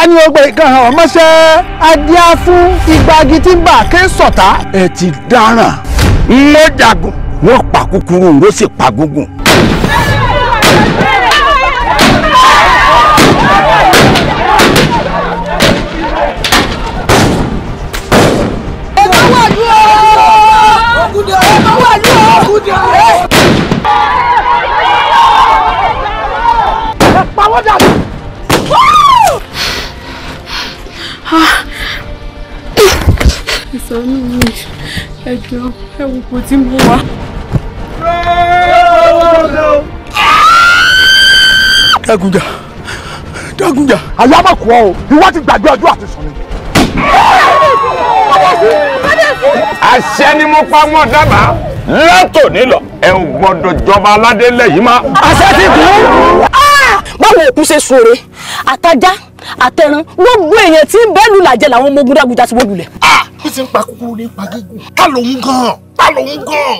ifá ní ọgbẹ́ kan hàn ọmọṣẹ́ adíá fún igbági tí ń bà ké sọ̀tá. ẹ ti dáràn mo jagun wọn pa kúkúrú ló sì pa gúngùn. Yeah. jọ ẹ wò kò tí mo wà. dágunjà dágunjà. àyà má kú ọ o ìwọ ti gbàgbé ọjọ́ àti sọ̀rọ̀. àṣẹ ni mo pa mọ́ dábàá látòní lọ ẹ ò jọba aládé lẹ́yìn má. àṣẹ ti kú. Ah! báwo òkú ṣe sọ̀rọ̀ àtajá àtẹran gbogbo èèyàn tí ń bẹ́ẹ̀ lù làjẹ́ làwọn ọmọ ogun dágunjà ti wó lulẹ̀. Ah! ó ti ń pa kúkúrú ní pa gígùn ta lòun gan ta lòun gan.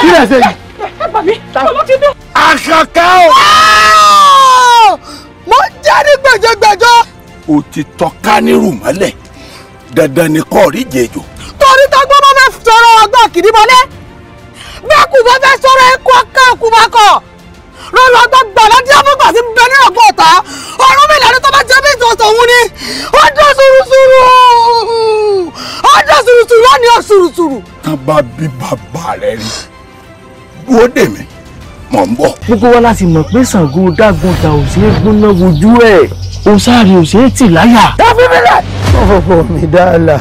kí lè ṣe yìí. ẹ bà mí ọmọ ti dún. àkàkà o. mo jẹ́ ní gbẹ̀jẹ̀gbẹ̀jọ. o ti tọ́ kánírù mọ́lẹ̀ dandan ni kò rí jẹjọ. torí tọgbọ́n bá fẹ́ sọ̀rọ̀ ọgbọ́n kìdí bẹ́ẹ̀ kù bá fẹ́ sọ̀rọ̀ ẹ̀kọ́ ká kú bá kọ̀ lọ́lọ́ gbàgbà láti afọ́gbà sí bẹ ní ọ̀pọ̀ ọ̀tá ọ̀rọ̀ mi lẹ́nu tó bá jẹ́ bí ìtòsọ̀ òun ni ó dún sùrùsùrù ó dún sùrùsùrù ó ní ó sùrùsùrù. tá a bá bí bàbá rẹ rí dúró dè mí mọ̀ ń bọ̀. gbogbo wa láti mọ̀ pé Ṣàngó dágun ta ò ṣeé gbóná wojú ẹ̀ òsáàrì ò ṣeé tì láyà. dábí mi rẹ̀. ọ̀pọ̀ mi dáàlà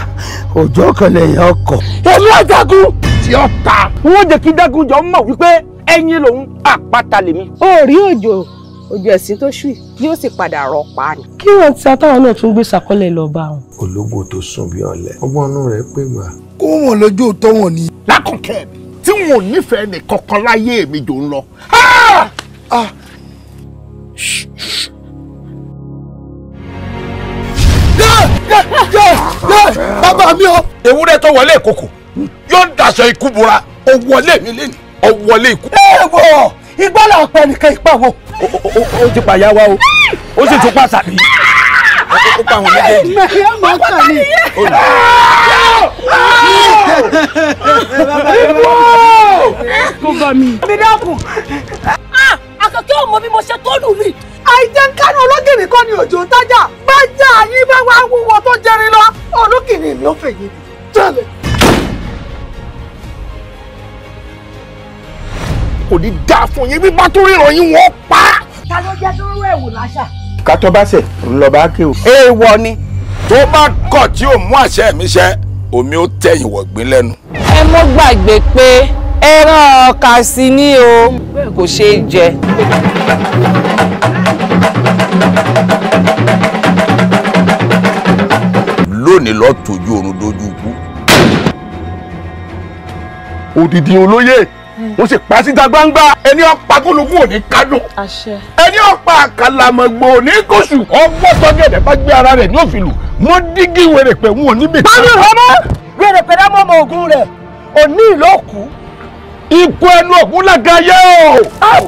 òjò kan lẹ́yìn ọkọ̀. èmi ọ̀dàgùn. tí ó ta. wọ́n jẹ́ kí dágun jọ mọ̀ wípé ẹyin lòun àpáta lèmi. ó rí òjò òjò ẹ̀sìn tó ṣù yóò sì padà rọ pa ni. kí wọn ti àtàwọn náà tún gbé sàkọlẹ̀ lọ bá wọn. ológbò tó sùn bí ọ̀lẹ ọgbọ́n inú rẹ̀ pé gbà. kó wọn lójú tó wọn ni. lákọ̀kẹ́ tí wọn ò nífẹ̀ẹ́ nìkankan láyé mi jò ń lọ. Ah! bàbá mi o. ewúrẹ́ tó wọlé ìkòkò yóò daṣọ ikú bora O wọlé mi lénìí ọwọlé ikú. èèwọ̀ igbọ́lá ọ̀pẹ nìkan ìpàwọ̀. ó ti pàyà wa o ó sì tún pàṣà bí. ó pa àwọn méjèèjì. mẹ̀yẹ́ máa kà ní. kò bá mi. mi dákun. àkàkẹ́ ò mọ bí mo ṣe tó lù mí. àìjẹ́ kánú ológìnrí kan ni òjò ń tájà bá jà yín bá wá wúwo tó jẹrin lọ ológìnrí mi ò fèyí kò ní dáa fún yín bí bá tó ríran yín wọ́n pa. ta ló jẹ́ dúró ẹ̀wò láṣà. ká tó bá ṣe ń lọ bá ké o. èèwọ̀ ni. tó bá kọ̀ tí ò mú àṣẹ mi ṣẹ omi ó tẹ̀yìn wọ̀gbìn lẹ́nu. ẹ mọ́ gbàgbé pé ẹran ọkà sí ni o kò ṣeé jẹ. lónìí lọ́ọ́ tójú oorun dojú ikú. òdìdí olóyè mo sì pa síta gbangba ẹni ọ̀pá kúlùkù òní kánú ẹni ọ̀pá àkàlàmọ̀gbò òní kóṣù ọgbọ́n sọ́gẹ̀dẹ̀ bá gbé ara rẹ̀ ní òfìlù mo dígí wèrè pẹ̀ wọn níbi. báyìí rọmọ wèrè pẹ̀lú ọmọ ọmọ ogun rẹ̀ òní ìlú òkú. ikú ẹnu òkun lágayé o.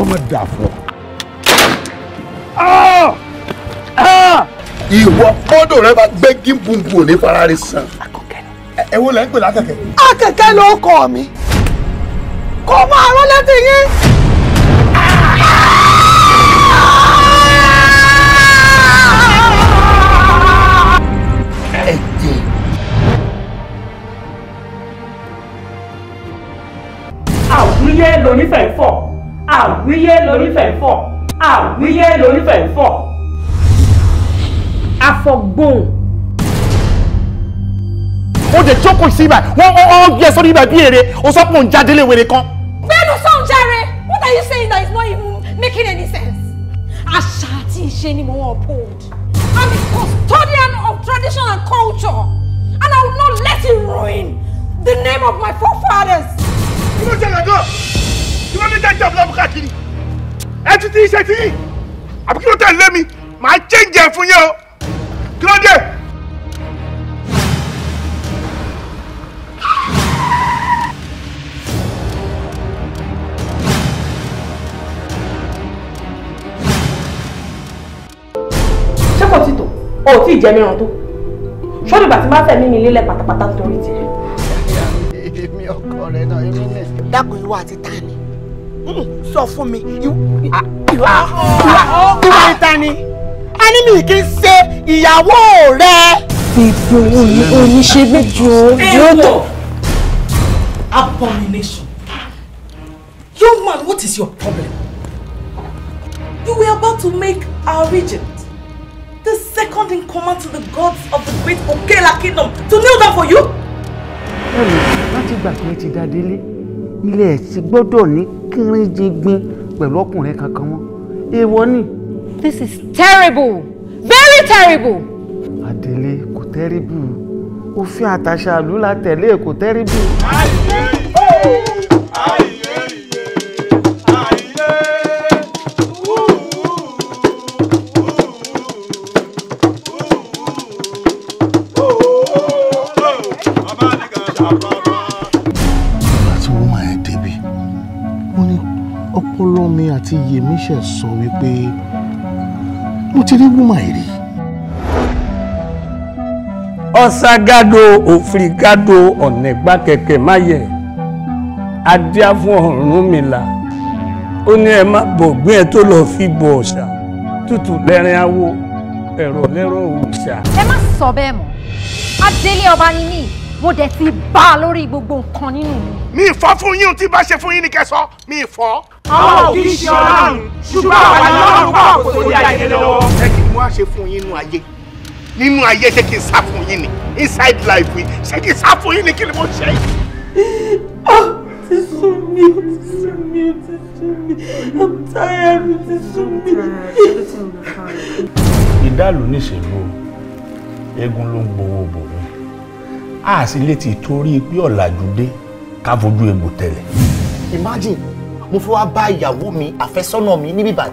ọmọ dà fún ọ ìwọ mọ́tò rẹ bá gbẹ́gí bùnbùn òní fara rẹ sàn. ẹ wo lẹ ń pè lákẹ̀kẹ́. akẹ̀kẹ́ ló kọ́ mi kó máa rán létí yín. àwíyé lonífẹ̀ẹ́ fọ̀ àwíyé lonífẹ̀ẹ́ fọ̀ àwíyé lonífẹ̀ẹ́ fọ̀ àfọ̀gbọ́n. ó jẹ jókòó sí ibà wọn ọ ọ gbé sórí ibà bí èrè ó sọ pé òun jáde lè wèrè kan. gbẹ́nu sọ̀hún jàre what are you saying that is not even making any sense. àṣà àti ìṣe ni mo wọ́n uphold. I'm a custodian of tradition and culture and I will not let it ruin the name of my forefathers. kí ló jẹ́ lọ́gọ́ kí ló ní jẹ́jẹ́ ọ̀bùnà bùkátì ẹ ti ti ṣe ti yìí àbí kí ló tẹ̀ lé mi màá jẹ́ǹjẹ̀ fún yín o kí ló dé. ṣé kò tí tó o ò tí ì jẹ mìíràn tó ṣọ́dún ìgbà tí máa fẹ̀mí mi lélẹ̀ pátápátá torí tiẹ̀. èmi ọkọ rẹ náà èmi ní. dákun ìwà àti ta hmm, sọ fún mi ìwà ìwà ìta ni bá ní mi kí n ṣe ìyàwó rẹ. bèbè oníṣègbè jù yóò tó. abomination young man what is your problem you were about to make our regent the second in command to the gods of the great Okela kingdom to kneel down for you. ẹ̀rù láti gbà pé ti dá délé ilé ẹ̀ sì gbọ́dọ̀ ní kírín jí gbin pẹ̀lú ọkùnrin kankan wọn èèwọ̀ ni. This is terrible. Very terrible. Adele kò tẹ́rìbù. Òfin àtàṣà ìlú la tẹ̀lé kò tẹ́rìbù. Ayé ayé. ọpọlọ mi àti yèmí ṣe sọ wípé mo ti rí wúmà yìí rí. ọ̀ságádò òfìrìgádò ọ̀nẹ́gbà kẹ̀kẹ́ máyẹ̀ adíá fún Ọ̀rúnmìlà ó ní ẹ má bọ̀gbìn ẹ tó lọ́ọ́ fi bọ òòṣà tútù lẹ́rìn awo ẹ̀rọ lẹ́rọ òòṣà. ẹ má sọ bẹ́ẹ̀ mọ́ adélé ọba ni mí mo dẹ̀ ti bá a lórí gbogbo nǹkan nínú mi. mi ì fọ́ fún yín tí bá ṣe fún yín ni kẹ́ sọ mi ì fọ́ àwọn ò kì í ṣe ọlọ́run ṣùgbọ́n àwọn ọlọ́run pa òkòtò ní ayé lọ́wọ́. ṣé kí n wá ṣe fún yín nínú ayé nínú ayé ṣé kí n sá fún yín ni inside life yìí ṣé kí n sá fún yín ni kí ni mo ṣe. Ah, ti sún mi ó ti sún mi ó ti sún mi i'm tired ó ti sún mi. ìdálò níṣèlú eégún ló ń gbowó bòmí a sì lè torí pé ọ̀làjú dé ká fojú egbò tẹ̀lẹ̀. imagine mo fẹ́ wá bá ìyàwó mi àfẹ́sọ́nà mi níbí báyìí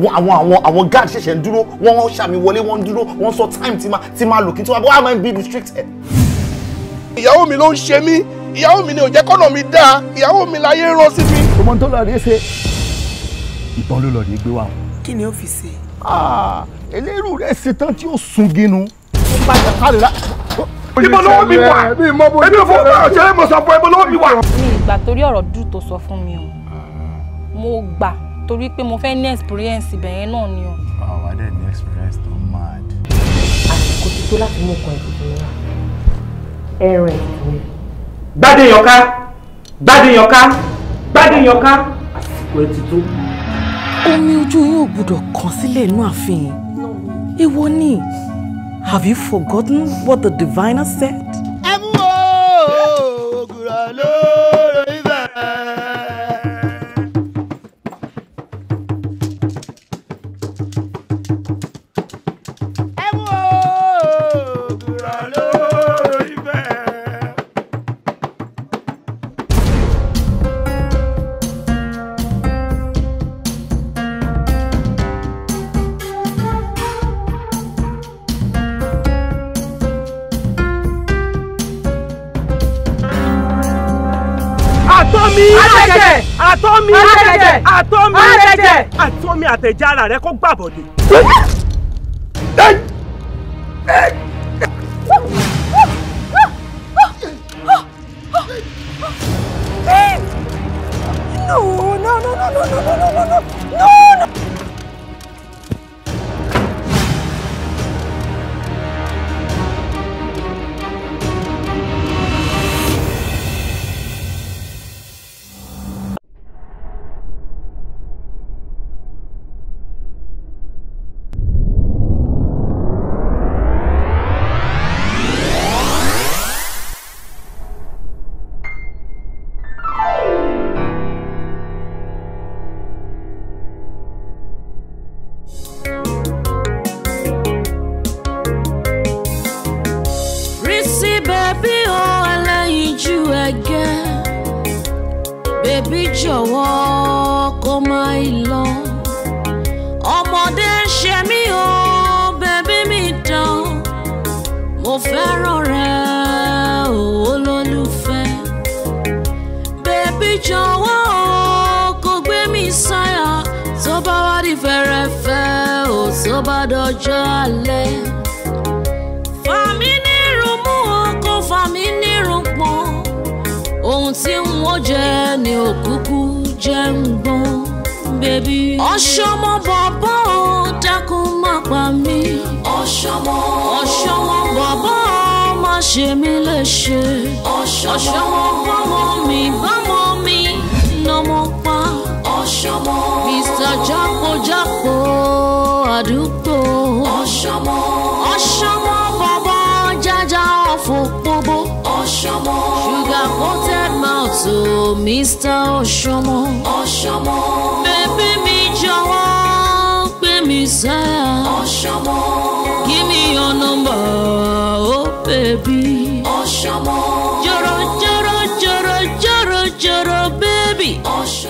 wọn àwọn àwọn àwọn guard ṣẹ̀ṣẹ̀ ń dúró wọ́n wọ́n ṣàmì wọlé wọ́n ń dúró wọ́n sọ time ti ma ti ma lò kí tí wọ́n bá wà máa ń be restricted. ìyàwó mi ló ń ṣe mí ìyàwó mi ni ò jẹ́ kọ́nà mi dáa ìyàwó mi láyé rán sí mi. ọmọ tó lọ rèé ṣe ìbọn ló lọ rèé gbé wa. kí ni ó fi ṣe. Ah, eléru rẹ̀ ṣe tán tí ó sun ginu. ó bá jà kárẹ̀ lá ibo lọ́wọ́ mi wà èmi ò fọwọ́ mọ̀ sọ fún ibo lọ́wọ́ mi wà. mi ìgbà torí ọ̀rọ̀ dùn tó sọ fún mi o mo gbà torí pé mo fẹ́ ní experience ibẹ̀ yẹn náà ni o. àwa dẹ̀ ní experience tó mad. àsìkò ti tó láti mú ọkàn ìdìbò wa ẹran ìdìbò rẹ. gbádé yanká gbádé yanká gbádé yanká àsìkò ẹ ti tó. omi ojú yín ò kàn sílẹ̀ inú ààfin yìí ni have you forgotten what the diviner said. àtọ́mi àtẹ̀jẹ̀ àtọ́mi àtẹ̀jẹ̀ àtọ́mi àtẹ̀jẹ̀ ara rẹ kó gbàbọ̀dé. Ah! to Mr. Oshomo. Oshomo. Bébí mi jọ̀wọ́ pè mí sá. Oshomo. Give me your number, oh baby. Oshomo. Jọ̀rọ̀ jọ̀rọ̀ jọ̀rọ̀ jọ̀rọ̀ jọ̀rọ̀ baby. Oshomo.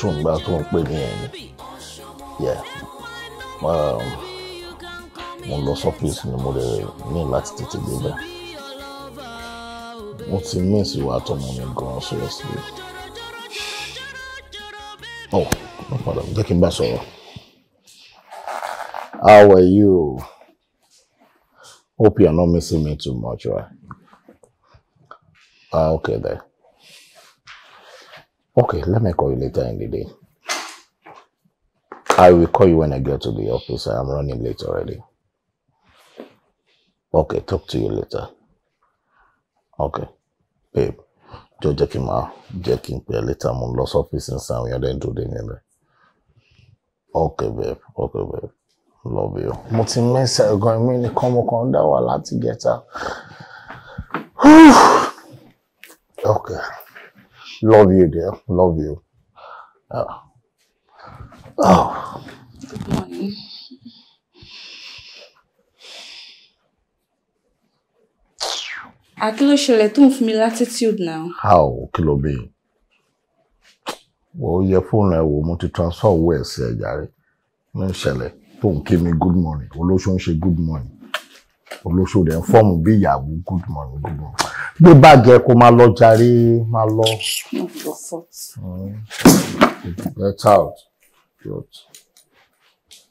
bathroom gba tó ń pè mí ẹ̀ ni yeah um, mo lọ sọ́fíìsì ni mo lè ní láti tètè débẹ̀ mo ti miss ìwà àtọmọ mi gan-an seriously oh no problem jẹ́ kí n bá sọ̀rọ̀ how are you hope you are not missing me too much right ah okay there. Okay, let me call you later in the day. I will call you when I get to the office. I am running late already. Okay, talk to you later. Okay, babe. Jọ jẹ́ kí n máa jẹ́ kí n pè ẹ́ later mo ń lọ sọ́fíìsì ń sàmì ọdẹ tó nílẹ̀. Okay, babe. Okay, babe. Love you. Mo ti mẹ́sẹ̀ gan mi nìkan mo kàn ń dá wà láti gẹ̀ta. Okay. Love you, dear. Love you. Oh. oh. Good morning. Akilo ṣẹlẹ̀ tó ń mi latitude now. How kí ló bí? Wọ́n yẹ I ẹ̀ wò mo transfer where? Sir, sí ẹ̀já rẹ̀. Mo ń good morning. Olóṣù ń ṣe good morning olóṣù rẹ̀ ń fọ́ọ̀mù bí ìyàwó good morning good morning gbé bàjẹ́ kó máa lọ jàre máa lọ. Mm. get out get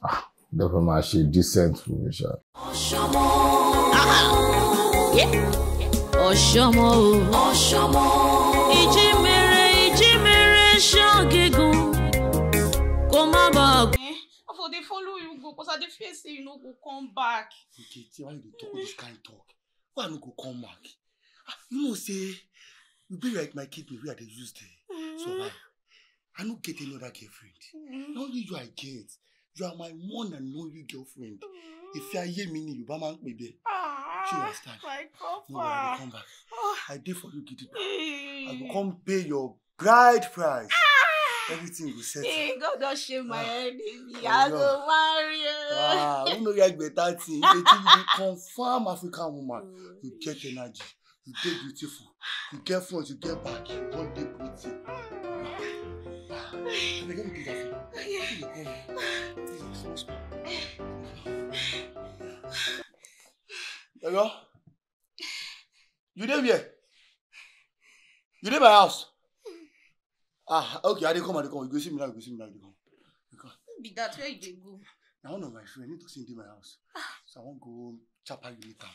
ah dẹ́fẹ̀ máa ṣe decent fún mi ṣá. ọ̀ṣọ́mọ́ ọ̀ṣọ́mọ́ ọ̀ṣọ́mọ́ ìjímèrè ìjímèrè ṣọ́ọ̀gígùn. They follow you go cause i dey fear say you no go come back. nkechi why you dey talk this kind talk why i no go come back ah, you know say you be like my kidney wey i dey use dey mm-hmm. survive i no get any other girlfriend mm-hmm. na only you i get you are my one and only girlfriend mm-hmm. If ìfẹ́ ayé mi ni yorùbá máa ń pè there. Ah, she understand no worry come back i dey for you gidigba i go ah. come pay your bride price everything go set. e go don shave my head baby i go marry you. ah we no get better thing wetin you be african woman oh, you get energy you get beautiful you get front you get back you the don dey pretty. Hello? You dey where? You dey my house? Ah, okay, I dey come, I dey come. You go see me now, you go see me now, you dey come. You Be that where you go? Now one of my friends need to sing dey my house. So I won't go chapa you later.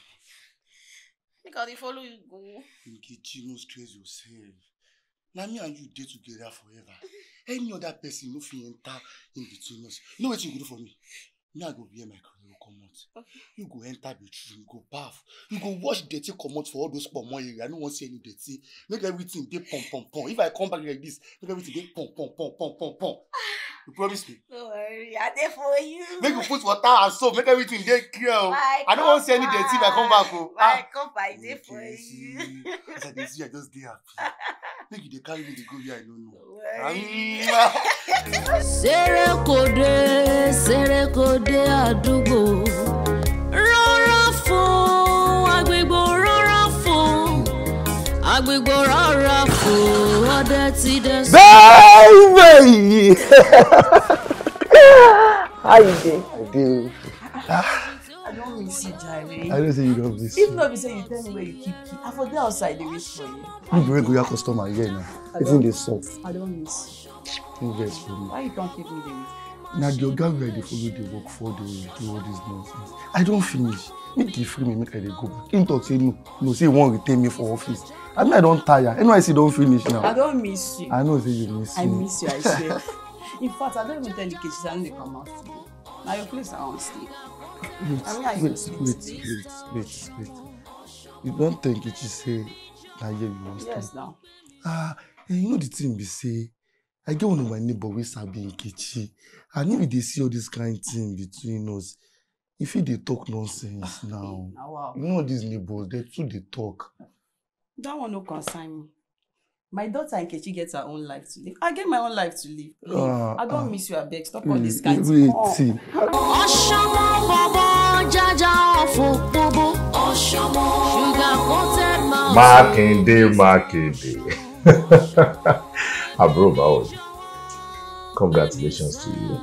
Because they follow you go. In Nkechi, no stress yourself. Now me and you date together forever. Any other person no fit enter in between us. You know wetin you go do for me? me i go wear my clothes comot okay. you go enter bathroom you go baff you go wash dirty comot for all those kpomo area i no wan see any dirty make everything dey pom pom pom. if i come back like this make everything dey pom pom pom pom pom pom. you promise me. no worry i dey for you. make you put water and soap make everything dey clear o i no wan see any dirty if i come back o. my ah. copper e dey oh, for you. as i dey see i just dey happy make you dey carry me dey go where i no know. Ah. Ṣerékodé Ṣerékodé àdúgbò rọra fún agbègbò rọra fún agbègbò rọra fún ọdẹ ti dẹ sọ. bẹ́ẹ̀ yìí how you dey. i dey. I don't miss you, Jerry. I don't say you don't miss If not, be say you tell me where you keep I for dey outside, they wait for you. You bring your customer again. now. Even dey soft. I don't miss Who Why you don't give me the reason? na the oga wey i dey follow work for the do all this nonsense i don't finish make the free me make i go back him say no no say he retain me for office i mean i don't tire nysc don't finish now. i don't miss you. i know say you miss me. i miss you i swear in fact i don't even tell the kids say i no dey come out today Now your place i won't stay. wait I mean, wait wait wait wait wait you don't think it? nkechi say na here you wan stay. yes now. ah eh, you know the thing we say i get one of my neighbor wey sabi nkechi and if we dey see all this kind thing between us If fit dey talk nonsense now you know these neighbors they too they talk. that one no concern me my daughter nkechi get her own life to live i get my own life to live uh, i don't uh, miss you abeg stop all this kind thing. ọ̀ṣọ́mọ bàbá jájá ọ̀fun gbogbo ọ̀ṣọ́mọ sugar coated mouse. mákindé mákindé. àbúrò báwo congratulations to you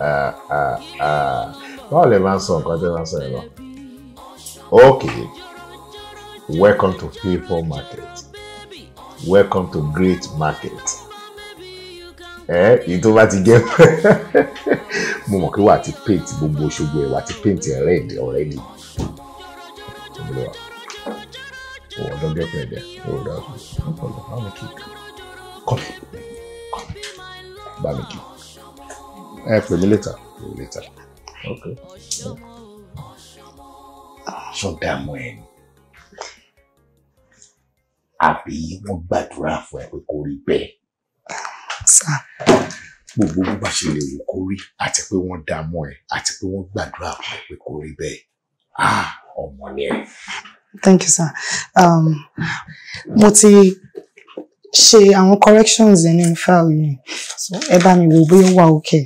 ah, ah, ah. báwo lè máa sọ nǹkan tó máa sọ yẹn lọ okay welcome to people market welcome to great market ẹ èyí tó bá ti jẹ mo mọ̀ pé wà á ti paint gbogbo Òṣogbo ẹ̀ wà á ti paint red already ọ̀dọ́ gẹ́gẹ́ ẹ̀dẹ̀ ọ̀dọ́ ọ̀dọ́ ọ̀dọ́ ọ̀dọ́ ọ̀dọ́ ọ̀dọ́ ọ̀dọ́ ọ̀dọ́ ọ̀dọ́ ọ̀dọ́ Come Come here. Bá mi kí. later. Pè mí later. Okay. Sọ dààmú ẹ ni. Àbí wọ́n gbàdúrà fún ẹ pé kó rí bẹ́ẹ̀. Sá. Gbogbo bó bá ṣe lè wò kó rí àti pé wọ́n dààmú ẹ àti pé wọ́n gbàdúrà fún ẹ pé kó rí bẹ́ẹ̀. Ah ọmọ ni ẹ. Thank you, sir. Um, mo ti ṣe àwọn corrections yẹn nínú fáìlì yẹn so ẹ bá mi wò bóyá ó wà okay.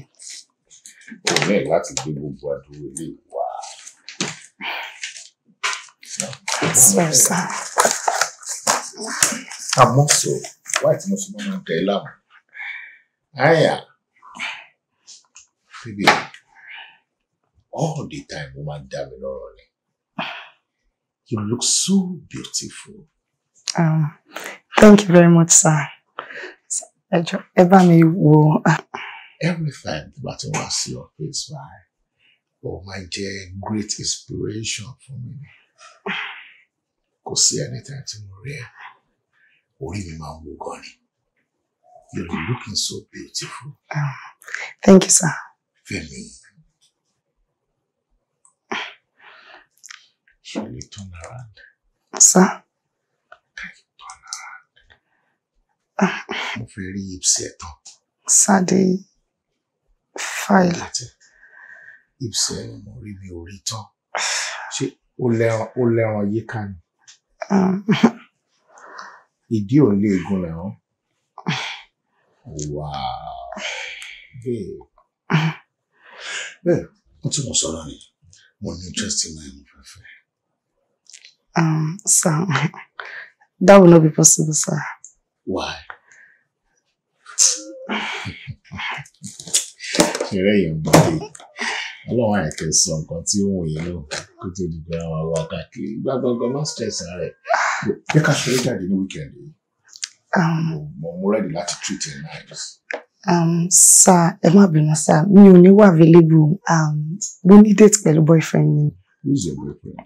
o bẹ́ẹ̀ láti gbé gbogbo àdúró ilé wa. sorry sir. àmọ́ sọ wáyé tí mo sọ máa ń tẹ ẹ láàmú. àyà bíbí all the time ó máa ń dá mi lọ́rọ̀ ni. You look so beautiful. Um, Thank you very much, sir. Ẹ jọ̀ọ́, ẹ bá mi Everything that was your face, why? Oh, my dear, great inspiration for me. Kò see anything tí you rí ẹ. You're looking so beautiful. thank you, sir. Femi. Should we turn around? Sir? mo fẹ́ rí ipsy ẹ̀ tán. Sade fáìlì. ipsy ẹ̀ ni mo rí mi ò rí tán ṣé ó lẹ́ràn ó lẹ́ràn yíká ni. Ah. ìdí ò lè gun lẹ́ràn. wà á bẹ́ẹ̀ bẹ́ẹ̀ wọ́n tún mọ̀ sọ́ra ni mo ní interest in my own fẹ́fẹ́. Um, ah, sir, that will not be possible, sir. Why? Ṣeré yẹn bọ̀ dé. Ọlọ́run àìkẹ́ sọ nǹkan tí ó wùn yín lò kó tó di pé àwọn àwọn káàkiri. Ìgbà gangan máa ń stress rẹ̀. Bí ká ṣeré jáde ní wíkẹ̀ndì yìí. Um, mo mo rẹ́dì láti treat in nice. Sá ẹ má bínú sá, mi ò ní wà available. Um, mo ní date pẹ̀lú boyfriend mi. Who is your boyfriend?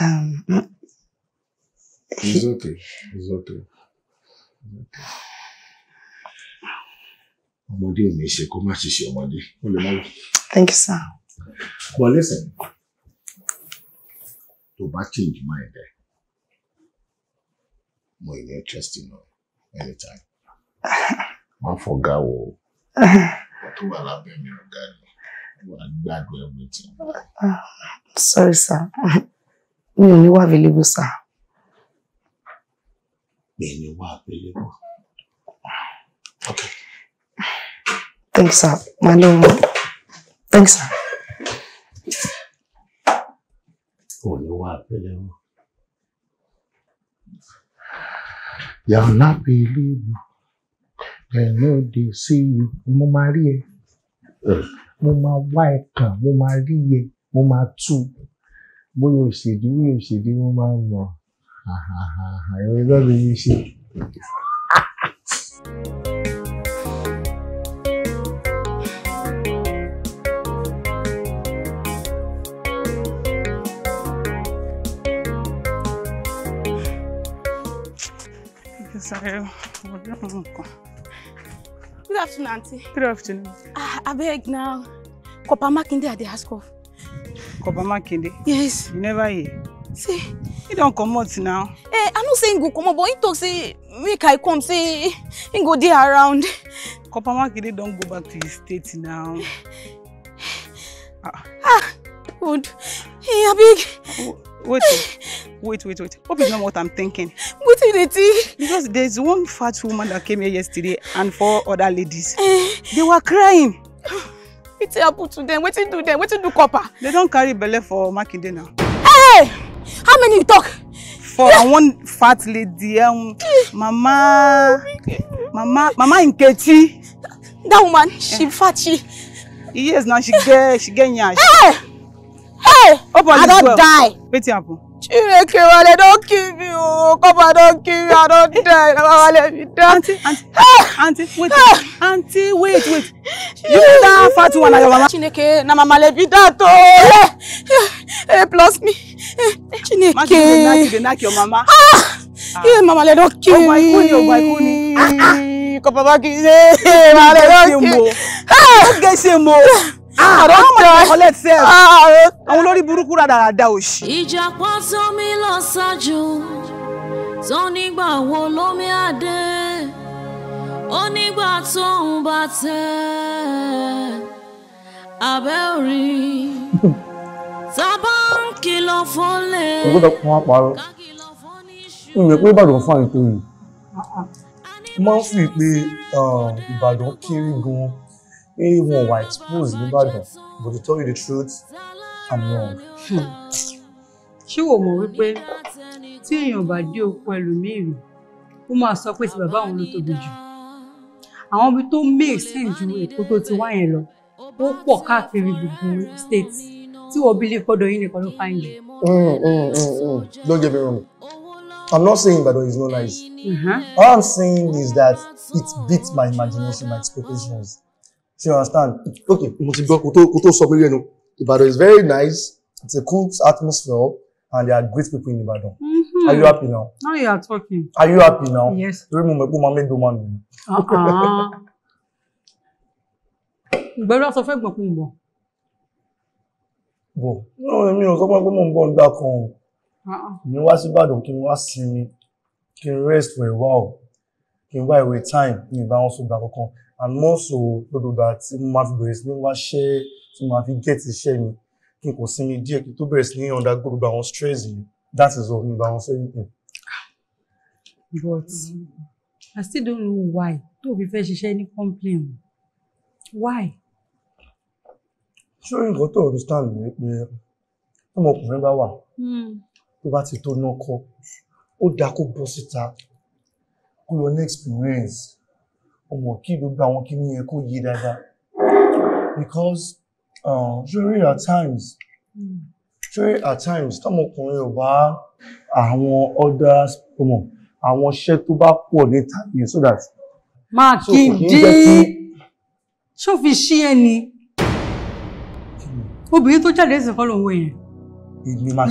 Um, Exactly. Exactly. It's okay. Ọmọdé ò ní ṣe kó má ṣiṣẹ́ ọmọdé. Ó Thank you, sir. Well, listen, To bá change mind ẹ̀, mo ní interest in you anytime. Má fọ̀gá o. Tó wà lábẹ́ mi ọ̀gá ni. Wà gbádùn everything. Ah, sorry, sir. Mi ò ní wà available, sir then you are Okay. Thanks, sir. My lord. Thanks, sir. When you are available. You'll not believe you. They know they see you. Mo máa rí ẹ. Eh. Mo máa wá ẹ kàn. Mo máa rí ẹ. Mo máa tú. Bóyá òṣèdí, ẹ̀rọ iná mi yìí ṣe. Sorry, what do you want? Good afternoon, Auntie. Good afternoon. Ah, I beg now. Kopa Makinde at the ask of. Kopa Makinde? Yes. You never hear? See, don't come comot now eh I'm not saying him go comot but him talk say make i come say him go there around copper market, makinde don't go back to his state now ah ah good hey big. wait wait wait wait hope it's not what i'm thinking wetin you dey think because there's one fat woman that came here yesterday and four other ladies eh. they were crying wetin happen to them wetin do them wetin do copper they don't carry belly for makinde now How many you talk? For yeah. one fat lady, um, Mama, Mama, Mama Nkechi. That woman, she yeah. fat, she. Yes, now she get, she get nyash. Hey, hey! Open I don't well. die. Wait, happen. Chireke Wale, don't kill me. Oh, come and don't kill me. I don't die. Mama Wale, me die. Auntie, auntie, ah! auntie, wait. Ah! auntie, wait, wait. You know that fat one, your mama. Chineke, na mama le bi da to. Eh, plus me. Eh, Chineke. Ma Chineke, na Chineke, na your mama. Ah, ah. yeah, mama le don't kill me. Oh my kuni, oh my kuni. Ah ah. Ko papa ki, eh, eh mama le don't kill oh. me. Ah, don't get shame, oh àrò ah, ah, oh tẹ ah, oh. àwọn olórí burúkú rádaràda òṣì. ìjàpá tómi lọ ṣáájú tó nígbà wo lómi àdé ó nígbà tó ń bá tẹ abẹ́ orí tábà ń kìlọ̀ fọ́lẹ̀ kákìlọ̀ fọ́ni ṣù. ìmọ̀ pé ìbàdàn fún àìtó yìí máa ń fi pé ìbàdàn kiri gan-an pé wọn wà exposed nìbàdàn but to tell you the truth i'm wrong. Hmm. ṣé wò mọ̀ wípé tí èèyàn bá dé oko ẹlòmíì rí ó máa sọ pé ti bàbá òun ló tóbi jù àwọn make sense ju èkó tó ti wá yẹn lọ ó pọ̀ káàkiri gbogbo state tí wọ́n bí lè fọ́dọ̀ yín nìkan ló fáyìn hmm, hmm, don't get me wrong i'm not saying that is no nice uh -huh. all i'm saying is that it beats my imagination my expectations ṣé o understand. Okay. mo kuto gbọ́ kó tó is very nice it's a cool atmosphere and there are great people in Ibadan. Mm -hmm. Are you happy now? Now you are talking. Are you happy now? Yes. Remember, mo mọ̀ pé màmá ẹ̀dùn máa uh-uh. ń nù. Ìgbẹ́rú aṣọ fẹ́ gbọ̀n kún un bọ̀. Bọ̀. Náà mi ò sọ pé mo ń bọ̀ nígbà kan o. Uh-uh. Mi wá sí Ìbàdàn kí rest for a while, kí can wá ìwé time ní ìbáwọn back home and more so lódòdó àti mo máa fi bẹ̀rẹ̀ sí ní wá ṣẹ́ tí mo máa fi gẹ́ẹ̀tì iṣẹ́ mi kí n kò sinmi díẹ̀ kí n tó bẹ̀rẹ̀ sí ní ọ̀dà gbogbo àwọn stress yìí that is all nígbà wọn sẹ́yìn. but I still don't know why tó o fi fẹ́ ṣiṣẹ́ ní complain why. ṣé nǹkan tó understand mi pé ọmọkùnrin bá wà hmm. tó bá ti tó náà kọ ó dáa kó bọ́ síta kó lọ ní experience ọmọ kí gbogbo àwọn kí ní yẹ kó yí dáadáa because ṣórí uh, at times ṣórí at times tọmọkùnrin ò bá àwọn others ọmọ àwọn iṣẹ́ tó bá pọ̀ níta yẹn so that. Mákindé ṣó fi ṣí ẹni obìnrin tó jáde ẹsẹ̀ kọ́ ló ń wo yẹn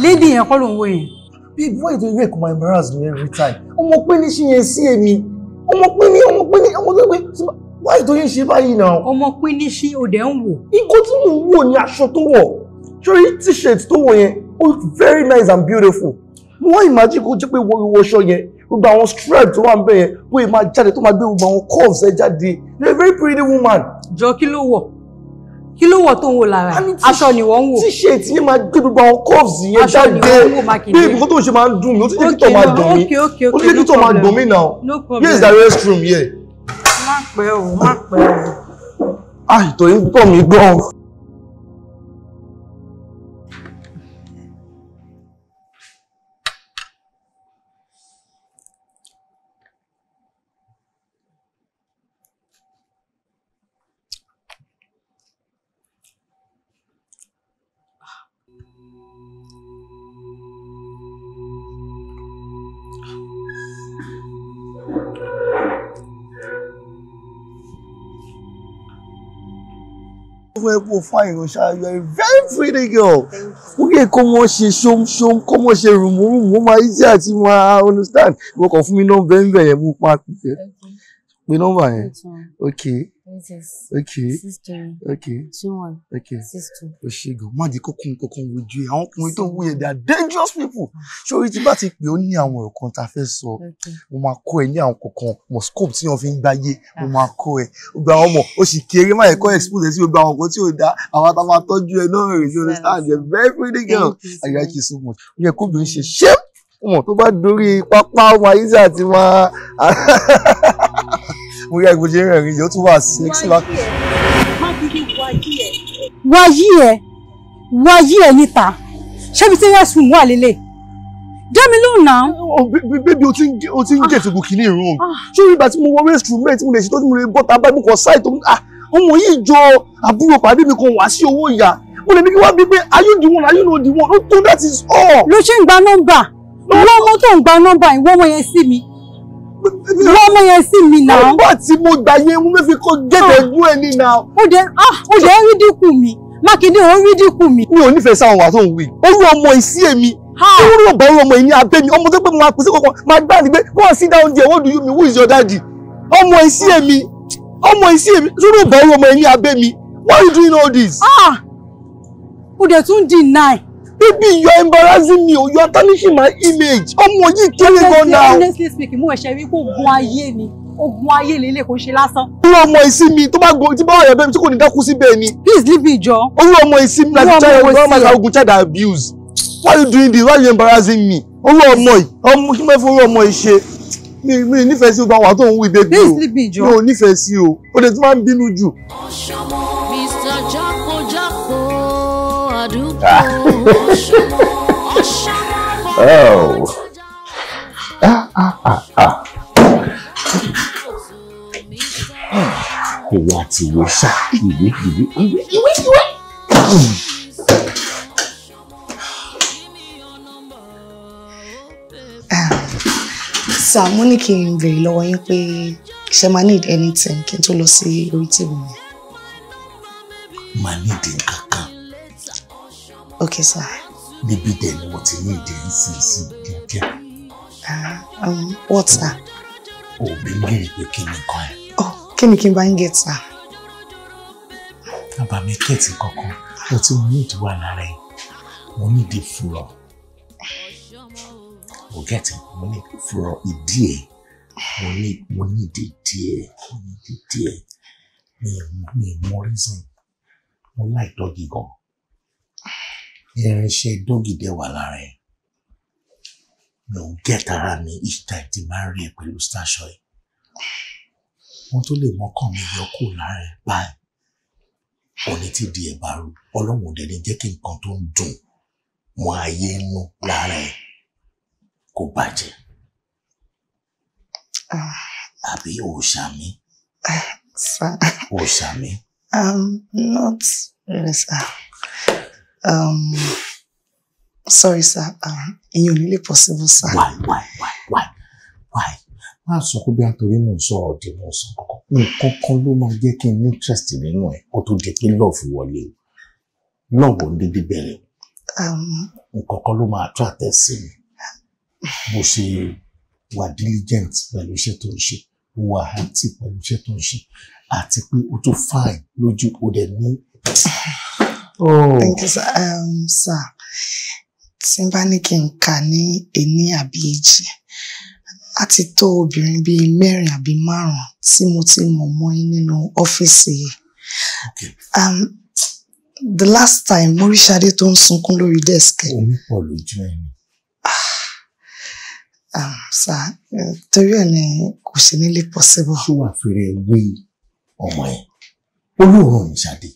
lady yẹn kọ́ ló ń wo yẹn. bí ìbúwọ̀ ètò ìwé ẹ̀kọ́ máa embarrass me every time ọmọ pé ní ṣí yẹn sí èmi ọmọ pé ní mo sọ pé wáyé tó yín ṣe báyìí náà. ọmọ pín ní ṣí òde ń wò. ikó tí mò ń wò ní aṣọ tó wọ̀ sórí t-shirt tó wọ̀ yẹn ó very nice and beautiful mo wá imagine kó jẹ́ pé wọṣọ yẹn gbogbo àwọn stripe tó wà ń bẹ̀ yẹn bóyá máa jáde tó máa gbé gbogbo àwọn curves ẹ jáde you are a very pretty woman. jọ kí ló wọ̀ kí ló wọ̀ tó ń wò lára aṣọ ni wọ́n ń wò. t-shirt yẹn máa gbé gbogbo àwọn curves yẹn jáde bí ìbùkún tó ń ṣe máa ń dùn mí ó ti jẹ́ kí tọ̀ máa dùn mí ó ti jẹ́ kí tọ̀ máa dùn mí now here is the restroom here pẹ́ o má pẹ́ o. àìtò yìí tọ̀ mí gbọ́. ẹ kó fún àìránṣá you are a very pretty girl ó yẹ kó wọ́n ṣe ṣómṣóm kó wọ́n ṣe rùmùrùmù ó máa easy àti máa understand ìwọ kàn fún mi nọ́mbà ẹ̀ ń bẹ̀rẹ̀ mú pa pé nọ́mbà yẹn okay. Okay. okay sister. okay chiwon. okay sister. o ṣe gan má di kókó kókó wojú ẹ àwọn ọkùnrin tó wúyẹ they are dangerous people sórí ah. tí bá ti pè ó ní àwọn ọ̀rọ̀ Okay. tá a fẹ́ sọ mo máa kọ́ ẹ ní àwọn kọ̀ọ̀kan moscope tí wọ́n fi ń gbáyé mo ah. máa kọ́ ẹ gbogbo àwọn ọmọ o sì kéré má yẹ kọ́ expose ẹ sí gbogbo àwọn nǹkan tí ò dá àwọn àtàwọn atọ́jú ẹ náà rèé you understand you are very pretty girl I like you so much ó yẹ kóbìnrin ṣe ṣé wọn tó bá dórí pápá ọmọ ayé àti máa. mo rí ẹgbẹ́ ṣe ń rẹ̀rìn yìí ó tún wà sexy bákan. wáyé ẹ wáyé ẹ níta ṣébi tí wọ́n sùn wà lélẹ̀ dẹ́mi lóhùn náà. Oh, bébí o ti ń jẹ̀tùkù ah. kìíní ìrún o ah. ṣé ìgbà tí mo wọ waist room tí mo lè ṣe tó tí mo lè bọ́ta báyìí kan ṣáì tó ọmọ yìí jọ àbúrò pàdé mi kan wá sí owó ìyá mo lè ní kí wá bí pé ayúdìwọ̀n ayúdìwọ̀n ó tó that is all. ló ṣe ń gba nọ́mbà wọ́n mọ́ tó ń gba nọ́mbà ìwọ́n mọ́ yẹn sí mi lọ́mọ yẹn sí mi náà. ọgbà tí mo gbà yẹn mo fẹ́ fi kó gẹ̀dẹ̀ gún ah. ẹ ní náà. ó dẹ ó dẹ rí dínkù mi mákindé ó rí dínkù mi. mi ò nífẹ̀ẹ́ sáwọn wà tó ń wí orú ọmọ ìsí èmi orú ọgbà orú ọmọ ìní abẹ́ mi ọmọ tó pé mo máa pèsè kankan máa gbá ni pé wọ́n sit down there what do you mean who is your daddy ọmọ ìsí èmi ọmọ ìsí èmi orú ọgbà orú ọmọ ìní abẹ́ mi why you doing all this. Ah, ó dẹ̀ tún deny baby you are embarrassing me o you are tarnishing my image ọmọ yìí kéré gan na. honestly speaking mo ẹ̀ṣẹ̀ rí kó gun ayé ni ogun ayé lélẹ̀ kò ṣe lásán. irú ọmọ ìsinmi tó go. tí bá ọ̀yà bẹ́ẹ̀ mi tí kò ní dákú be ni. please leave me jọ. irú ọmọ ìsinmi láti child government ogun child abuse why you doing this why you embarrassing me. irú ọmọ yìí ọmọ kí n bá fún irú ọmọ yìí ṣe mi mi nífẹ̀ẹ́ sí gbogbo àwọn àtọ̀hún wí bẹ́ẹ̀ bí o mi ò nífẹ̀ẹ́ sí o ó lè tún máa ń bínú jù. ọ̀ṣọ́mọ́ mi oh. Ah, ah, ah, ah. Ìwé àti ìwé sá, ìwé, ìwé, ìwé, ìwé, ìwé. Sà, mo ní kí n béèrè lọ́wọ́ yín pé ṣe máa need anything kí n tó lọ sí orí tèmi. Màá need nǹkan kan. Okay, sir. Níbi dẹ̀ ni wọ́n ti ní ìdí ìsinsìn kíákíá. Ah, um, what, sir? Oh, bring béèrè pé kí ni Oh, kí ni kí n bá ń get, sir? Bàbá mi kẹ̀tì kankan, ó ti mú ìdí wà lára ẹ̀. Mo ní ìdí fúrọ̀. Mo gẹ̀tì, mo ní fúrọ̀ ìdí ẹ̀. Mo ní mo ní ìdí díẹ̀, mo ní ìdí díẹ̀. Mi ò mọ reason. Mo láì dọ́gí gan irinṣẹ́ dógìdẹ wà lára ẹ̀ mi ò gẹ́t ara mi each time ti máa ń rí ẹ pẹ̀lú starshọ yìí wọ́n tó lè mọ́kàn mi yọ kúrò lára ẹ̀ báyìí òní ti di ẹ̀bà rú ọlọ́run ò dẹ̀ ní jẹ́ kí nǹkan tó ń dùn mọ́ ayé inú lára ẹ̀ kò bàjẹ́ àbí òòṣà mi. Ah, òòṣà mi. I'm not really sir. Um, sorry sir, um, ìyẹn ò ní lè possible sir. Why why why why why? Má sọ pé bí àtòrí mò ń sọ̀rọ̀ di mò ń sọ kankan. Nǹkan kan ló máa jẹ́ kí n ní interest nínú ẹ̀ kó tó di pé love wọlé o. Love ń dídí bẹ̀rẹ̀ o. Um, Nǹkan kan ló máa attract ẹ sí mi. Bó ṣe wà diligent pẹ̀lú iṣẹ́ tó ń ṣe wà àti pẹ̀lú iṣẹ́ tó ń ṣe àti pé ó tó fine lójú ó dẹ̀ ní Oh. Thank you, sir. Um, sir, tí n bá ní kí n kà ní ení àbí èjì, a ti tó obìnrin bíi mẹ́rin àbí márùn-ún tí mo ti mọ̀ mọ́ yín nínú ọ́fíìsì yìí. Um, the last time Moríṣadé tó ń sunkún lórí dẹ́sìkì. Omi pọ̀ lójú ẹni. Ah, um, Sà, torí ẹ̀ ni kò sí nílé possible. Ṣé wàá fèrè wé ọmọ ẹ̀? Olóòórùn ìṣàdé.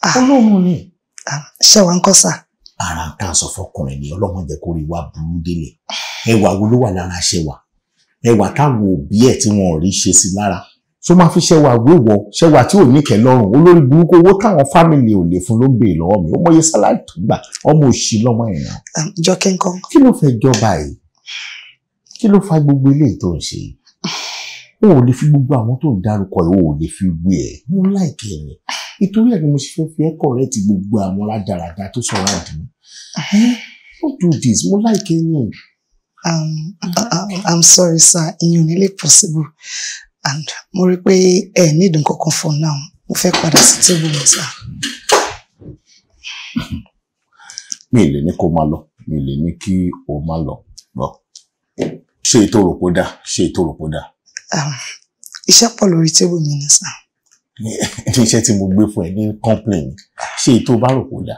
Ah. ọlọ́run ni. Ah, ṣé wàá ń kọ́ sà. ara tá a sọ fọkùnrin ni ọlọ́run jẹ́ kó rí wa burú délẹ̀ ẹwà wo ló wà lára ṣẹwà ẹwà táwọn òbí ẹ̀ tí wọn ò rí ṣe sí lára tó máa fi ṣẹwà wéwọ ṣẹwà tí ò ní kẹ lọ́rùn olórí burúkú owó táwọn fámìlì ò lè fún ló ń béè lọ́wọ́ mi ó mọye sáláì tó gbà ọmọ òṣì lọ́mọ ìran. Ah, jọkẹ́ ńkọ́. kí ló fẹ́ jọba yìí kí ló fa gbogbo eléyìí tó ń ṣe yìí o ò lè fi gbogbo àwọn tó ń dárúkọ yìí o ò lè fi wé ẹ mo láìkẹ́ ni ìtorí ẹ̀ ni mo ṣe fẹ́ fi ẹ́ correct gbogbo àwọn rádaràda tó sọ̀rọ̀ àdìmọ́ don't do this mo like ẹ ní. Um, um, i'm sorry sir ìyẹn ò ní lè possible and mo rí pé ẹ ní ìdùn kankan for now mo fẹ́ padà sí table mi sir. mi ì lè ní kó máa lọ mi lè ní kí o máa lọ bọ ṣé ètò òròpó dà ṣé ètò òròpó dà. Um, iṣẹ́ pọ̀ lórí tébù mi ni sir ní iṣẹ́ tí mo gbé fún ẹ ní complain ṣé ètò bá rò kó dà.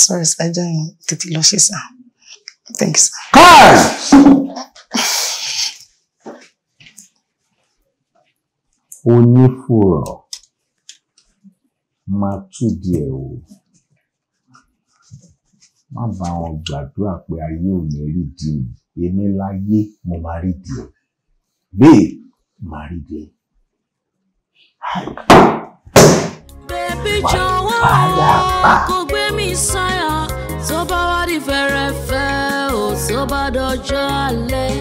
sorry sir ẹ jẹ́ mi tètè lọ sir thank you sir. káì. onífòrò máa túdi ẹ o má bá wọn gbàdúrà pé ayé ò ní rí di èmi láyé mo máa rí di ẹ bẹ́ẹ̀ máa rí di ẹ bébí jọ̀wọ́ ah. kò gbé mi sáyà tó bá wá di fẹ́rẹ́fẹ́ ò tó bá dọjọ́ alẹ́.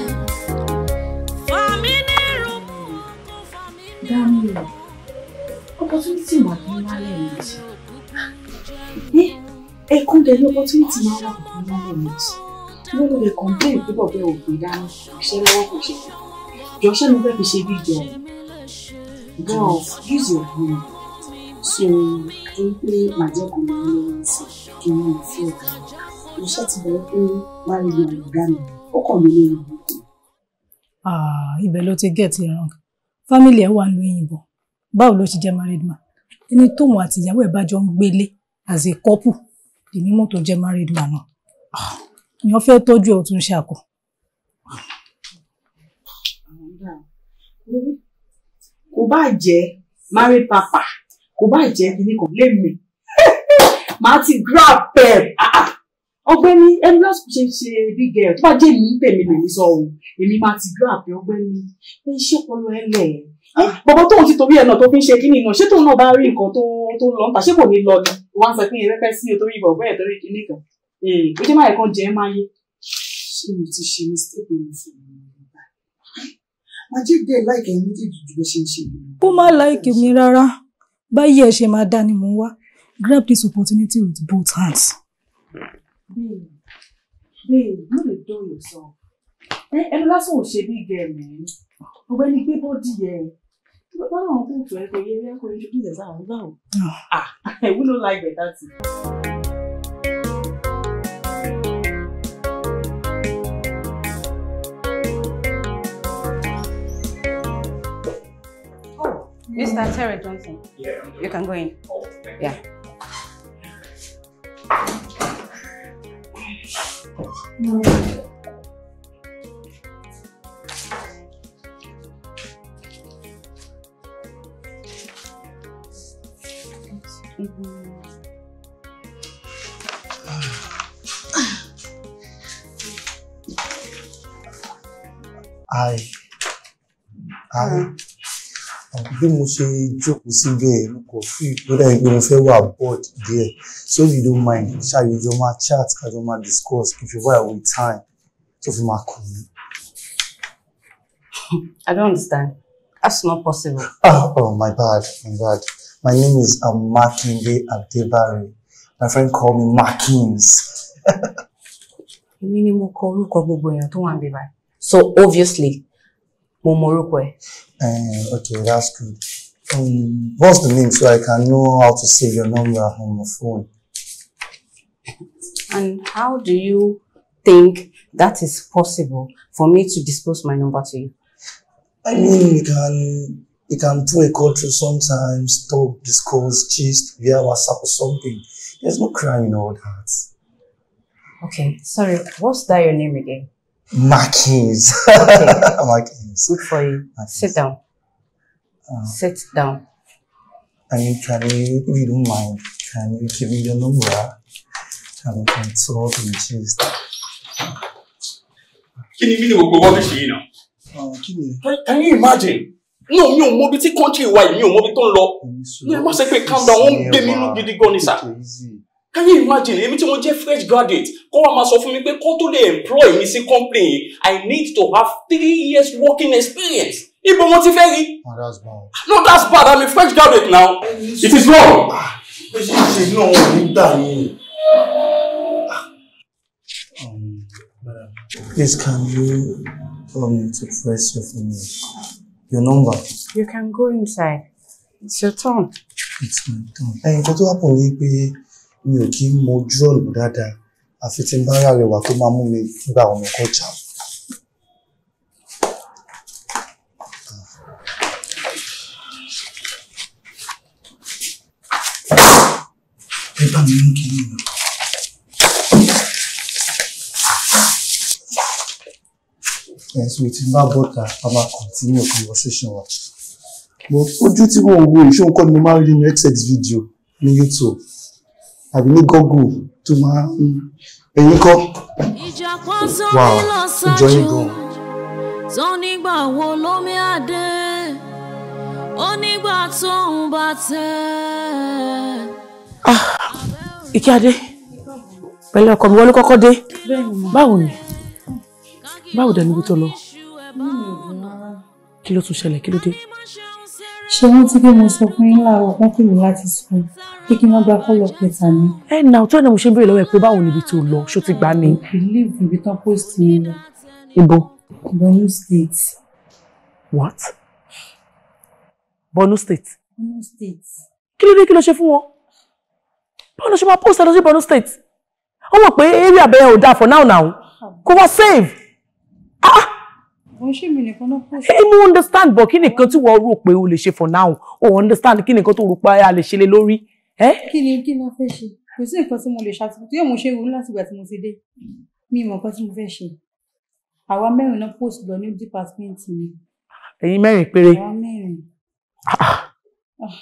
Dami o, opportunity mà ní wálé méjì. Ní eh, ẹkún dẹ̀ ní opportunity máa wà ní wálé méjì. Wọ́n lè kàn bẹ́ẹ̀ pé bọ̀bẹ́ òògùn ìdáná ṣẹ́ lọ́wọ́ kò ṣe. Jọ̀ọ́ ṣẹ́ mi fi ṣe bí ìjọ Girls, use your brain. So, tó ń play my máa ń lọ́wọ́ sí kí wọ́n lè fi ọ̀gá. Mo ṣe ti bẹ̀rẹ̀ pé máa rí ìyá ọ̀gá mi. Ó kàn mí lórí ìbò. Ibẹ̀ ló ti get it wrong. Family ẹ̀ wà ń lo òyìnbó. Báwo ló ṣe jẹ́ married man? Ẹni tóun àti ìyàwó ẹ̀ bá jọ ń gbélé as a couple di mo to jẹ́ married man náà. Èèyàn fẹ́ tọ́jú ẹ̀ ó tún ṣàkó. Àwọn ọ̀gá mi kò bá jẹ́ mary papa kò bá jẹ́ kíní kan lémi màá ti grab pep ah, ah. ọ̀gbẹ́ni ẹni láti ṣe ṣe big girl tó bá jẹ́ èmi ń tèmi lèmi sọ o èmi máa ti grab pé ọ̀gbẹ́ni ẹ ṣé ọpọlọ ẹ lẹ bọbọ tóun ti torí ẹ náà tó fi ń ṣe kíní náà ṣé tóun náà bá rí nǹkan tó tó lọ ń tà ṣé kò ní lọ ni wọn sọ pé ìrẹpẹ sí torí bọbọ ẹ torí kíní kan ó jẹ máa ẹkan jẹ máa yé ṣé mo ti ṣe mistake mi fún Majide láìkẹ́ yín méjèèjì ju bẹ́ẹ̀ ṣe ń ṣe. Ó má láìkẹ́ mi rárá. Báyìí ẹ ṣe máa dá ni mò ń wá. Grab this opportunity with both hands. Babe, babe, no dey dull yourself. Ẹnu lásán ò ṣe bí gẹ̀ẹ́mì. Ọ̀gbẹ́ni gbé bọ́dì yẹn. Bọ́lá àwọn kò fẹ́ kò yẹ kó introduce ẹ̀ sáà ń gbà ó. I will not like that. Mr. Terry Johnson. Yeah. You can go in. Oh, yeah. I, I, mm. bí mo ṣe jókòó síbẹ̀ mo kàn fi ìpínlẹ̀ pé mo fẹ́ wà bored díẹ̀ so if you don't mind ṣáàyè jọ máa chat kájọ máa discuss kí n fi with time tó fi máa kàn mí. I don't understand. That's not possible. Ah, oh, my bad, my bad. My name is Amakinde Adebare. My friend call me Makins. Èmi ni mo kọ orúkọ gbogbo èèyàn tó wà níbí báyìí. So obviously Eh, okay that's good um, what's the name so I can know how to save your number on my phone. and how do you think that is possible for me to dispose my number to you? I mean, you can you can pull a call through sometimes, talk, discuss, gist via WhatsApp or something. There's no crime in all that. Okay, sorry, what's that your name again? Marquinhos. Marquinhos. Good for you. Marquinhos. Sit down. Uh, Sit down. I you can you, if you don't mind, can you give me your number? Can we can talk and just. Kí ni mí gbogbo rubbish yìí náà? Ah, kí Can you imagine? ní òun yóò mọ bí tí country wa yìí mi ò mọ bí tó ń lọ. Ní ẹ má ṣe calm down, ó ń gbé mi inú gidi gan ni sà can you imagine èmi tí mo jẹ́ fresh graduate kó wàá máa sọ fún mi pé kó tó lè employ mi sí company i need to have three years working experience ibo mo ti fẹ́ rí. no oh, that's bad. no that's bad i'm a fresh graduate now it is wrong. bó ṣe ṣe náà wọn ò ní gbà yín. Please, can you um, to press your phone? Your number. You can go inside. It's your turn. It's my turn. Ẹ̀yin kan tó wà pọ̀ ní mi ò kí ń mojú ọ̀nà dáadáa àfi tí n bá rà rẹwà tó máa mú mi gba ọ̀nà kọjá. ẹ bá mi ń bá bọ́ta a máa continue conversation wa. ojú tí mo ń wo ìṣó nǹkan ni mo máa ń rí ní xx video ní YouTube àbí ní gọ́gù tó máa ń ẹ̀yìn kọ́. ìjàpọ̀ sómi lọ ṣáájú tó nígbà wo lómi àdé onígbà tó ń bá tẹ́. Ah, ìkí adé pẹ̀lú ọkọ mi wọ́n kọ́kọ́ dé báwo ni báwo dẹ̀ níbi tó lọ kí ló tún ṣẹlẹ̀ kí ló dé ṣé wọ́n ti gbé mo sọ fún yín láàárọ̀ wọ́n pè mí láti sùn pé kí wọ́n gba kọ́lọ̀ pẹ̀tà mi. ẹ nà tó ẹ̀nà mo ṣe ń béèrè lọ́wọ́ ẹ pé báwo níbi tó lọ ṣó ti gbà ní. believe ibi tán post mi lọ. ibo. Borno State. what? Borno State. Borno State. kí ló dé kí ló ṣe fún wọn báwo ló ṣe máa post ẹ lọ sí Borno State wọ́n mọ̀ pé area bẹ́ẹ̀ ò dáa for now now ah. kó wá save. Ah! kò ṣe mi nìkan náà pọ̀ sí. ẹ understand bọ̀ kí nìkan tí wọ́n rò pé o lè ṣe for now o understand kí nìkan tó rò pé a lè ṣe lé lórí. kí ni kí ni a fẹ́ ṣe kò sí nǹkan tí mo lè ṣàtúntò yóò mo ṣe ronú láti ìgbà tí mo ti dé mi mọ̀ nǹkan tí mo fẹ́ ṣe àwa mẹ́rin náà post lọ ní department mi. ẹ̀yin mẹ́rin péré. àwa mẹ́rin. Ah, ah. Ah,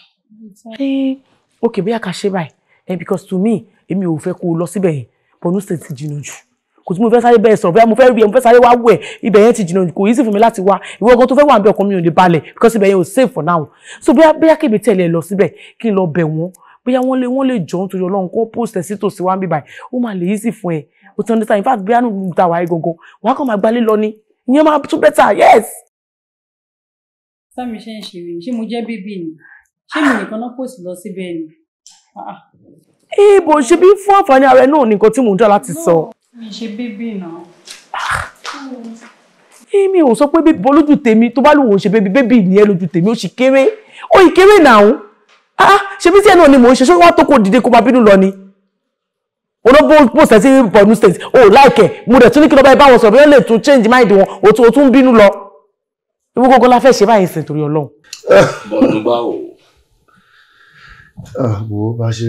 ṣé ok bóyá ká ṣe báyìí because to me èmi ò fẹ́ kó o lọ síbẹ̀ yẹn bọ́nú state ti jìnnà jù kò sí mo fẹ́ sáré bẹ́ẹ̀ sọ bóyá mo fẹ́ rí ẹ mo fẹ́ sáré wá wẹ̀ ibẹ̀ yẹn ti jìnnà kò easy fún mi láti wá ìwọ ọkàn tó fẹ́ wà ń bẹ ọkàn mi ò lè balẹ̀ because ibẹ̀ yẹn ò safe for now so bóyá bóyá kébì tẹ̀lé ẹ lọ síbẹ̀ kí n lọ bẹ̀ wọ́n bóyá wọ́n lè wọ́n lè jọ nítorí ọlọ́run kó post ẹ̀ sí tòsí wá ń bíbà ó máa lè easy fún ẹ o ti understand in fact bóyá nù ta wàá gangan wàá kàn máa gbalé lọ ni ìyẹn máa tún better yes. Sami ṣe ń ṣe ṣé mo jẹ́ bíbí ni ṣé mi nìkan náà post lọ síbẹ̀ ni. ibo ah, ah. ṣe bí fún àǹfààní ara ẹ náà nìkan tí mò ń dá láti sọ mi ṣe bébì náà. èmi ò sọ pé bébì bọ́ lójú tèmi tó bá lòun ò ṣe bébì bébì ni ẹ lójú tèmi ó sì kéré ó ì kéré nàún ah, ah, ṣebí tí ẹ náà ni mò ń ṣe ṣé wàá tó kò dìde kó máa bínú lọ ni olóbó pòsẹ̀ sí Borno state o láìkẹ̀ mo dẹ̀ tún ní kí lọ́ba ẹ bá wọn sọ̀rọ̀ yóò lè tún change mind wọn o tún o tún bínú lọ ewu gbogbo la fẹ́ ṣe báyìí sìn torí ọlọ́run. bọ́ọ̀nù bá wò. àbò ah, bá ṣe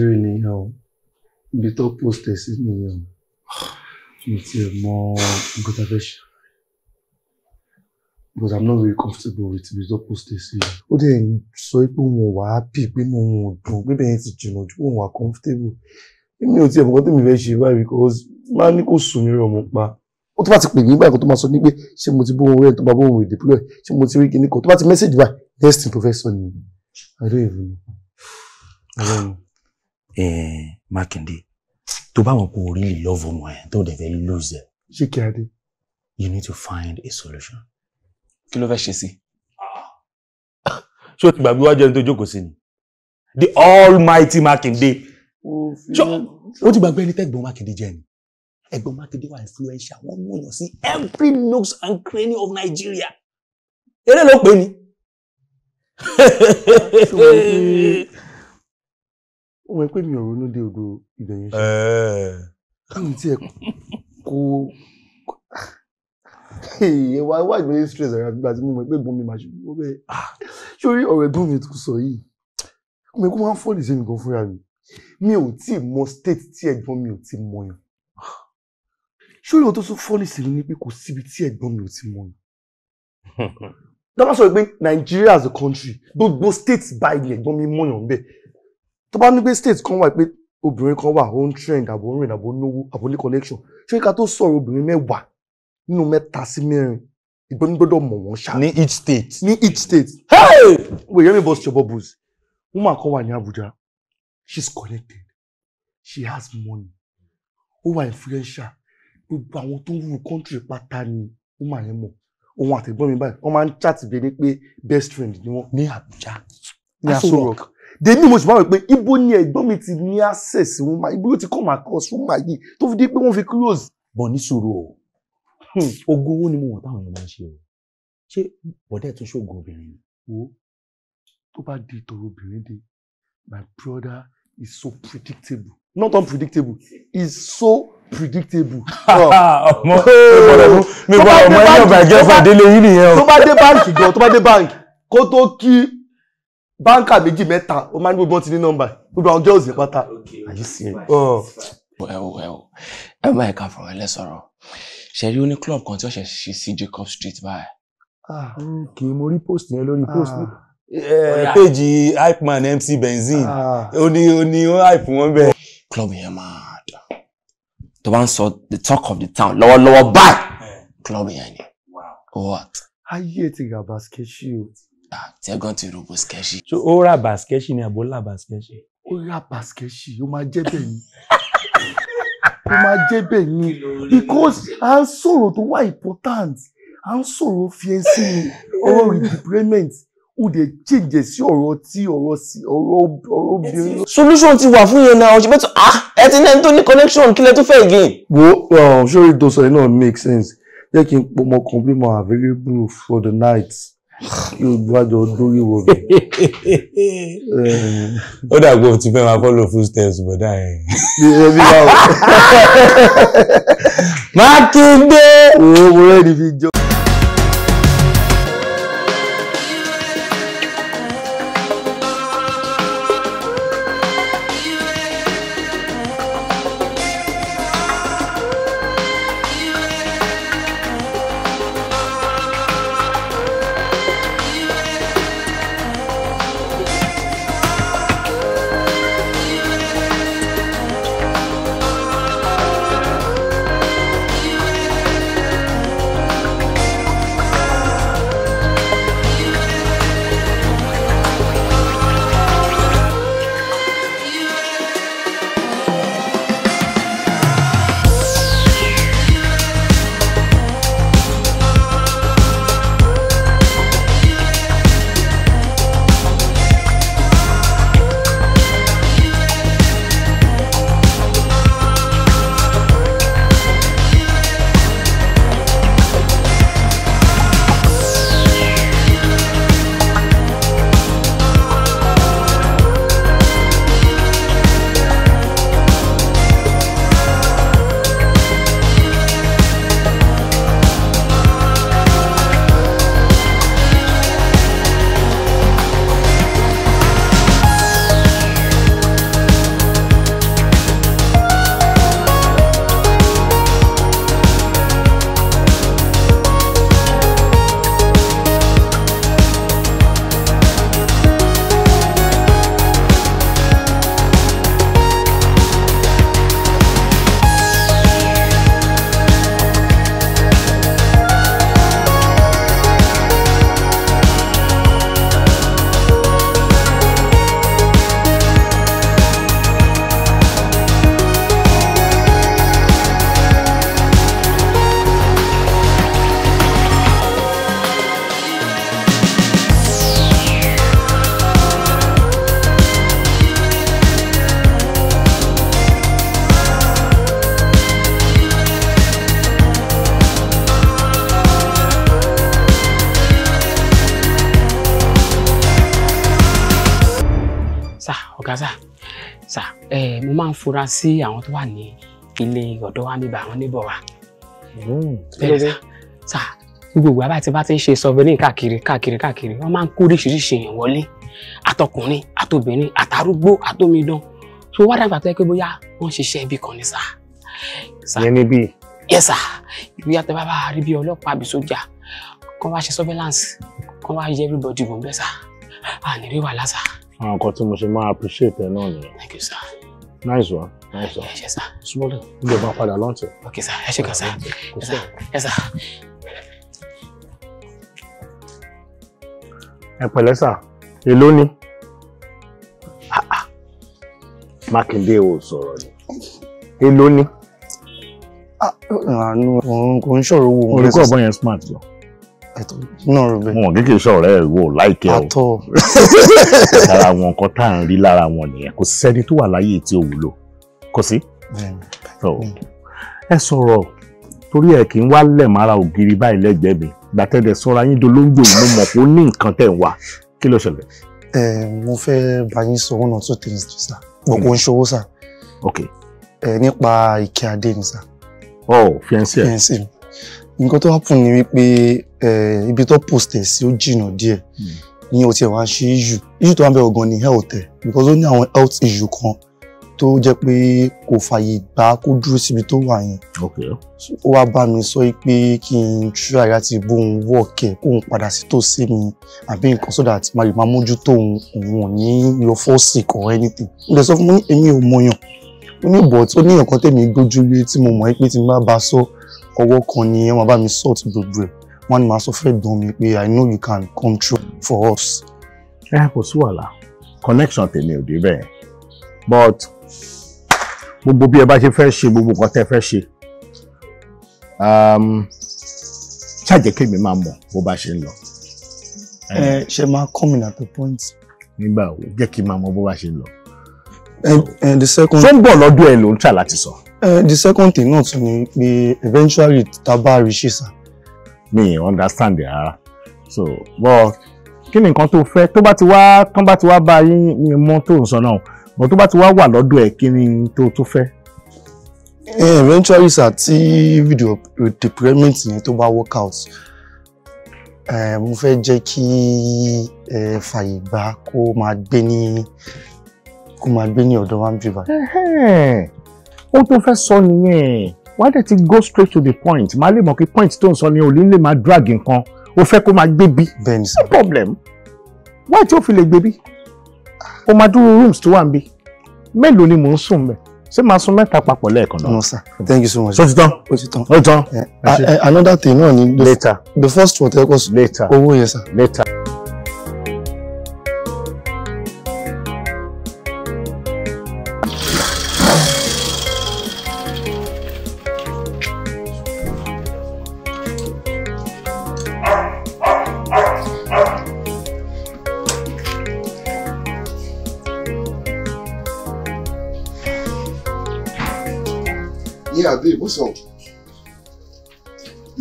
mi ti mọ nǹkan a fẹ́ but i'm not very comfortable with ibi tó post it sí. ó dẹ̀ sọ pé òun wà happy pé òun ò dùn pé bẹ́ẹ̀ ti jìnnà ju òun wà comfortable èmi ò tiẹ̀ mọ̀ nǹkan tèmi fẹ́ ṣe báyìí because máa ní kò sùn mí rọ̀ mọ́ pa ó tó bá ti pè mí báyìí kó tó máa sọ ní pé ṣé mo ti bó ohun rẹ̀ tó bá bó ohun redeploy ṣé mo ti rí kinní kan tó bá ti message báyìí next thing professor ni i don't even know. Mákindé tó bá wọn kò rí love ọmọ ẹ tó dẹ̀ fẹ́ lose ẹ. ṣé you need to find a solution. kí ló fẹ́ ṣe sí. ṣé o ti gbàgbé wájú ẹni tó jókòó sí ni the almighty Makinde ó ti gbàgbé ẹni tẹ́gbọ́n Makinde jẹ́ ni ẹ̀gbọ́n Makinde wà influential wọ́n mú yàn sí every nooks and cranny of Nigeria eré ló pè ní ó mọ̀ pé mi ò ronú dé odò ìbẹ̀yẹn ṣe kí n tiẹ̀ kó ẹ wá wá ìgbésẹ̀ stress ara gbígbà tí mo mọ̀ pé gbọ́n mi máa ṣubú ó bẹ́ẹ̀ sórí ọ̀rọ̀ ẹ̀gbọ́n mi tó sọ yìí mo kó máa ń fọ́ọ̀lì sí mi gan fúnra mi mi ò tí ì mọ state tí ẹ̀gbọ́n mi ò tí ì mọ yàn sórí ohun tó tún fọ́ọ̀lì sí mi ni pé kò síbi tí ẹ̀gbọ́n mi ò tí mọ yàn dábàá sọ pé Nigeria as a country gbogbo state báyìí ẹ̀gbọ́n mi mọ̀yàn bẹ́ẹ̀ tó bá ní pé state kan wà pé obìnrin kan wà ó ń trend àbò rìn àbò lówó àbò ní collection ṣé ká tó sọ̀rọ̀ obìnrin mẹ́wàá nínú mẹ́ta sí mẹ́rin ìgbóni gbọ́dọ̀ mọ̀ wọ́n ṣá. ní each state. ní each state. hey wait yẹ́mi bọ́ ṣọ̀bọ̀ bùs woman kan wà ní Abuja she's connected she has money ó wà influential gbogbo àwọn tó ń wù country pátá ni woman yẹn mọ̀ òun àtẹ̀gbọ́n mi báyìí wọ́n máa ń chat bíi ẹni pé best friend ni wọ́n. ní Abuja ní Aso Rock dèmí mo ṣùgbọ́n wípé ibo ni ẹ̀gbọ́n mi ti ní access wọn máa ibo ló ti come across wọn máa yìí tó fi dé pé wọ́n fi close bọ̀ ní sòrò o hmm, ogun owó ni mo wọ̀ táwọn èèyàn máa ń ṣe o ṣé bọ̀dẹ́ tún ṣoògùn obìnrin ni. wo tó bá di ìtòrò obìnrin dé my brother is so predictable not unpredictable is so predictable. ọmọ mi bọ ọmọ ẹni ọba ìjọba délé yìí nìyẹn o. tó bá dé báǹkì gan tó bá dé báǹkì kó tó kí báńkà méjì mẹ́ta ó máa ń gbogbo wọn ti ní nọ́mbà gbogbo àwọn girls yẹn pátá àyè sí ẹ. ẹ wò ẹ wò ẹ má ẹka fọ̀rọ̀ ẹlẹ́sọ̀rọ̀ ṣe rí ó club kan tí ó ṣe ṣe sí Jacob Street báyìí. Ah. kì í mo rí post yẹn lórí post ah. eh, péjì hypeman MC Benzene ah. ó ní ó ní ó hype wọn bẹ́ẹ̀. club yẹn máa dà tó bá ń sọ the talk of the town lọ́wọ́lọ́wọ́ báyìí eh. club yẹn ni what. ayé ti gàbà skechi o tí ah, ẹ̀gbọ́n ti ro bòskẹ́ṣì. ṣé ó ra bàskẹ́ṣì ni àbó là bàskẹ́ṣì. ó ra bàskẹ́ṣì ó máa jẹ́ bẹ́ẹ̀ ni ó máa jẹ́ bẹ́ẹ̀ ni because à ń sọ̀rọ̀ tó wà important à ń sọ̀rọ̀ fiẹ́nsì ni ọ̀rọ̀ redeployment ó dẹ̀ change sí ọ̀rọ̀ tí ọ̀rọ̀ sí ọ̀rọ̀ obìnrin. solution ti wà fún yẹn náà ọ̀sẹ̀ bẹ́ẹ̀ tó ah ẹ ti ní ẹni tó ní connection kílẹ̀ tó fẹ́ again. wo um, ṣé orí dosọ̀ yẹn náà make sense jẹ́ kí n pọ̀ mọ́ kan bí mo available for the night yorùbá jọ dórí wọ mi. ó dàgbò tí fẹ́ máa follow footsteps bọ̀dá yẹn. ní ẹbí báwo. mákindé. owó mo rẹ́ ni fi jọ. fura sí àwọn tó wà ní ilé ọ̀dọ́ wa níbà àwọn níbọ̀ wa. Hmm, bẹ́ẹ̀ sá sá gbogbo àbá tí bá ti ń ṣe survey káàkiri káàkiri káàkiri wọ́n máa ń kó oríṣiríṣi èèyàn wọlé àtọkùnrin àtobìnrin àtàrúgbó àtomidan tó wá dàgbà tó yẹ pé bóyá wọ́n ṣiṣẹ́ ibi kan ní sá. ìyẹn níbí. yẹ sá ibi àti bàbá rí bí ọlọ́pàá àbí sójà kán wá ṣe surveillance kán wá yẹ everybody wò bẹ́ẹ̀ sá àníríwá lásà. àwọn nǹkan tí mo ṣe máa appreciate ẹ náà nìyẹn. thank you sir nice one nice one ṣe sá súnmọ́lẹ̀ nígbà bá lunch. Okay, sir. sá ẹ ṣe kàn sá ẹ sá. ẹ pẹ̀lẹ́ sá èló ni Mákindé ò sọ̀rọ̀ ni èló ni. àánú òun kò ń ṣòro wo. orí kọ́ ọ̀bọ yẹn smart lọ náà rò bẹ́ẹ̀. wọn kékeré sọ̀rọ̀ ẹ̀ wò láìkẹ́ o àtọ̀. lára wọn nǹkan tá à ń rí lára wọn nìyẹn kò sẹ́ni tó wà láyé tí ò wúlò kò sí. ẹ sọ̀rọ̀ torí ẹ kì í wá lẹ̀ mára ògiri báyìí lẹ́gbẹ̀ẹ́ mi gbàtẹ́dẹ̀ sọ́ra yín dolóńgbò yìí mo mọ̀ pé ó ní nǹkan tẹ̀ ń wá kí ló ṣẹlẹ̀. ẹ mo fẹ́ bá yín sọ one or two things sir gbogbo ń ṣòwò sir. ok. ẹ nípa Ike Adé ni sir. ọ oh, fiẹ́nsì ẹ fiẹ́nsì mi nǹkan tó happen ni wípé ibi tó post sí ó jìnnà díẹ̀ hmm. ní o tiẹ̀ ṣe issue issue tó wà bẹ̀rẹ̀ gan ni health because ó ní àwọn health issue kan tó jẹ́ pé kò fàyè gbà kó dúró síbi tó wà yẹn ó wá bá mi sọ pé kí n try láti bóun work ẹ̀ kóun padà sí tòsí mi àbí nǹkan so that màá lè máa mójútó òun òun ní lọ fọ́ọ̀sì kọ́ anything mo fún mi èmi ò mọyàn ó ní bọ̀ ó ní nǹkan tèmi gbójú lé tí mo mọ̀ pé tí n bá ba sọ ọwọ́ kan ni ẹ máa bá mi sort gbogbo ẹ̀ wọ́n ní màá sọ fẹ́ dùn mí pé I know you can come through for us. ẹ kò sí wàhálà connection tèmi ò dé bẹ́ẹ̀ but gbogbo bí ẹ bá ṣe fẹ́ ṣe gbogbo nǹkan tẹ́ fẹ́ ṣe um, ṣàjẹ́ kémi máa mọ̀ bó bá ṣe ń lọ. ẹ ṣe máa in at the point. nígbà wo jẹ́ kí n máa mọ̀ bó bá ṣe ń lọ. the second. tó ń bọ̀ lọ́dún ẹ ló ń tà láti sọ. the second thing náà tún ni pé eventually tá a bá rí ṣe sàn mi understand ẹ̀ so but kini ni nǹkan tó fẹ́ tó bá ti wá tó bá ti wá bá yín mi mú tó ń sọ náà but tó bá ti wá wà lọ́dọ̀ ẹ̀ kí ni tó tó eh, eventually sir ti video deployment yẹn tó bá work out eh, mo fẹ́ jẹ́ kí eh, fàyè gbà ko máa gbé ní kó máa gbé ní ọ̀dọ̀ wa ń bíbá. ohun tó fẹ́ sọ nìyẹn wàá dẹ̀ ti go straight to the point màá lè mọ̀ kí point tó ń sọ ni òní lè máa drag nǹkan o fẹ́ kó máa gbé no problem wáyé tí ó fi lè gbé bí o máa dúró rooms tó wà ń bí mélòó ni mò ń sùn bẹ́ẹ̀ ṣé máa sun mẹ́ta papọ̀ lẹ́ẹ̀kan náà. no sir thank you so much. ó ti tán ó ti tán ó ti tán. Eh, eh, another thing náà ni. later the first one tell us. later owó yẹn sir. later.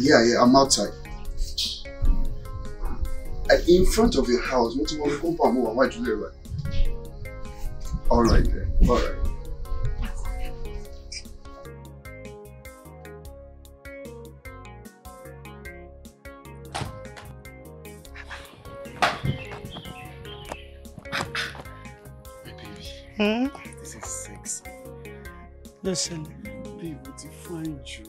yeah, yeah, I'm outside. And in front of your house, what you want to come more? Why do you All right then, all right. Hmm? This is sexy. Listen, babe, it's fine you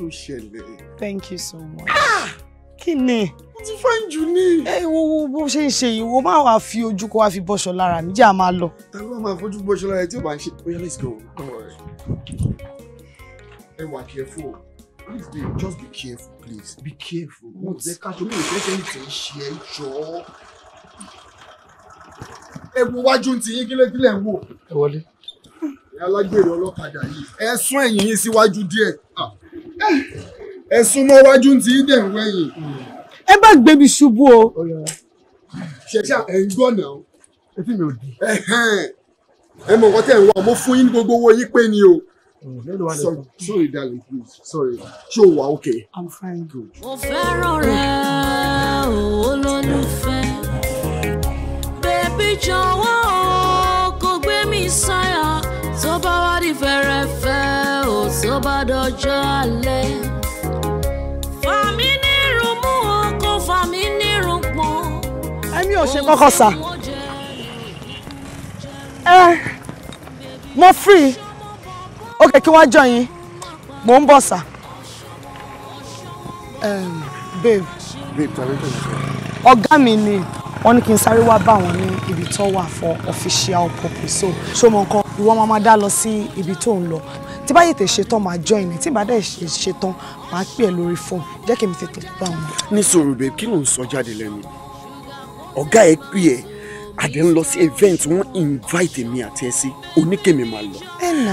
ló ṣẹlẹ̀. thank you so much. Ah! kí ni. mo ti fẹ́ jù ní. ẹ wo wo bó ṣe ń ṣe yìí wo máa wá fi ojú kó wá fi bọ́ṣọ lára mi jẹ́ à máa lọ. ẹ máa fojú bọ́ṣọ lára tí o bá ń ṣe bóyá let's go don't worry. ẹ wà careful please babe just be careful please be careful. mo ti ká ṣe mi ò fẹ́ sẹ́yìn tí ń ṣe é jọ. ẹ wo wájú ti yín kílẹ̀kílẹ̀ ń wò. ẹ wọlé. ẹ alágbèrè ọlọ́kadà yìí ẹ sún ẹ̀yìn yín síwájú díẹ̀. Ah! ẹ̀sùn mọ́ wájú ti dẹ̀ ń wẹ̀yìn. ẹ bá gbé ṣubú o. ṣẹṣẹ ẹ ń gbọ́ náà etí mi ò di. ẹ mọ nǹkan tẹ́ ẹ̀ wá mo fún yín gbogbo owó yín pé ni o. Mm, sorry darling please sorry ṣé o wà okay. i'm fine good. mo fẹ́ràn rẹ̀ owó lólùfẹ́ bẹ́ẹ̀ bí jọ̀wọ́ kò gbé mi sáyà. lọ́jọ́ alẹ́. fàmí nírun mú ọkọ fàmí nírun pọ́n. ẹ̀mí ò ṣe kọ́kọ́ sá. ẹ eh, mo free ok kí wọ́n jọ yín mò ń bọ̀ sá. babe babe tàbí kò ní ọ̀gá mi ni wọ́n ní kí n sáré wá bá wọn ní ibi tó wà for official purpose so ṣó mọ nǹkan ìwọ máa máa dá lọ sí ibi tó ń lọ tí bá yètè ṣetán máa join mi tí bá dẹ̀ ṣetán máa pè ẹ́ lórí fóònù jẹ́ kí mi tètè bá wọn. ní sọ̀rọ̀ bẹ́ẹ̀ kí ló ń sọ jáde lẹ́nu ọ̀gá ẹ pè ẹ́ àdé ń lọ sí event wọn invite mi àti ẹ sí oníkèmí máa lọ.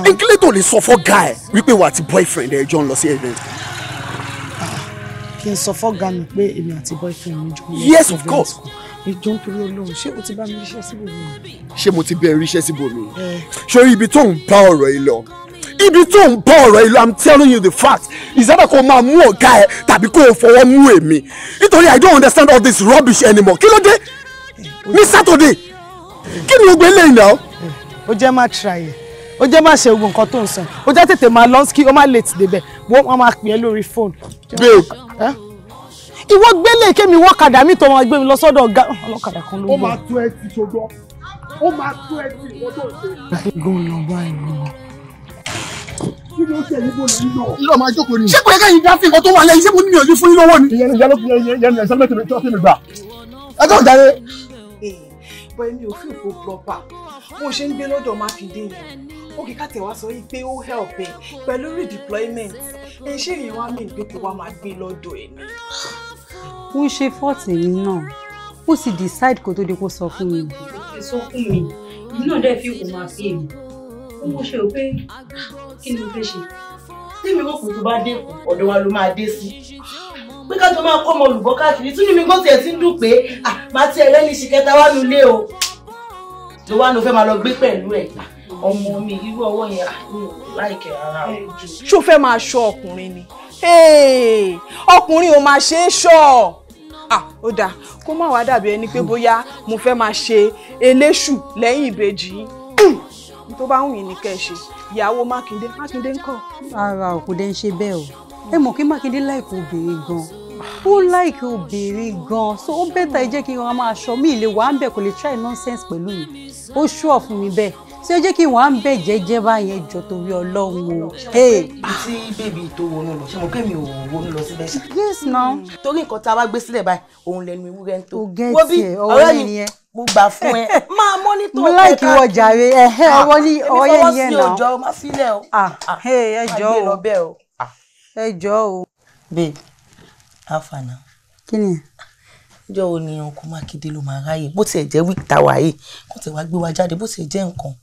ẹnkílẹ̀ tó lè sọ fọ́gá ẹ wípé wà á ti boyfriend ẹ jọ ń lọ sí event. Ah, kí n sọ fọ́gá mi pé èmi àti boyfriend mi jọ ń lọ sí event. yes of course ìjọ ń torí olóhùn ṣé o ti bá mi ríṣẹ́ síbòmí. ṣé mo ti bẹ ríṣẹ́ síbòmí. sórí ibi tó ń bá ọ̀rọ̀ yìí lọ ibi tó ń bọ̀ ọ̀rọ̀ ìlú i'm telling you the fact ìsábà kò máa mú ọ̀gá ẹ tàbí kò fọwọ́ mú èmi nítorí i don't understand all this rubbish anymore kí ló dé ní saturday kí ni gbogbo eléyìí náà. ó jẹ́ má try ẹ̀ ó jẹ́ má ṣe oògùn nǹkan tó ń sàn ó jẹ́ tètè máa lọ kí ó má late débẹ̀ wọ́n máa pè é lórí fóònù. babe ìwọ gbélé kémi wọ́kadà mi tọmọ gbé mi lọ sọ́dọ̀ ọ̀gá ọlọ́kadà kan ló gbọ́. ó máa tó ẹ ti ṣogbọ́ ó máa tó ẹ ti ìwọ́dọ̀ ṣe. gbọ́n lọ báyìí kí ló ṣe yìí bó lè lọ. ilé ọmọ ajókòó ni. ṣé kò yẹ kẹ́yìn dáfín tó wà lẹ́yìn ṣé mo fún yín lọ́wọ́ ni. ìyẹn ìyẹn ìyẹn ìyẹn sẹ́lẹ̀ tèmi tó tèmi gbà. ẹ kàn jáde. Eh, bọ èmi ò fi ìfò bọ̀pà bó ṣe ń gbé lọ́dọ̀ mákindé yẹn ó kì í kàtẹ́ wá sọ yìí pé ó help ẹ pẹ̀lú redeployment ẹ ṣé èèyàn wá mí ìgbé kó wá máa gbé lọ́dọ̀ ẹ̀ ni. ó ń ṣe fọ́ọ̀tì mi náà ó sì decide kó tó di kó sọ fún mi. ó ti sọ fún mi ìlú náà dẹ́ fi kò máa fi èmi ó mọ̀ ṣe ò pé kí ni mo fẹ́ ṣe tèmi mọ̀ pé tó bá dé kù ọ̀dọ̀ wa ló máa dé sí pé ká tó máa kọ́ ọmọ olùbọ́ káàkiri tún ní mi gbọ́dọ̀ ti ń dùn pé màá ti ẹ̀rẹ́ ní ṣìkẹta wá nu ilé o ló wá nu fẹ́ máa lọ gbé pẹ̀lú ẹ̀ ọmọ mi irú ọwọ́ yẹn láìkẹ́ rárá ṣó fẹ́ máa ṣọ ọkùnrin ni ọkùnrin ò máa ṣe é ṣọ ó dáa kó má wàá dàbí ẹni pé bóyá mo fẹ́ máa ṣe eléṣù lẹ́yìn ìbejì yín tó bá wù yín ní kẹ́ ẹ ṣe ìyàwó mákindé mákindé ń kọ. ara òkúdẹ ń ṣe bẹ́ẹ̀ o ẹ mọ̀ kí mákindé láìpẹ obìnrin gan-an ó láìkí obìnrin gan so ó bẹ́tà ẹ jẹ́ kí wọn máa ṣọ mí ìlé wàá ń bẹ̀ kò lè try nonsense pẹ̀lú mi ó ṣúọ̀ fún mi bẹ́ẹ̀ ṣé ẹ jẹ́ kí wọ́n á ń bẹ̀ jẹ́jẹ́ báyẹn jọ torí ọlọ́run o. tí bèbí tó wọnú lọ ṣé mo kẹ́ mi ò wọnú lọ síbẹ̀. yes na. torí nǹkan tá a bá gbé sílẹ̀ báyìí òun lẹ́nu ewúrẹ́ ń tó. o gẹ́ẹ̀tì ẹ̀ ọ̀rẹ́ mi mo gbà fún ẹ máa mọ́nítọ̀ mo láìkí wọ jàre ẹ̀hẹ́ ah, ọwọ́ ní ọyẹ́ yẹn náà èmi fọwọ́ sí òjò má sílẹ̀ o ah, ah, ẹjọ́ o ẹjọ́ o. babe afana kí ni ọjọ́ wo ni ọkọ̀ mákindé ló máa ráyè bó tiẹ̀ jẹ́ wíìkì táwa yìí kó tiẹ̀ wá gbé wa jáde bó tiẹ̀ jẹ́ nǹkan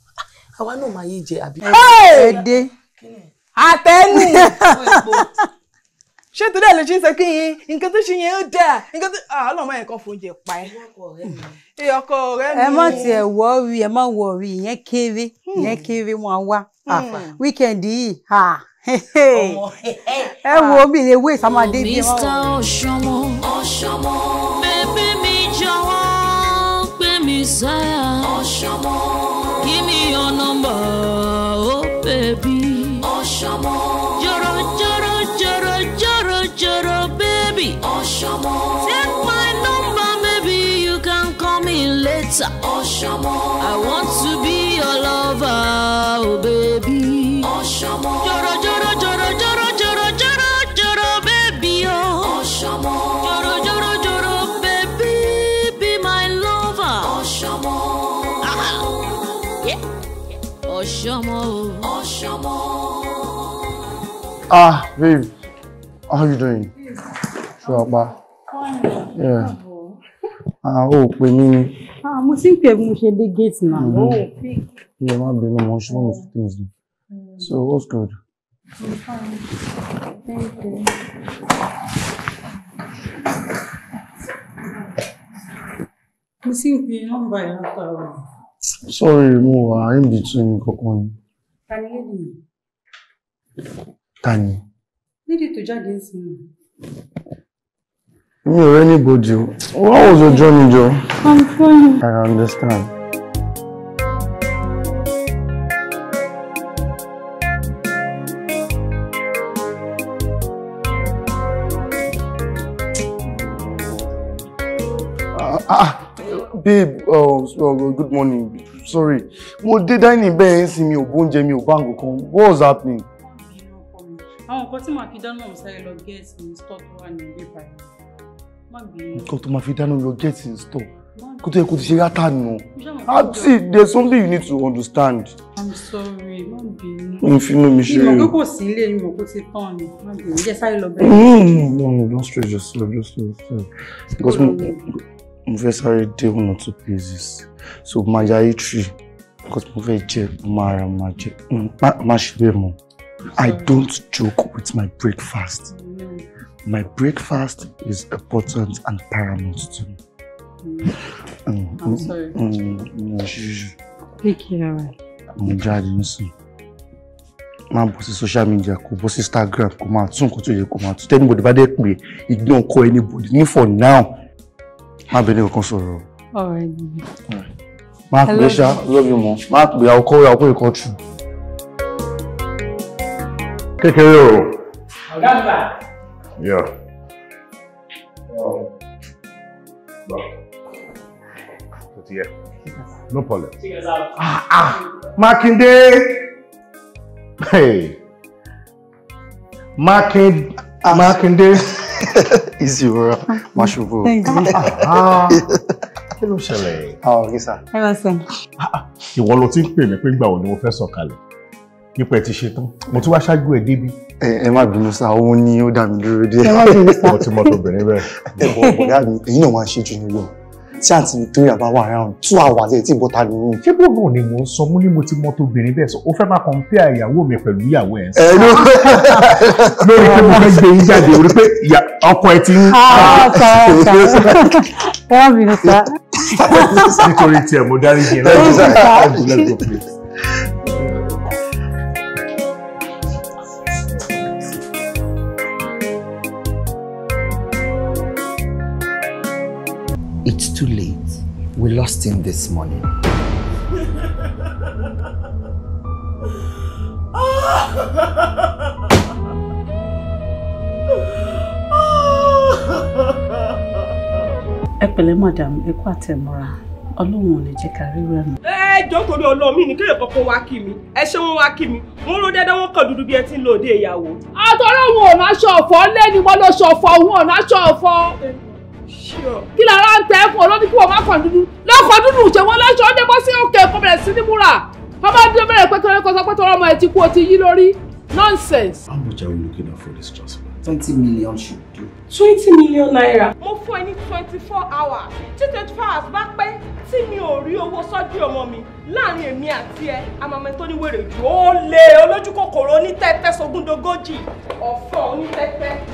àwa náà máa yé jẹ àbí. èdè àtẹnu ṣé torí ẹ lè ṣe ń sọ kí yín nǹkan tó ṣe yẹn ó dáa nǹkan tó ah, ọlọmọ yẹn kan fòun jẹ pa ẹ. ẹ ọkọ ọ̀rẹ́ mi. ẹ má tiẹ̀ wọ́ọ̀rì ẹ má wọ́ọ̀rì ìyẹn kéré hmm. ìyẹn kéré wọn wá ah, hmm. wíkẹ̀ndì yìí ah, ẹ wo mi lè wé ìsàmàdé bí wọn. Mr. mi jọ̀wọ́ pé mi sáyà Ọ̀ṣọ́mọ give me your number. Peter. I want to be your lover, oh baby. Joro, joro, joro, joro, joro, joro, joro, baby, oh. Joro, joro, joro, baby, be my lover. Oh yeah. Oshomo. Oshomo. Ah, babe, how you doing? Sure, but yeah. Ah, oh, we mean. Ah, mo ti ń pè mo ṣe dé gate náà. Ìyá mm-hmm. oh, máa bínú mo ṣe one of the things do. Mm. So what's good? Mo ti ń pè nọ́mbà yẹn látara. Sorry, mo wà in between kankan ni. Tani. ni lédi yìí? Ta ni? tó jáde ń sinmi. Me ò rẹ́ni bòjú wọ́n wò ó jọ mi I'm fine. I understand. ah, ah babe um, uh, good morning sorry What did I need ń sin mi ò bóúnjẹ mi ò bá happening. àwọn nǹkan tí màá fi dáná ọ̀hún sáré lọ gẹ́ẹ̀sì ní stọ́ọ̀tù wà ní ilé ìbàdàn nǹkan my máa fi dáná lọ get in store kó tó yẹ kó ti ṣe ah, there's something you need to understand. i'm sorry má bínú. n finú mi ṣe. ìmọ̀ pé kò sí ilé ìmọ̀ kó ti tán ni má bínú jẹ́ sáré lọ no no don't stress yourself just do because mo fẹ́ sáré dé one or two places so ma ya e three because mo fẹ́ jẹ mo ara ma jẹ ma ṣe bẹ́ẹ̀ mọ́ i don't joke with my breakfast. Mm -hmm my breakfast is important and paramount to me. Mm. Um, I'm mm, sorry. Mm, Take care. I'm jáde nísìnyí. Máa bọ̀ sí social media kò bọ̀ sí Instagram kò máa tún nǹkan tó yẹ kò máa tún. Tẹ́nibọ̀dì bá dẹ̀ pé igbó ọkọ anybody ní for now. Má bẹ ní kankan sọ̀rọ̀. Má pè é ṣá love you mọ́. Má pè é àwọn kọ́wé àwọn kọ́wé kan tù. Kékeré o. Ọ̀gá àgbà. Yeah. Um, but yeah. No problem. Ah, ah. Makinde. Hey. Makin ah. Makinde. Easy, bro. Mashubu. Thank you. Ah, ah. Kí ló ṣẹlẹ̀? Ah, okay, sir. Hello, sir. you? ló ti ń pè mí pé ìgbà wo ni mo fẹ́ sọ̀kalẹ̀ ipò ẹ ti ṣe tán mo tún wá ṣáájú ẹ débi. ẹ ẹ má bínú sá òun ni ó dá mi dúró díẹ̀. ẹ má bínú sá. mo ti mọ tóbìnrin bẹ́ẹ̀. ẹ bọ bọdá mi èyí náà wàá ṣe jù nílò tí àǹtí Victoria bá wà around two hours ẹ tí bọta ló ń. ṣé gbọ́ngàn ni mò ń sọ mo ní mo ti mọ tóbìnrin bẹ́ẹ̀ sọ ó fẹ́ máa compare ìyàwó mi pẹ̀lú ìyàwó ẹ̀. ẹ ló lórí pé mo fẹ́ gbé yín jáde orí pé ọkọ ẹ ti ń. Ah, ẹ má bínú sá. nítorí tiẹ̀ mo dárí jìn náà. It's too late. We lost him this morning. ẹ pẹ̀lẹ́ madam ẹ kú àtẹ̀mọ́ra ọlọ́run ò ní jẹ́ ká ríru ẹ̀mọ́. ẹ jọ torí ọlọ́run mi ní kéèyàn kankan wá kí mi ẹ ṣé wọn wá kí mi wọn ló dẹdẹ wọn kàn dúdú bí ẹ ti ń lò dé ìyàwó. àtọ́rọ̀ wọn ò náṣọ ọ̀fọ̀ lẹ́ni wọn lọ ṣọ̀fọ̀ wọn ò náṣọ ọ̀fọ̀ kí lára ń tẹ fún ọ kí wọ́n má kàn dúdú lọ́kọ̀ dúdú ṣe wọ́n lọ́ṣọ ó sí òkè kó bẹ̀rẹ̀ sí ní múra ọmọ dúró bẹ̀rẹ̀ pé kọ́sọ́ pé ọmọ ẹ ti kú o yí lórí nonsense. How much are we looking at for this transfer? twenty million should do. twenty million naira. mo fún ẹ ní twenty four hours tí twenty four hours bá pẹ́ tí mi ò rí owó sọ́jú ọmọ mi láàrin èmi àti ẹ amamẹ tó ní wèrè jù ó lé olójú kòkòrò onítẹ́tẹ́ sógúndógójì ọ̀fọ̀ onítẹ́tẹ́.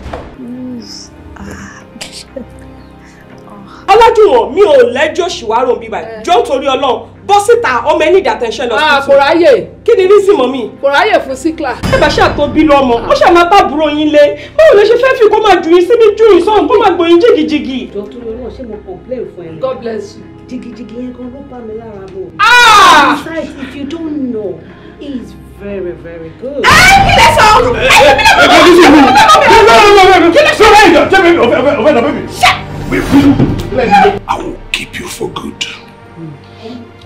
ọlájúwọ̀n mi ò lẹ́jọ́ ṣìwárò bíbá ẹ̀ jọ nítorí ọlọ́run bọ́ síta ọmọ ẹni ìdá tẹ̀sán lọ sí. kò ráyè. kí ni rísì mọ́ mi. kò ráyè fún síkla. ẹ bá ṣáà tó bí lọ́mọ ó ṣáà máa bá àbúrò yín lé báwo ló ṣe fẹ́ fi kó máa ju yín síbi ju ìsọ̀hún kó máa gbòyìn jìgìjìgì. ìjọ tó lọ náà ṣé mo complain fún ẹ. God bless you. jìgìjìgì yẹn gan ló bá mi lára bò. besides if you don't know he is very very good. ẹ kí lè sọ ọdún. ẹ kí lè sọ ọdún. kí lè sọ ọdún. kí lè sọ ọdún. I will keep you for good.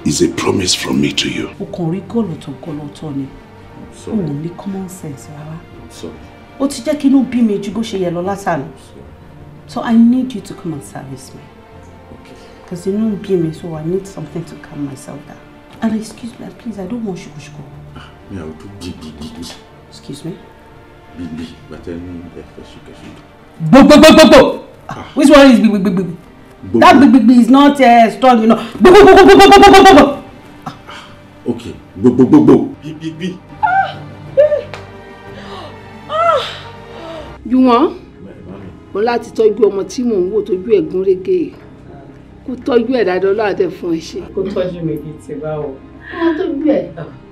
It's a promise from me to you. O kàn rí gọ́lọ̀tọ̀ gọ́lọ̀tọ̀ Sorry. O ò ní common sense rárá. O ti jẹ́ kí inú bí mi ju bó ṣe yẹ lọ So I need you to come and service me. Because you ń bí me, so I need something to calm myself down. And excuse me please I don't want you to go. Ah, me do. Mi àwọn tó gbìgbìgbì. Excuse me. But I need to Bíbí bàtẹ́ ní ẹ̀fẹ̀ ṣùkẹ́ṣùkẹ́. Gbogbogbogbogbò which one is gbigbigbigbi that gbigbigbi is not uh, strong enough gbogbogbogbogbogbogbogbo. okay gbogbogbogbo. gbigbigbi. yùwọ́n o láti tọ́jú ọmọ tí mò ń wò tójú ẹ̀ gún régé kó tọ́jú ẹ̀ dáadáa ọlọ́run àtẹ̀ fún ẹ ṣe. kó tọ́jú mi bíi tìbáwò. wọ́n tọ́jú ẹ̀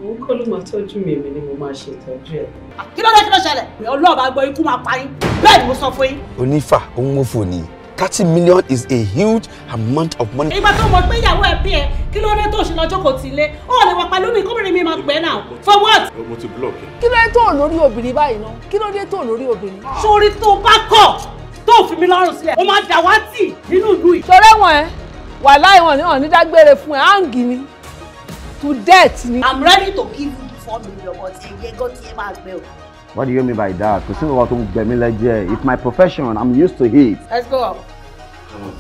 òun kọ́ ló máa tọ́jú mi èmi ni mo máa ṣe ìtọ́jú ẹ̀. kí ló dé kí ló ṣẹlẹ̀ ọlọ́ọ̀bá gbọ́ ikú máa pa yín bẹ́ẹ̀ ni mo sọ fún yín. onífà òun mo fò ní thirty million is a huge amount of money. ìgbà tó mọ̀ pé ìyàwó ẹ̀ bí ẹ kí ló dé tó ṣe lọ́jọ́ kò tí ilé ó lè wà pẹ̀lú mi kóbìnrin mi máa gbẹ́ náà for what. mo ti block ẹ. kí ló dé tó lórí obìnrin báyìí náà kí ló dé tó lórí obìnrin. sórí tó bá kọ̀ tó fi mi lọ́rùn sílẹ̀ ó máa dàwátì nínú ìlú yìí. sọ̀rọ̀ ẹ̀wọ̀n ẹ wàhálà ẹ̀wọ̀n ni ọ̀ ní dágbére fún ẹ áǹgì ni student ni. I'm ready to give you four million but ẹ̀yẹ gan ti ẹ máa gbẹ What do you mean by that? Kò sí ìwà tó ń gbẹ̀mí lẹ́jẹ̀. It's my profession. I'm used to it. Let's go Come on.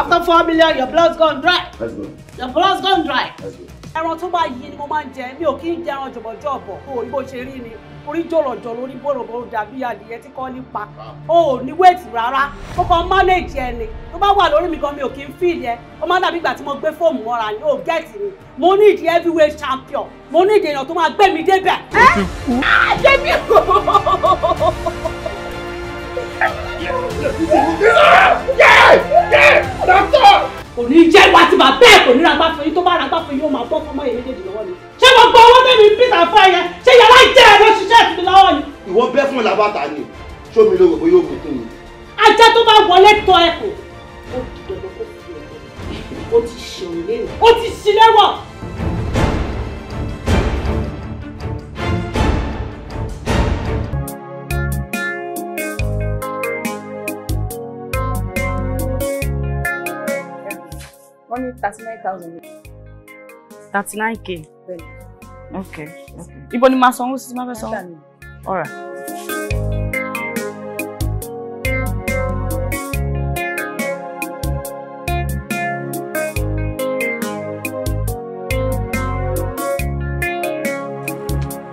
After four million, your blood's gone dry. Let's go. Your blood's gone dry. Let's go. Ẹran tó bá yí ni mo máa ń jẹ, mi ò kí ń jẹ ẹran jọ̀bọ̀jọ̀bọ̀, kò rí you, ṣe rí ni orí jọ̀lọ̀jọ̀ lórí bọ̀rọ̀bọ̀rọ̀ dàbí adìyẹ tí kọ́ nípa o ò ní wéètì rárá ó kàn mánéèjì ẹ ni tó bá wà lórí mi gan mi ò kí ń fì yẹ ó má dàbí ìgbà tí mo gbé fóònù mọ́ra ni ó gẹ̀ẹ́tì mi mo ní ìdí heavyweight champion mo ní ìdí èèyàn tó máa gbé mi débẹ̀. ẹ ẹ débi kò. kò ní jẹ́ wá ti bàbá ẹ̀ kò ní ra gbá fún yín tó bá ra gbá fún yín ó máa bọ́ fọmọ yẹn méjèèjì lọ́wọ́ ni ṣé gbogbo owó tẹ̀mí pítà fún ẹ̀yẹ ṣé yàrá ìjẹ́ ẹ̀rọ ṣiṣẹ́ ìtìmí lọ́wọ́ ni. ìwọ bẹ́ fún làbàtà ni ṣó mi lóore bóyá òkú fún mi. ajá tó bá wọlé tọ ẹ kò. ó ti ṣeun léwu. ó ti ṣílẹ̀wọ̀. wọ́n ní thirty nine thousand. thirty nine k fẹ́ lọ. ok ok ibo ni màá sanwó sí ti máa all right.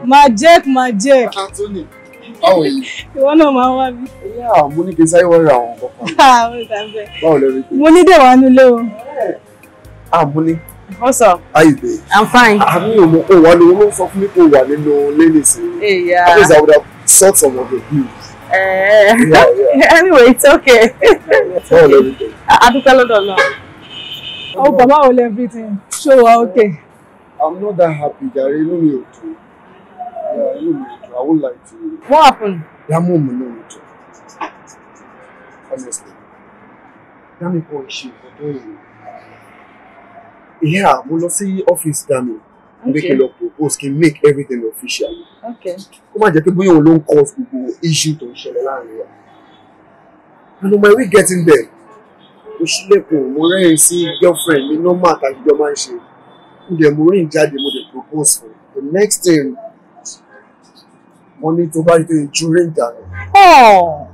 Majek, Majek. Anthony, báwo yìí? Ìwọ náà máa ń wá mi. Ìyá mo ní kí n sáré wọ́n ra àwọn nǹkan kan. Ah, báwo lè rí i? Mo ní dèwà nílé o. Àmúlé. Ah, What's up? How you doing? I'm fine. I mean, you know, one wọ́n sọ fún mi kò wà nínú lẹ́yìn eh, Yeah. At I would have sought some of the views. Uh, yeah, yeah. Anyway, it's okay. Báwo lè rí bẹ́ẹ̀? Adúpẹ́ lọ́dọ̀ náà. Oh, bàbá ò lè everything. Show, o uh, okay? I'm not that happy, There is no ò dùn. Inú mi I won't lie to you. What happened? Yàmú mi náà ò dùn. Honestly, Yàmí kò ṣe ìfọ̀dọ̀ ìwé yeah mo lọ sí ọ́fíìsì dami pé kí n lọ propose kí n make everything official kó má jẹ́ pé bóyá òun ló ń cause gbogbo issue tó ń ṣẹlẹ̀ láàrin wa and on my way getting there mo ṣílẹ̀kùn mo rẹ́rìn sí girlfriend mi normal àtàlùjọ máa ń ṣe mo dẹ̀ mo rìn jáde mo dẹ̀ propose for the next thing wọ́n ní tó bá rí tó yẹ rìn dànù. ọ̀ọ́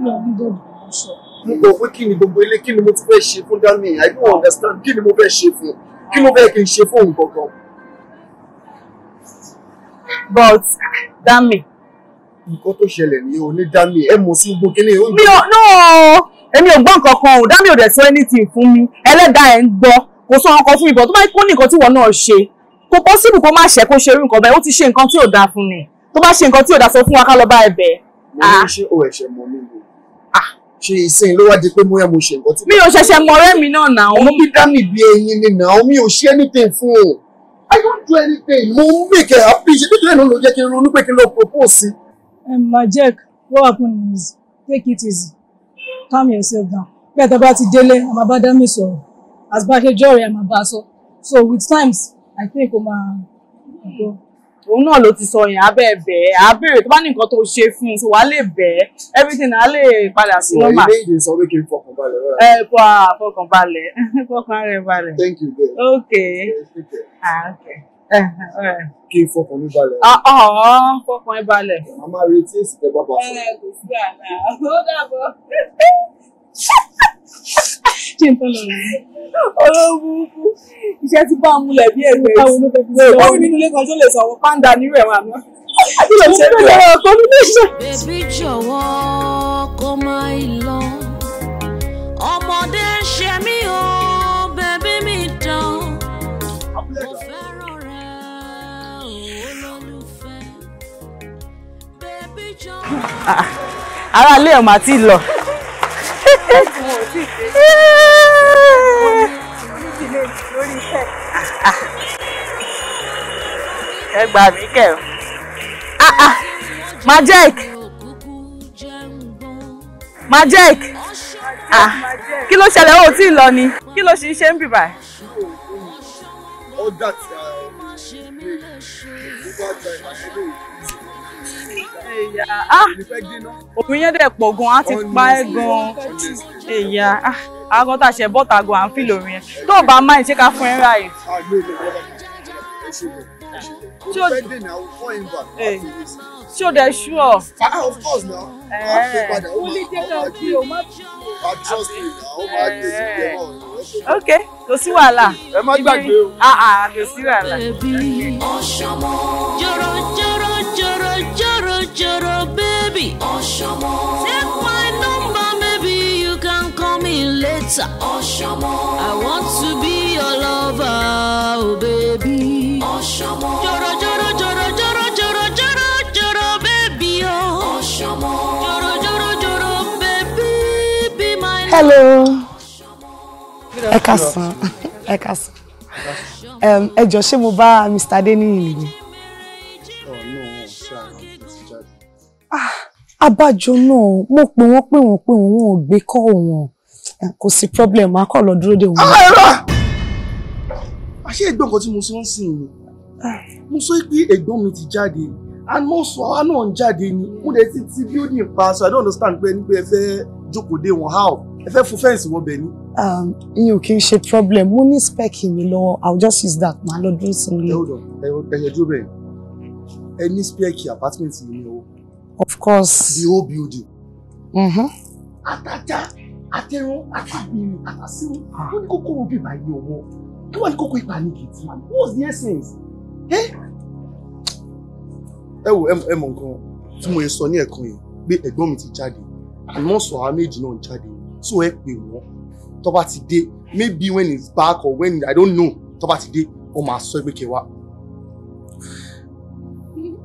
mi ò ní dẹ́gbẹ̀ẹ́ sọ mo gbọ́ pé kí ni gbogbo ilé kí ni mo tún fẹ́ ṣe fún Dami I don't understand kí ni mo fẹ́ ṣe fún kí ló fẹ́ kí n ṣe fún òun gangan. but Dami. nǹkan tó ṣẹlẹ̀ ní o ní Dami ẹ mọ̀ sí gbogbo kíní. mi ò no èmi ò gbọ́ nǹkan kan o Dami ò dẹ̀ sọ anything fún mi ẹlẹ́dàá ẹ̀ ń gbọ́ kò sọ ọkọ̀ fún mi bọ̀ tó bá kó ní nǹkan tí wọ́n náà ṣe kò pọ́sibù kó má ṣe kó ṣe irú nǹkan bẹ́ẹ̀ ó ti ṣe nǹkan tí ò dáa fún ni tó bá ṣe nǹkan tí ò dáa sọ fún wa ká lọ bá ẹ bẹ́ẹ̀. mo ní ah. ṣe o ẹ̀ṣẹ̀ mọ̀ mi ṣe ìsìn ló wá di pé múyà mo ṣe nǹkan tí. mi ò ṣẹ̀ṣẹ̀ mọ mi náà náà. ọmọ bí dání bí eyín ni náà mi ò ṣe anything fún o i don't do anything mo ń make a happy ṣe nítorí náà ló jẹ́ kí n ronú pé kí n lọ propose sí. jack what happened is take it easy calm yourself down bí ẹ̀tọ́ bá ti délé àmọ́ bá dá mi sọ̀rọ̀ as bá ṣe jọ̀rẹ̀ àmọ́ bá sọ so with times i think o máa go òun náà ló ti sọ yẹn abẹ́ bẹ̀ ẹ́ abẹ́rẹ́ tó bá ní nǹkan tó ṣe fún un tó wàá lè bẹ̀ ẹ́ everything á lè padà sí normal. ìwà ilé ìdè sọ pé kí n fọkàn balẹ̀ rárá. ẹ kọ àfọkàn balẹ̀ fọkàn rẹ balẹ̀. thank you babe. ok kí n fọkàn mi balẹ̀. fọkàn ẹ balẹ̀. màmá retí èsì tẹ bàbá fún mi. ẹ kò sí àná ó dàbọ̀. ṣe ń tọ́ lọ rẹ̀. olóòbùkù iṣẹ́ ti bá múlẹ̀ bí ẹ̀rọ ẹ̀ ó rí nínú ilé kan tó lè sọ̀rọ̀ pàǹdà nírú ẹ̀wọ̀n àná. àti lè ṣe é lọ́wọ́ kó ní lè ṣe. jọ̀wọ́ kó máa ń lọ ọmọdé ṣe mí o bèbí mi dán mo fẹ́ràn rẹ olólùfẹ́ bèbí jọ̀wọ́. Ah, ah. aráalé ọ̀ ti lọ ẹ gbà mí kẹ ah, ah. magic magic ah. kí ló ṣẹlẹ̀ ó tí ì lọ ni kí ló ṣe ń ṣe ń bìbà. ọ̀dà tí a ń gbé nígbà tí a òun ah! yẹn dẹ̀ pọ̀ gan-an á ti pa ẹ́ gan-an ẹ̀yà àwọn ah! tá a ṣe bọ́ta gan-an à ń fi lòrin yẹn tó o bá máa ń ṣe ká fún ẹ ráàyè. tí e o tí o dẹ̀ ṣú ọ. Ah, of course na. wọlé jẹ́ ká o kí o má bí o. trust me na o máa gbé sí ilé wọn. ok kò sí wàhálà. ẹ má gbàgbé o. kò sí wàhálà little baby. Oshomo. Take my number, maybe you can call me later. Oshomo. I want to be your lover, oh baby. Oshomo. Joro, joro, joro, joro, joro, joro, joro, baby, oh. Oshomo. Joro, joro, joro, baby, be my. Hello. Ẹ káàsán, ẹ káàsán. Ẹ jọ̀ọ́ ṣé mo bá Mr. Adeniyi nìyí? abájọ náà mo pè wọ́n pè wọ́n pè wọ́n wọn ò gbé kọ́ wọn kò sí problem a kọ̀ lọ dúró dè wọ́n. ẹ̀rọ ah, àṣé ẹ̀gbọ́n kan tí mo sọ ń sìn ni mo sọ pé ẹ̀gbọ́n mi ti jáde and mo sọ àwa náà ń jáde ni mo dẹ̀ ti ti building pa so i don't understand pé ẹni pé ẹ fẹ́ jókòó dé wọn how ẹ fẹ́ fún fẹ́ǹsì wọn bẹ̀ ni. ìyẹn um, ò kí n ṣe problem mo ní spec mi lọ́wọ́ i will just use that màá lọ dúró sí ilé. ẹ ẹ dúró bẹ́ẹ̀ ẹ ní spec apartment yìí ni o. Of course. The whole building. Mm-hmm. Àtàjà, àtẹ̀rùn, àtàbìrì, àtàsírù, ah. wọ́n ní kókóró bí báyìí You want to go kókó ipa ní man? What's the essence? Eh? Ẹ wo ẹ mọ nǹkan tí mo yẹ sọ ní ẹ̀kan yẹn pé ẹ̀gbọ́n mi ti jáde àmọ́ sọ àwọn méjì náà jáde so ẹ pè wọ́n tó bá ti dé maybe when he's back or when I don't know tó bá ti dé ó we, sọ pé kẹwàá.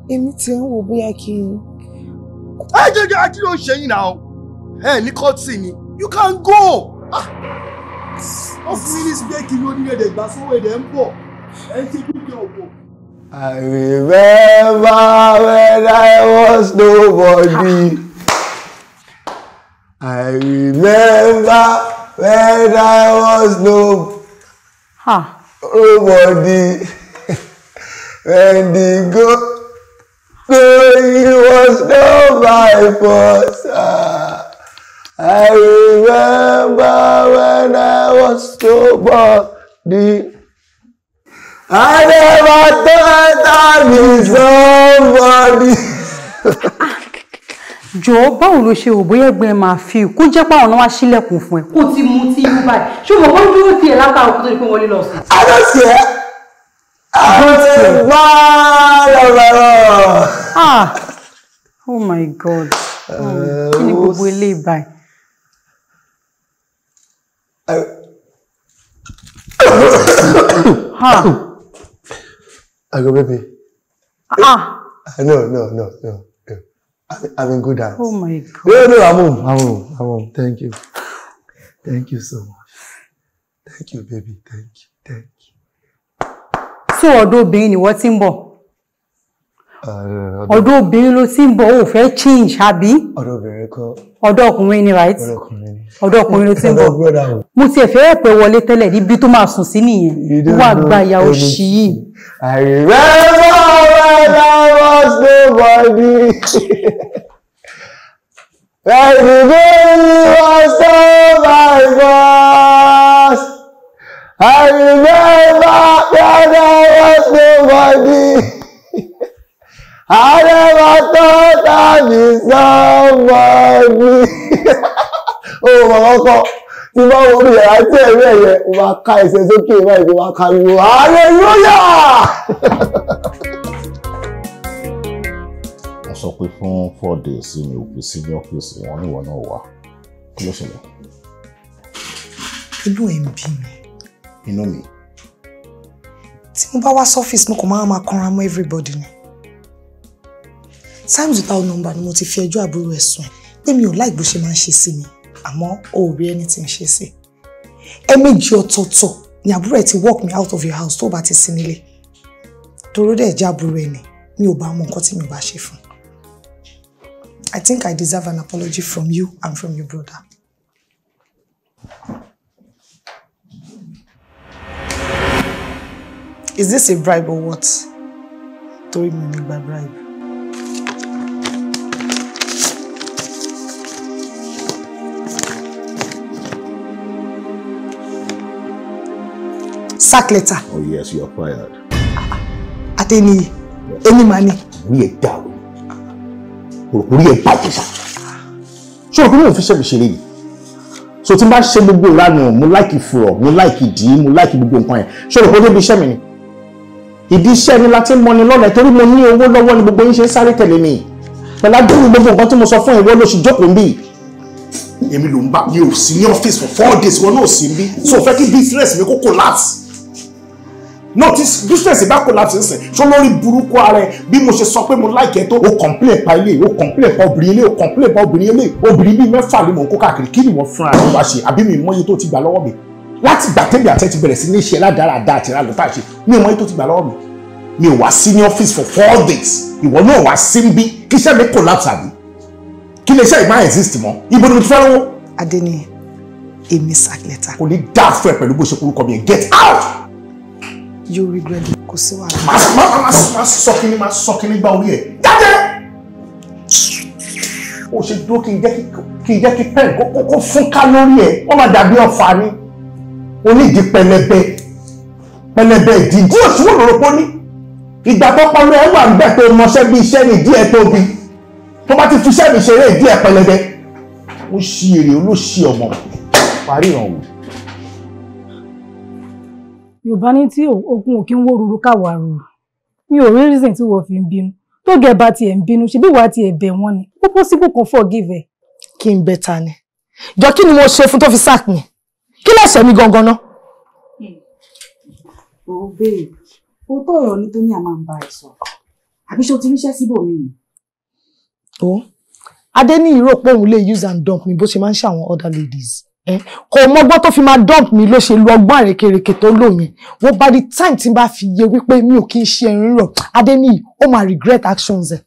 Èmi ti ń wo bóyá kí n ẹ jẹ́ jẹ́ àti yóò ṣe yín náà ẹ ní kọ́tì ni you can go ah. wọ́n fún yín ní sídẹ́ẹ̀kì ní oníyẹ̀dẹ̀ ìgbà sówó èdè ń bọ̀ ẹ ń ṣe dúkìá ọ̀pọ̀. I remember when I was nobody. I remember when I was no huh. nobody. when the go. So he was not my fault, sir. I remember when I was nobody. I never thought I'd be somebody. jọ̀ọ́ báwo ló ṣe rò bóyá ẹgbẹ́ máa fi kó jẹ́ pé àwọn náà wá sílẹ̀kùn fún ẹ. kó ti mú tí yóò báyìí ṣùgbọ́n wọ́n dúró tiẹ̀ látàrí kó tó di pé wọ́n lè lọ sùn. a lọ sí ẹ. Ah, ah oh my god uh, kí ni gbogbo ilé ìbáyìí. I go baby. Ah. ah. Uh, no, no, no, no. I'm, I'm in good hands. Oh my God. No, no, I'm home. I'm home. I'm home. Thank you. Thank you so much. Thank you, baby. Thank you so ọ̀dọ̀ obìnrin ni wọ́n ti ń bọ̀ uh, ọ̀dọ̀ obìnrin ló ti ń bọ̀ ó fẹ́ change àbí ọ̀dọ̀ obìnrin kọ́ ọ̀dọ̀ ọkùnrin ni right ọ̀dọ̀ ọkùnrin ló ti ń bọ̀ mo tiẹ̀ fẹ́ pẹ́ wọlé tẹ́lẹ̀ níbi tó máa sùn sí nìyẹn wà gba ìyá òṣì yìí. àìrẹ́ mọ́ ọ̀rẹ́ lọ́wọ́ sí bọ́dí. Ẹ̀sìn tó ń lọ sọ́ọ́ bàbá remember brother was nobody. I never thought I'd somebody. Ó mọ̀ kọ́kọ́ tí bá wo bí yàrá tí ẹ̀rí ẹ̀yẹ wà ká ẹsẹ̀ sókè wá ìdí wà ká lu hallelujah. Wọ́n sọ pé fún four days mi ò fi sí ní ọ́fíìsì wọn ní ìwọ náà wà. Kí ló ṣẹlẹ̀? Inú ẹ̀ ń bí mi inú mi. tí mo bá wá sọ́fíìsì mo kàn máa máa kanra mọ́ everybody ni times without number ni mo ti fi ẹjọ́ àbúrò ẹ̀ sùn pé mi ò láì bó ṣe máa ń ṣe sí mi àmọ́ o ò rí ẹni tí ń ṣe sí. ẹ̀ẹ̀mejì ọ̀tọ̀ọ̀tọ̀ ni àbúrò ẹ̀ ti walk me out of your house tó o bá ti sí nílé toró dẹ̀ jẹ́ àbúrò ẹ̀ ni mi ò bá mọ nǹkan tí mi ò bá ṣe fún. I think I deserve an apology from you and from your brother. Is this a bribe or what? Torí me ní gba bribe. Sack letter. Oh yes, you are fired. At any money. Orí ẹ̀ dàrú. Orí ẹ̀ bàjẹ́ sá. Ṣé o kí ni òun So tí n bá ṣe gbogbo ìlànà mo láìkì fúrọ̀ mo láìkì dì í mo láìkì gbogbo nǹkan yẹn ìdí iṣẹ́ mi la ti ń mọni lọ́nà torí mo ní owó lọ́wọ́ ni gbogbo yín ṣe ń sáré tẹ̀lé mi pẹ̀lú adúlù gbogbo nǹkan tí mo sọ fún ìwọ lóṣù jókòó ń bì. èmi ló ń bá mi ò sí ní ọ́fíìsì for four days wọn náà sí bí so fẹ́ kí business mi kó collapse no ti business bá collapse ń sìn ṣó lórí burúkú ara ẹ bí mo ṣe sọ pé mo láìkẹ́ tó o complain pa ilé o complain pa obìnrin ilé o complain pa obìnrin ilé obìnrin bíi mẹ́fà ni mò ń kó káàkiri kí ni wọ́n fúnra rẹ̀ wá ṣe àbí mi mọ́yé tó ti gbà lọ́wọ́ mi láti ìgbà tẹ́mi àti ẹ ti bẹ̀rẹ̀ sí ní iṣẹ́ ládàáradà àti ìrànlọ́ tá a ṣe mi ò mọ ètò ti gbà lọ́wọ́ mi mi ò wá sí ní ọ́fíìsì for four days ìwọ náà wá sí ń bí kí iṣẹ́ mi collapse àbí kí lè iṣẹ́ ìmá exist mọ́ ibo ni mo ti fẹ́ lọ́wọ́. Adéníyì èmi sack letter. kò ní dá fún ẹ pẹ̀lú bó ṣe kúrúkọ mi ẹ get out. you regret it kò sí wàhálà. má má má má sọ kí ni má sọ kí ni gba orí ẹ jáde. o ṣe dúró kí n jẹ́ kí pẹ́ẹ̀n kó fún ká lórí ẹ wọ́n máa dàbí ọ̀fà ni onídìí pẹlẹbẹ pẹlẹbẹ ìdíjú òṣùwọ̀n lórúkọ ní ìgbà tó pọnú ẹ wà nígbà tó mọṣẹ́ bí iṣẹ́ ní díẹ̀ tóbi tó bá ti fi iṣẹ́ mi ṣeré díẹ̀ pẹlẹbẹ ó ṣí èrè olóṣì ọmọ parí ìrànwọ́. yorùbá ní tí ogun òkè ń wó ruru káwọ àrùn mi ò rí reason tí wọ́n fi ń bínú tó gẹ bá tiẹ̀ ń bínú ṣebí wàá tiẹ̀ bẹ̀ wọ́n ni ó possible kan forgive kí n bẹ ta ni jọ kí ni mo ṣe fún tó fi sack mi kí lẹ̀ṣẹ̀ mi gangan ná. ò bẹ́ẹ̀ o tó ọ̀rọ̀ ní tó ní àmà ń bá ẹ sọ àbí ṣó ti ríṣẹ́ síbòmí ni. ó adé ní ìró pé òun lè use and dump mi bó ṣe máa ń ṣe other ladies eh, kò mọ́gbọ́n tó fi máa dump mi ló ṣe lu ọgbọ́n àrékèrèké tó lò yẹn wọ́n by the time tí n bá fi yé wípé mi ò kí ń ṣe ẹ̀rín rọ̀ adé ní ó máa regret actions ẹ̀.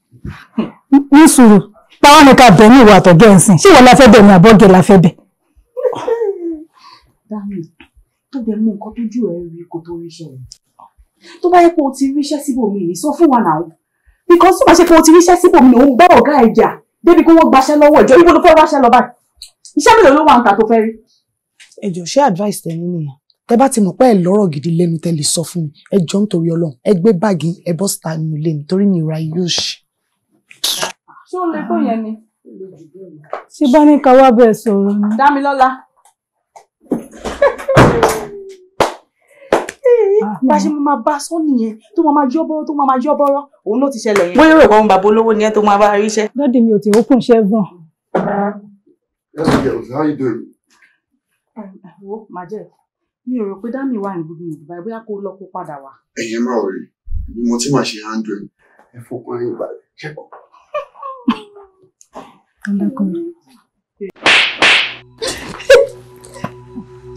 ní sùúrù táwọn nìkan bẹ̀ ní ìwà àtọ̀gẹ́ ẹ̀sìn ṣé ìwọ la fẹ́ bẹ̀ ní àbọ̀gẹ́ la fẹ́ bẹ̀ dání tó dẹ̀ mú nǹkan tójú ẹ̀ rí kó tó ríṣẹ́ rẹ̀ tó bá yẹ pé o ti ríṣẹ́ síbòmíì sọ fún wa náà because tó bá ṣe pé o ti ríṣẹ́ síbòmíì òun gbọ́ ọ̀gá ẹ̀ jà débi kí wọ́n gbaṣẹ́ lọ́wọ́ ìjọ ibo ló fẹ́ wáṣẹ́ lọ báyìí iṣẹ́ mélòó ló wà ń ta tó fẹ́ rí. ẹ jọ̀ọ́ ṣé advice tẹ ní nìyẹn tẹ bá ti mọ̀ pé ẹ lọ́rọ̀ gidi lẹ́nu tẹ lè sọ fún mi ẹ jọ̀ọ́ nítorí Ọlọ́run ẹ gbé báàgì ẹ bọ́ síta nínú ilé nítorí mi ìra yóò ṣe. ṣé o lè tó yẹn ni. ṣé bá ní ká bẹ́ẹ̀ sọ̀rọ̀ ni. Dámilọ́lá bá ṣe mo máa bá sọ nìyẹn tó máa máa jọ́bọ́rọ́ tó máa máa jọ́bọ́rọ́ òun ló ti ṣẹlẹ̀ yẹn. bóyá ìrẹ̀kọ́ ń bàbá olówó nìyẹn tó máa bá rí lóde mi ò tí òkun ṣẹ́gun. yes girls how you doing. ẹ ẹ wo màjẹ mi ò rò pé dami wà ní gbogbo yorùbá bóyá kó lọ kó padà wá. ẹyin máa rí bí mo ti máa ṣe handle ẹ fọkàn yín balẹ̀ ṣẹ́kọ̀ọ́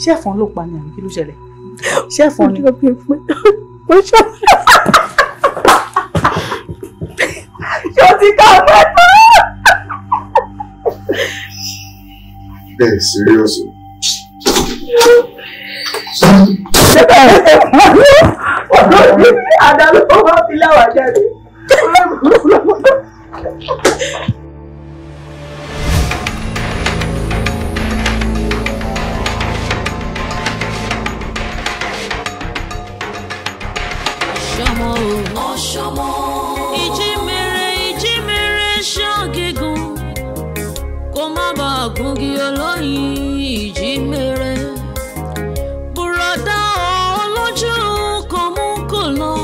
ṣé ẹ̀fọn ló pa ni àbí kí ló ṣẹlẹ̀ ṣé ẹ̀fọn ni. ọjọ́ bíi pé ó ṣe. ṣé ti ká ọgbẹ́ tó. bẹ́ẹ̀ síríọ́sì. síbẹ̀ ọ̀dọ́ mi àdá ló máa fi láwàá jáde. ṣọmọ. ìjì mèrè ìjì mèrè ṣán gígùn kó má bàa gungi olóyin ìjì mèrè. bùrọ̀dá olójú kan mú kò lọ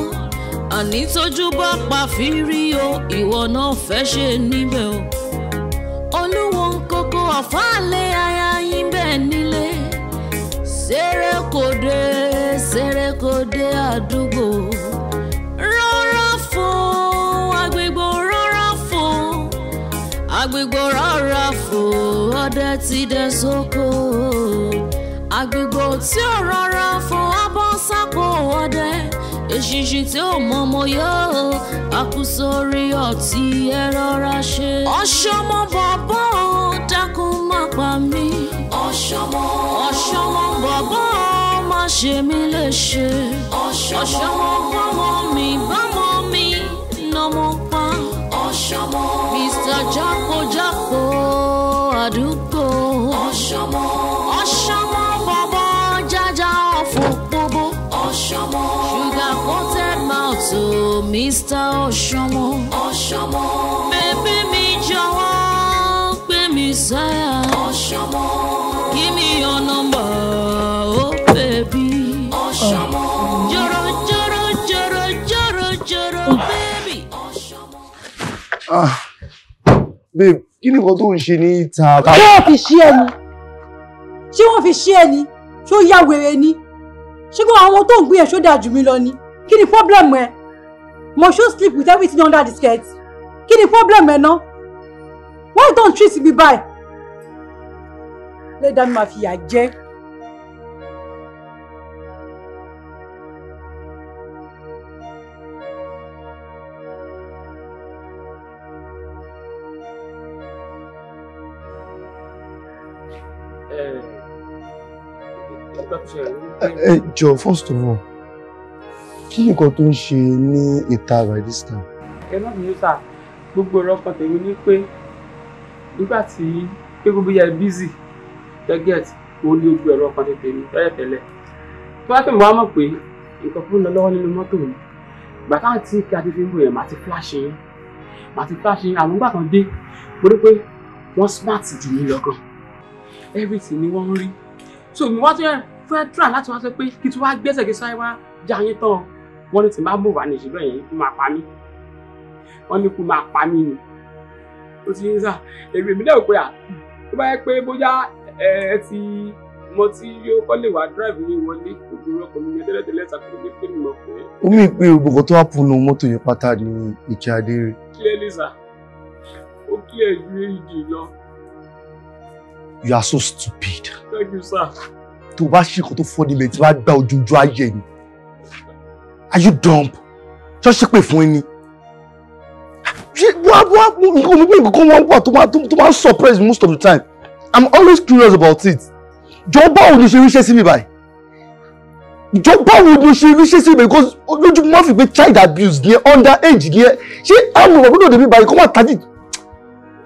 àní tójú bá pa fírí o ìwọ náà fẹ́ ṣe níbẹ̀ o. olúwo ń kókó ọ̀fáàlẹ̀ aya yín bẹ́ẹ̀ nílé sẹ́rẹ́kòdé sẹ́rẹ́kòdé àdúgbò. agbègbò rárá fò ọdẹ ti dẹ sóko agbègbò tí ó rárá fò abọ́ sápò ọdẹ eṣinṣin tí ó mọ ọmọ yóò àkúsórí ọtí ẹ rọra ṣe. ọ̀ṣọ́mọ bàbá dákun má pa mí. ọ̀ṣọ́mọ ọ̀ṣọ́mọ bàbá má ṣe mí léṣe. ọ̀ṣọ́mọ bọ́mọ mi bọ́mọ mi nọmọ pa. ọ̀ṣọ́mọ Mr. John. Mr. Ọ̀ṣọ́mọ. Ọ̀ṣọ́mọ. Bébí mi jọ̀wọ́ pè mí sáyà. Ọ̀ṣọ́mọ. Give me your number, oh baby. Ọ̀ṣọ́mọ. Oh. Jọ̀rọ̀ jọ̀rọ̀ jọ̀rọ̀ jọ̀rọ̀ jọ̀rọ̀ oh. baby. Ọ̀ṣọ́mọ. Ah, babe, kí ni nǹkan tó ń ṣe ní ìta? Ṣé wọ́n fi ṣí ẹni? Ṣé wọ́n fi ṣí ẹni? Ṣé ó yá wèrè ni? Ṣé kí àwọn tó ń gbé ẹ̀ ṣó dáa jù mí lọ ni? Kí ni pọ́blẹ̀mù ẹ? Moshood sleep with everything under the skirt. Kí ni problem man. No. Why don't treat me by? Let mi máa fi yà jẹ́. Ẹ jọ̀ọ́ first of all kí nǹkan tó ń ṣe ní ìta by this time. ẹ má bínú sá gbogbo ọ̀rọ̀ kan tèmi ní pé nígbà tí pé gbogbo yẹ bízì gẹ́gẹ́t ó ní gbogbo ẹ̀rọ kan tèmi tẹ́lẹ̀tẹ́lẹ̀ tó bá tẹ̀wọ́ á mọ̀ pé nǹkan fún lọ lọ́wọ́ nínú mọ́tò mi gbàtà tí kí adé fi ń bò yẹn màá ti fúláṣe yẹn màá ti fúláṣe yẹn àwọn gbàtàn dé mo rí pé wọ́n smart jù mí lọ gan everything ni wọ́n ń rí so mi wá tún fẹ́ try láti wá sọ pé kí tí wọ́n á gbẹ́sẹ̀ kí sáré wá já yín tán o wọ́n ní tí n bò wá ní ìṣẹ́lẹ̀ yẹn kó máa pa mí wọ́n ní kó máa pa mí ni ó ti ń sà èrò èmi náà à tó bá yẹ pé bóyá ẹ ti mo ti yóò kọ́ lè wá drive mi wọlé ògùn ọkọ̀ mi tẹ́lẹ̀tẹ́lẹ̀ ṣàkóso ní pé mi mọ̀ pé. ó mì pé gbogbo tó wà punu mọ́tò yẹn pátá ní ìkí adé rẹ̀. kílẹ̀ ní sà ó kílẹ̀ ju èyí lọ. you are so stupid. thank you sir. tó o bá ṣe nǹkan tó fọ́ nílẹ̀ tí wàá gba ojoojú ayé ni are you dumb Just pè fún ẹni ṣe wá wá nǹkan mi pé nǹkan wọn wà tó máa surprise most of the time i'm always curious about it jọ báwo ni ṣe ríṣẹ́ sí mi báyìí jọ báwo ni ṣe ríṣẹ́ sí mi because lójúmọ́ fi pé child abuse ni under age ni ṣé àwọn ọ̀rọ̀ gbọ́dọ̀ débi báyìí kó má tají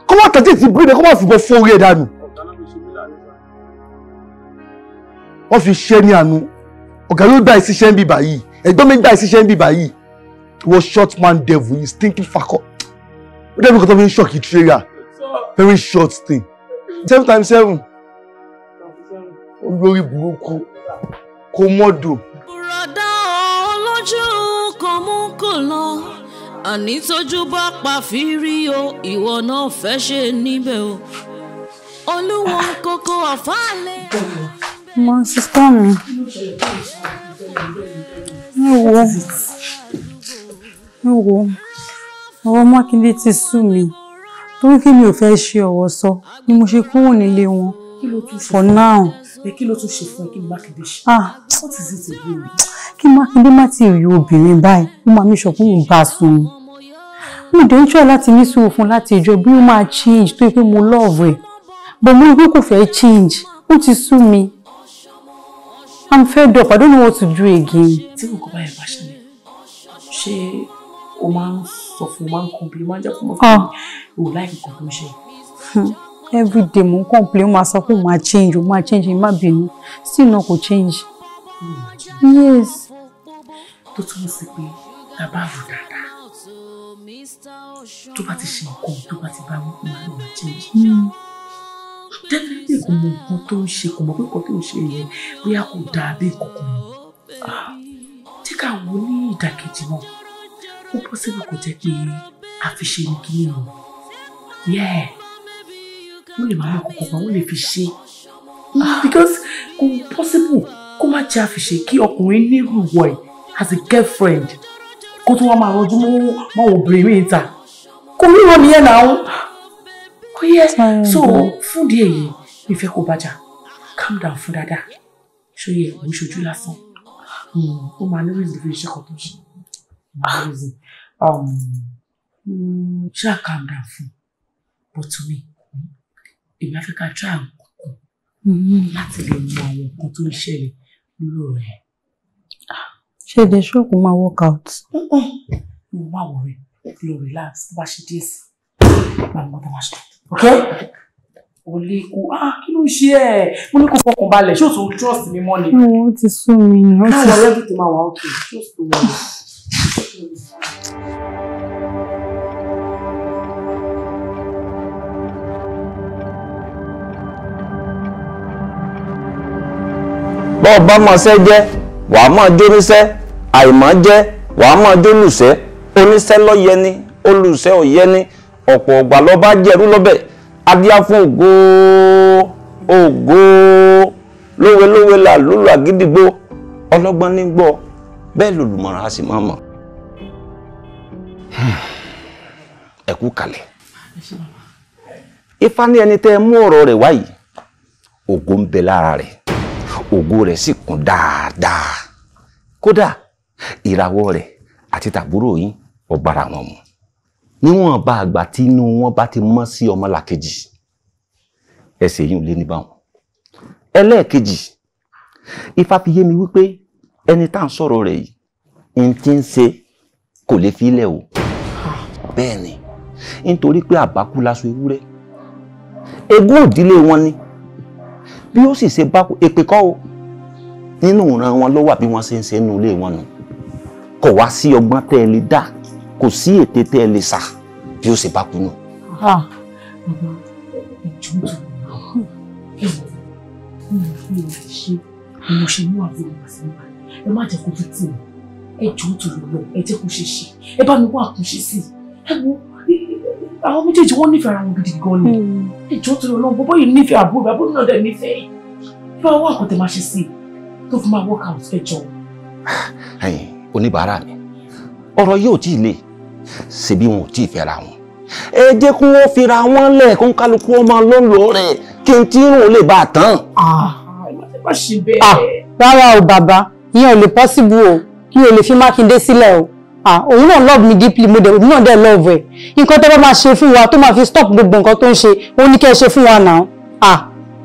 kó má tají ti brain kó má fìbọn fún orí ẹ̀ dànù. wọ́n fi ṣẹ́ ní àánú ọ̀gá yóò dá ìṣiṣẹ́ ń bí báyìí ẹ̀gbọ́n mi gbà ìṣiṣẹ́ níbí báyìí Was short man devil yìí stinking fakọ ó dẹ́bi kọ́tọ́ fi ń ṣọ́ọ̀kì tírẹ́yà very short thing seven times seven olórí burúkú kò mọ́dọ̀. bùrọ̀dá olójú kan mú kò lọ àní bá pa fírí o ìwọ náà fẹ́ ṣe níbẹ̀ o olúwo kókó àfáàlẹ̀. mo sista mi. Ẹ̀wọ̀ ẹ̀wọ̀ ọ̀rọ̀ Mákindé ti sú mi torí kí mi ò fẹ́ ṣe ọ̀wọ́ sọ ni mo ṣe kúrò nílé wọn for now. Ẹ kí ló tún ṣe fún ẹ kí Mákindé ṣe? Ah, what is it again? Kí Mákindé má ti rí obìnrin báyìí, ó máa mi ṣọ̀kún ìgbà sùn ni. Mi dé ń ṣọ́ láti ní sùúrù fún láti ìjọ bí ó máa change tó yẹ pé mo love rẹ̀. Bọ̀ mo rí pé kò fẹ́ change, ó ti sú mi. I'm fed up. I don't know what to do again. Tí kò kọ́ báyìí bá ṣẹlẹ̀, ṣé o máa ń sọ fún o máa ń complain, o máa ń jẹ́ kó mọ̀ fún mi, ah. o láì kọ̀ ṣe. Hmm. Every day mo ń complain, mo máa sọ pé mo máa change, O máa change, má bínú, still náà kò change. Yes. Tó túmọ̀ sí pé tá a bá rò dáadáa, tó bá ti ṣe nǹkan, tó bá ti bá wọ́n, ó máa ń change. Hmm definitely kò mọ nǹkan tó ń ṣe kò mọ pé nǹkan tó ń ṣe yẹn bóyá kò dáa bí kankan ah, tí ká wo ní ìdàkejì náà ó bọ́ síbi kò jẹ́ pé a fi ṣe ní kí nù yẹ́ẹ̀ wọ́n lè máa kọ̀kọ̀ pa wọ́n lè fi ṣe ah, because kò possible kó má jẹ́ àfiṣe kí ọkùnrin nírú wọ̀ ẹ̀ as a girlfriend kó tó wá máa rọjú mọ́ obìnrin mi ta kò ní ìrọ̀ nìyẹn náà kò oh, yẹ hmm. so fún díẹ̀ yìí mi fẹ́ kó bàjá calm down fún dáadáa ṣó yẹ mo ṣojú lásán hmm, ó máa ní reason fún iṣẹ́ kan tó ṣe um, ṣáà calm down fún but to me èmi á fẹ́ ká try àwọn kọ̀ọ̀kan láti lè mọ àwọn nǹkan tó ń ṣẹlẹ̀ lórí ọ̀rọ̀ yẹn. ṣé the shock máa work out. mo máa wọ̀ rẹ̀ lọ relax tó bá ṣe díẹ̀ sí i máa Okay. Oli kó ah kí ló ń ko ẹ mo ní kó fọkàn balẹ̀ ṣé o tún trust mi mọ́ ni. ó ti sún mi. káwọn ọlọ́dún tó máa wà ó kì í trust mi. bọ́ bá mọ̀ọ́sẹ́ jẹ́ wàá se jóníṣẹ́ àìmọ̀ jẹ́ wàá mọ̀ jónùṣẹ́ oníṣẹ́ lọ́yẹni olùṣẹ́ òyẹni ọ̀pọ̀ ọ̀gbà lọ́ba jẹ̀rú lọ́bẹ̀ adíá fún ògo ògo lówe lówe là lólu àgídìgbò ọlọ́gbọ́n ní gbọ́ bẹ́ẹ̀ lòlùmọ̀ràn á sì máa mọ̀ ẹ kú kalẹ̀ ifá ní ẹni tẹ́ ẹ mú ọ̀rọ̀ rẹ̀ wáyìí ògo ń bẹ lára rẹ̀ ògo rẹ̀ sì kún dáadáa kódà ìràwọ̀ rẹ̀ àti tàbúrò yín ọ̀bára wọn mu níwọ̀n bá àgbà tí inú wọn bá ti mọ́ sí ọmọlàkejì ẹsẹ̀ yìí ò lé ní báwọn. ẹlẹ́ẹ̀kejì ifá fi yé mi wípé ẹni tá à ń sọ̀rọ̀ rẹ̀ yìí n ti ń ṣe kò lè fi ilẹ̀ o bẹ́ẹ̀ ni nítorí pé àbákú láṣọ ewúrẹ́ egún òdílé wọn ni bí ó sì ṣe bá èpè kọ́ o nínú ìran wọn ló wà wọ́n ṣe ń ṣe nínú ilé wọn nù kò wá sí ọgbọ́n tẹ́ ẹ lè dá kò sí ète tẹ́ ẹ lè sà bí ó ṣe bá kú hmm. Hmm. ẹ má jẹ kó fi tì ẹ jọ̀ọ́ tó lọ ẹ jẹ kó ṣe ṣe ẹ bá mi wá àkúnṣe sí ẹ wo àwọn méjèèjì wọn nífẹ̀ẹ́ ara wọn gidi gan ni hmm. ẹ jọ̀ọ́ tó lọ lọ yìí nífẹ̀ẹ́ àbúrò bàbá náà dẹ nífẹ̀ẹ́ yìí bí wọn àkọtẹ máa ṣe sí tó fi máa work out ẹ jọ̀ọ́. oníbàárà mi ọ̀rọ̀ yóò tí ì le ṣebí wọn ò tí ì fẹ́ra wọn. ẹ jẹ́ kí wọ́n fira wọn lẹ̀ kó ń kálukú ọmọ lọ́lọ́ rẹ̀ kí n tí irun lè bá a tán. rárá o bàbá ìyẹn ò lè pọ́síbù o mi ò lè fi mákindé sílẹ̀ o òun náà love me deeply mo dẹ̀ òun náà dẹ̀ love ẹ̀ nǹkan tó bá máa ṣe fún wa tó máa fi stop gbogbo nǹkan tó ń ṣe ó ní kẹ́ ẹ ṣe fún wa náà ah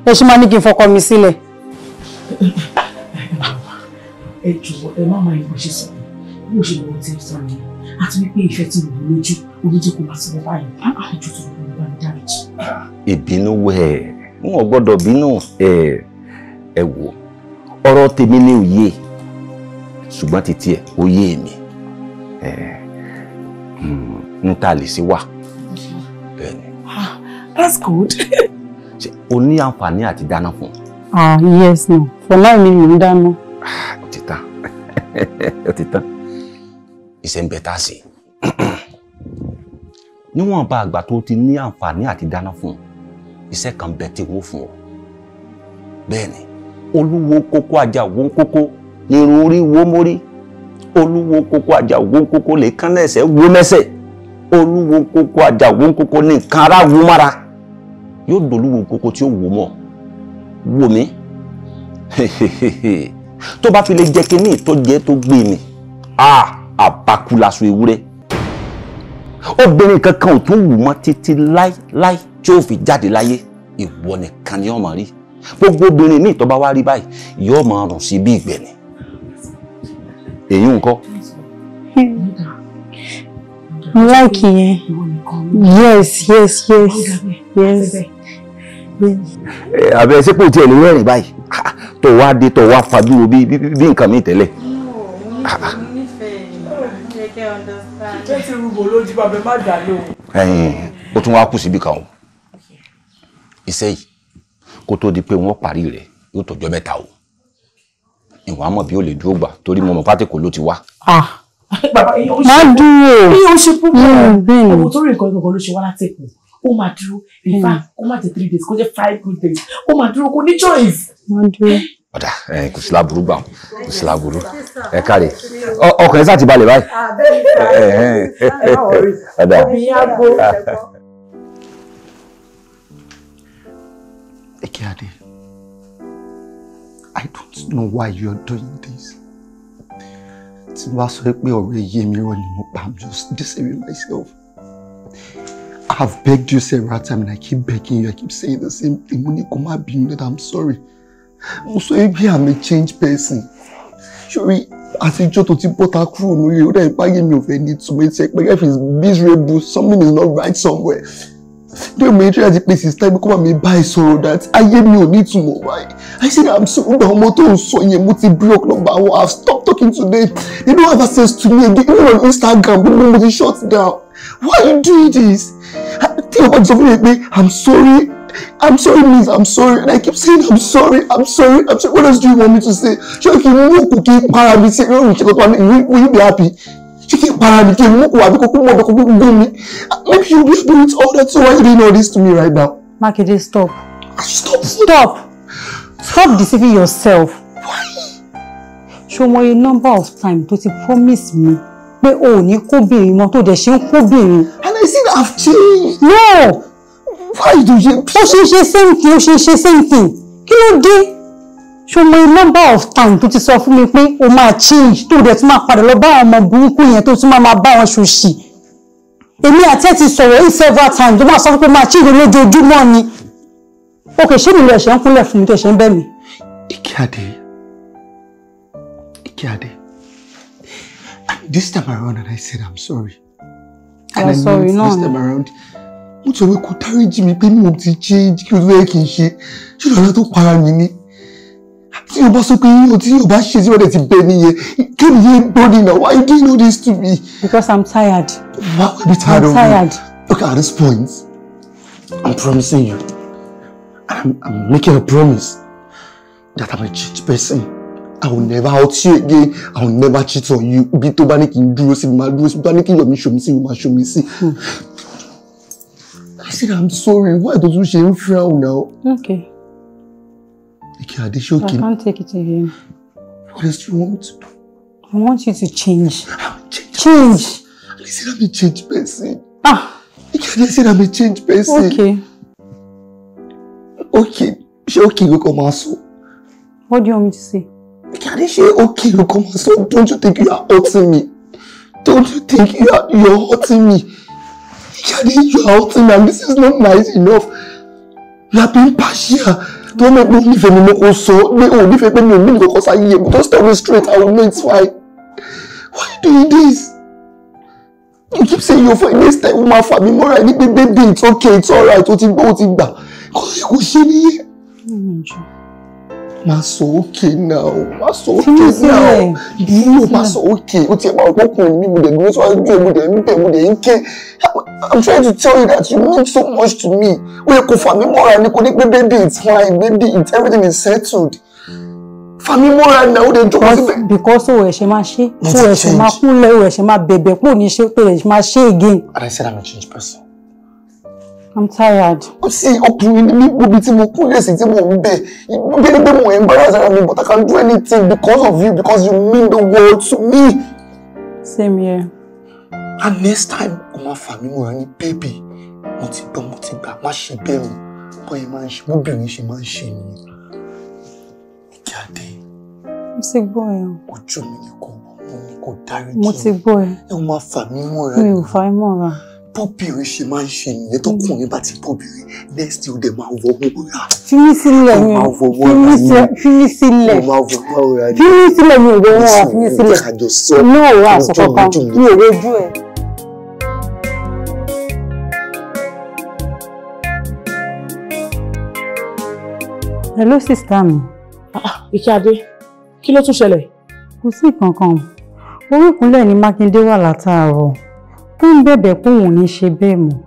ẹ ṣe máa ní kí n fọkọ mi sílẹ̀. ẹ jọ̀wọ́ ẹ má máa ìwọ ṣe sọ bí mo ṣe lọ́wọ́ tí ń sọ nìyẹn àti wípé ìfẹ́ tí mo lójú olójú kò máa sọ̀rọ̀ báyìí àjọ tó lọ bá mi dáríjì. ìbínú ẹ n ò gbọ́dọ̀ bínú ẹ ẹ wò ọ̀rọ̀ tèmi ni òye ṣùgbọ́n títí ẹ òye mi hmm, n ta lè sí wà. that's good. o ní àǹfààní àti dáná fún. ah yes no for now mi ò ń dáná. Ah, ó ti tán ó ti tán iṣẹ́ ń bẹ tá a ṣe níwọ̀nba àgbà tó ti ní àǹfààní àti dáná fún iṣẹ́ kan bẹ tí wọ́n fún ọ bẹ́ẹ̀ ni olúwo kókó ajá wo ń kókó irun orí wo mórí olúwo kókó ajá wo ń kókó lè kán lẹ́sẹ̀ wo mẹ́sẹ̀ olúwo kókó ajá wo ń kókó ní nǹkan ara wo mára yóò dolúwo kókó tí ó wò mọ́ wò mí tó bá fi lè jẹ́ kí ní ìtọ́jẹ́ tó gbé mi ah àbákú laṣọ ewúrẹ́ obìnrin kankan ò tún wù mọ́ títí láíláí tí ó fi jáde láyé ìwọ nìkan ni ọmọ rí gbogbo obìnrin ní ìtọ́ba wá rí báyìí yóò máa rùn sí bí ìgbẹ̀ni èyí ńkọ́. láìkì yẹn yes yes yes yes. àbẹ̀ eh, ṣé kò tiẹ̀ lè rẹ́rìn báyìí tó wá dé tó wá fadúró bí nǹkan mi tẹ́lẹ̀ bo ló jí bàbá má dà lóhùn. ẹyin ó tún wáá kù síbi kan o iṣẹ́ yìí kó tó di pé wọ́n parí rẹ̀ yóò tọ́jọ́ mẹ́ta o ìwọ̀n àmọ̀ bí ó lè dúró gbà torí mo mọ̀ pátíkò ló ti wá. Ah, má dúró o ṣe púpọ̀ hmm, ọmọ tó rí nǹkan ìgbọ̀ngàn ló ṣe wá láti èkó ó máa dúró in kó má jẹ three days kó jẹ five good days ó máa dúró kó ní choice. má dúró ọ̀dà kò sí láburú gbà kò sí láburú ẹ káre ọkùnrin sáà ti balẹ̀ báyìí. Ah, I don't know why you are doing this. Tí wàá sọ pé ọ̀rọ̀ yé mi rọ ni mo pa I'm just deceiving myself. I've begged you several times and I keep begging you, I keep saying the same thing. Mo ní kó má bínú that I'm sorry mo sọ yìí bí i'm a change person sori àtijọ́ tó ti bọ́ta kúrò lórí ó dàbí páyé mi ò fẹ́ ní tùmọ̀ etí ẹ pé if it's miserable something is not right somewhere dé mi tí láti pèsè sítáìmù kọ́ bá mi bá ẹ sọ̀rọ̀ dat ayé mi ò ní ìtumọ̀ wáyé i said i'm so ọgbà ọmọ tó ń sọ yẹn mo ti block number one i've stopped talking to them. they don't have access to me again even on instagram gbogbo mo ti shut down why you doing this tí o bá jọ fún mi pé i'm sorry I'm sorry, miss, I'm sorry. And I keep saying, I'm sorry, I'm sorry, I'm sorry. What else do you want me to say? She kí n mú kò kí n para mi sí lórí ìṣẹ́ pápá Will you be happy? She keep n para mi kí n mú kò àbí kókó mọ̀ bí kókó gbé mi? Maybe you be do it all that so why you doing all this to me right now? just stop. Stop. Stop. Stop deceiving yourself. Why? Ṣo mọ iye number of times to promise me pé o ò ní kóbìnrin mọ́ tó dẹ̀ ṣe ń kóbìnrin? And I said I've changed. No! why do you. ó ṣe ṣe same thing ó ṣe ṣe same thing kí ló dé ṣọmọ in number of time tó ti sọ fún mi pé o máa change tó dẹ̀ tún máa padà lọ bá àwọn ọmọ burúkú yẹn tó tún máa bá wọn ṣòṣì èmi àti ẹ ti sọ̀rọ̀ yìí several times ó máa sọ pé máa change lójoojúmọ́ ni òkè ṣé mi lọ ẹ̀ṣẹ̀ ń kúnlẹ̀ fún mi tó ẹ̀ṣẹ̀ ń bẹ̀ mí. Ikeade Ikeade this time around and I said I'm sorry. You oh, and I mean sorry, it no. this time around mo ti ọ̀wé kó dáríjì mi pé mi ti ṣe kí o fẹ́ kí n ṣe ṣé ìrọ̀lá tó para mi ni tí o bá sọ pé o tí o bá ṣe tí wọ́n dẹ̀ ti bẹ nìyẹn kí ni yẹn body now why you doing this to me. because i'm tired. why would be tired I'm of tired. Look at this point i'm promising you i'm i'm making a promise that i'm a changed person i will never hurt you again i will never cheat on you bí tó bá ní kí n dúró sí mi máa dúró sí bí tó bá ní kí n yọ̀ mí ṣòmí sí mi máa ṣòmí sí. I said, I'm sorry. Why does she frown now? Okay. Okay, Adeshoke. I can't take it again. What else do you want to do? I want you to change. Ah, change. Change. I said I'm a change person. Ah. I said I'm a change person. Okay. Okay. She okay, you come so. What do you want me to say? Can she okay, you come so? Don't you think you are hurting me? Don't you think you are you're hurting me? Daddy, you are hurting and this is not nice enough. You are being partial. Don't make me leave anymore also. Oh, me oh, leave me no leave because I am. Just tell me straight. I will know it's why. Why are you doing this? You keep saying you're fine. Next time, woman, for me, more I need baby. It's okay. It's all right. Ó ti gbọ́, ó ti gbà. Kò sí kò ṣe nìyẹn máa sọ òkè náà máa sọ òkè náà yíyó máa sọ òkè o tiẹ̀ máa rọ́pùn mi mo dẹ̀ gbé síwájú mo dẹ̀ ń bẹ̀ mo dẹ̀ ń ké I'm trying to tell you that you mean so much to me o yẹ kó fàmí mọ́ra ni kò ní pé baby it's fine baby it's everything is settled fàmí mọ́ra ni àwọn èdè ìjọba síbẹ̀. because o ẹ̀ṣẹ̀ máa ṣe o ẹ̀ṣẹ̀ máa kúnlẹ̀ o ẹ̀ṣẹ̀ máa bẹ̀bẹ̀ pò ní ṣe o ẹ̀ṣẹ̀ máa ṣe again. And I said I'm a changed person. I'm tired. Ó sì ọkùnrin ní gbogbo tí mo kúnlẹ̀ sí tí mo ń bẹ̀. Bẹ́ẹ̀ni pé mo embarrass ara mi but I can do anything because of you because you mean the world to me. Same here. And next time, ọmọ àfàmì mo rà ní baby. Mo ti gbọ́ mo ti gbà má ṣe bẹ́ẹ̀ o. Bọ́ ẹ máa ń ṣe bóbìnrin ṣe máa ń ṣe nìyẹn. Ìjáde. Mo ti gbọ́ ẹ̀ o. Ojú mi ni kò wọ́n mo ní kò dárí Mo ti gbọ́ ẹ. Ẹ máa fà mí mọ́ra. Mi ò fà mí mọ́ra bóbìnrin ṣe máa ń ṣe nìyẹn tọkùnrin bá ti bóbìnrin next day ó dẹ̀ máa wọ́wọ́ ra. fi mí sílẹ̀ ni fi mí sílẹ̀ fi mí sílẹ̀ mi ò wọ́n ra fi mí sílẹ̀ mi ò wá aṣọ kankan mi ò rojú ẹ̀. hello sista mi. ike adé kí ló tún ṣẹlẹ̀. kò sí kankan orí ìkúnlẹ̀ ni mákindé wà látàárọ̀ ó ń bẹ̀bẹ̀ pé òun ní ṣe bẹ́ẹ̀ mọ́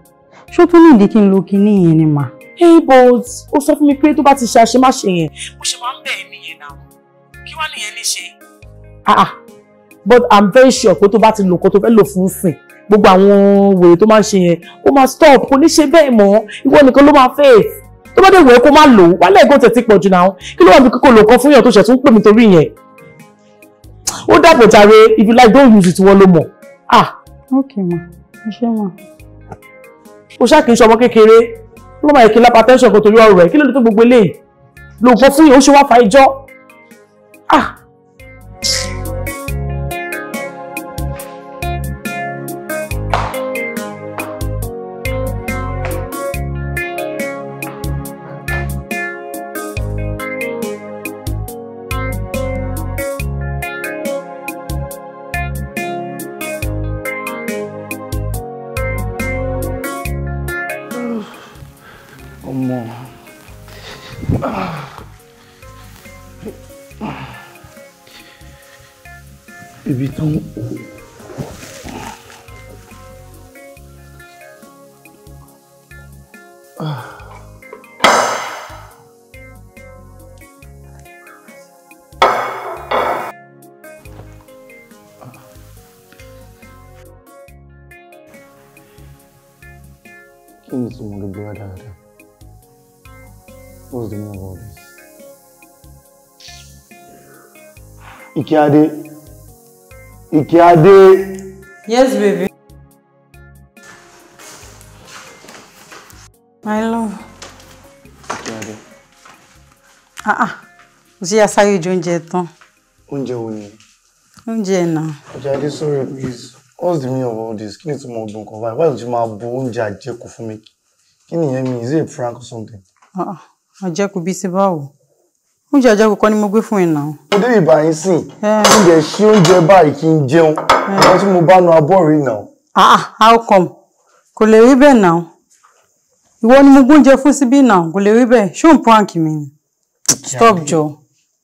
ṣó tún nídi kí n lo kinní yẹn ni mà. hey but ó sọ fún mi pé tó bá ti ṣe àṣemáṣe yẹn mo ṣe máa ń bẹ̀ ẹ́ nìyẹn náà kí wàá nìyẹn ní ṣe. Ah, ah but i'm very sure pé tó bá ti lò kó tó fẹ́ lò fún sìn gbogbo àwọn wèrè tó máa ń ṣe yẹn ó máa stop kò ní ṣe bẹ́ẹ̀ mọ́ ìwọ nìkan ló máa fẹ́ tó bá dé wẹ̀ kó má lò wálé ẹ̀gbọ́n tẹ̀ pọ̀ jù náà kí ló wà ní kíkó lò kan fún yàn tó ṣẹ̀ tún pè mí torí yẹn ó dàpọ̀ jàre if you like don't use it wọ́n ló mọ̀ ah ókè mà ẹ ṣe mà. o ṣáà kì í ṣọmọ kékeré ló máa yẹ kí lápá tẹ́ńṣọ̀ kó torí ọ̀rọ̀ ẹ̀ kí ló dé tó gbogbo eléyìí lóògùn fún yìí ó ṣe wá fa ijọ́ ah Então, Ini semua dibuat dari Muslim Nobis. Iki ada Ìkẹ́ Yes, baby. My love. Ìkẹ́ Ah ah, mo ya aṣáájú ìjọ oúnjẹ tán. Oúnjẹ wo ni? Oúnjẹ sorry please, what's the meaning of all this? Kini ni tí mo gbọ̀n kan báyìí? Why don't you máa bu oúnjẹ àjẹkù fún mi? Kí ni mi? Is it a prank or something? Ah ah, àjẹkù bíi ti báwo? oúnjẹ ọjọ́ kọ̀ọ̀kan ni mo gbé fún ẹ náà. mo dé ìbà yín sìn oúnjẹ ṣí oúnjẹ báyìí kí n jẹun àwọn tí mo bá nu abọ́ rí náà. Ah, ah how come kò lè rí bẹ́ẹ̀ náà ìwọ ni mo gbóúnjẹ fún síbí náà kò lè rí bẹ́ẹ̀ ṣó ń prank mi ni stop jọ.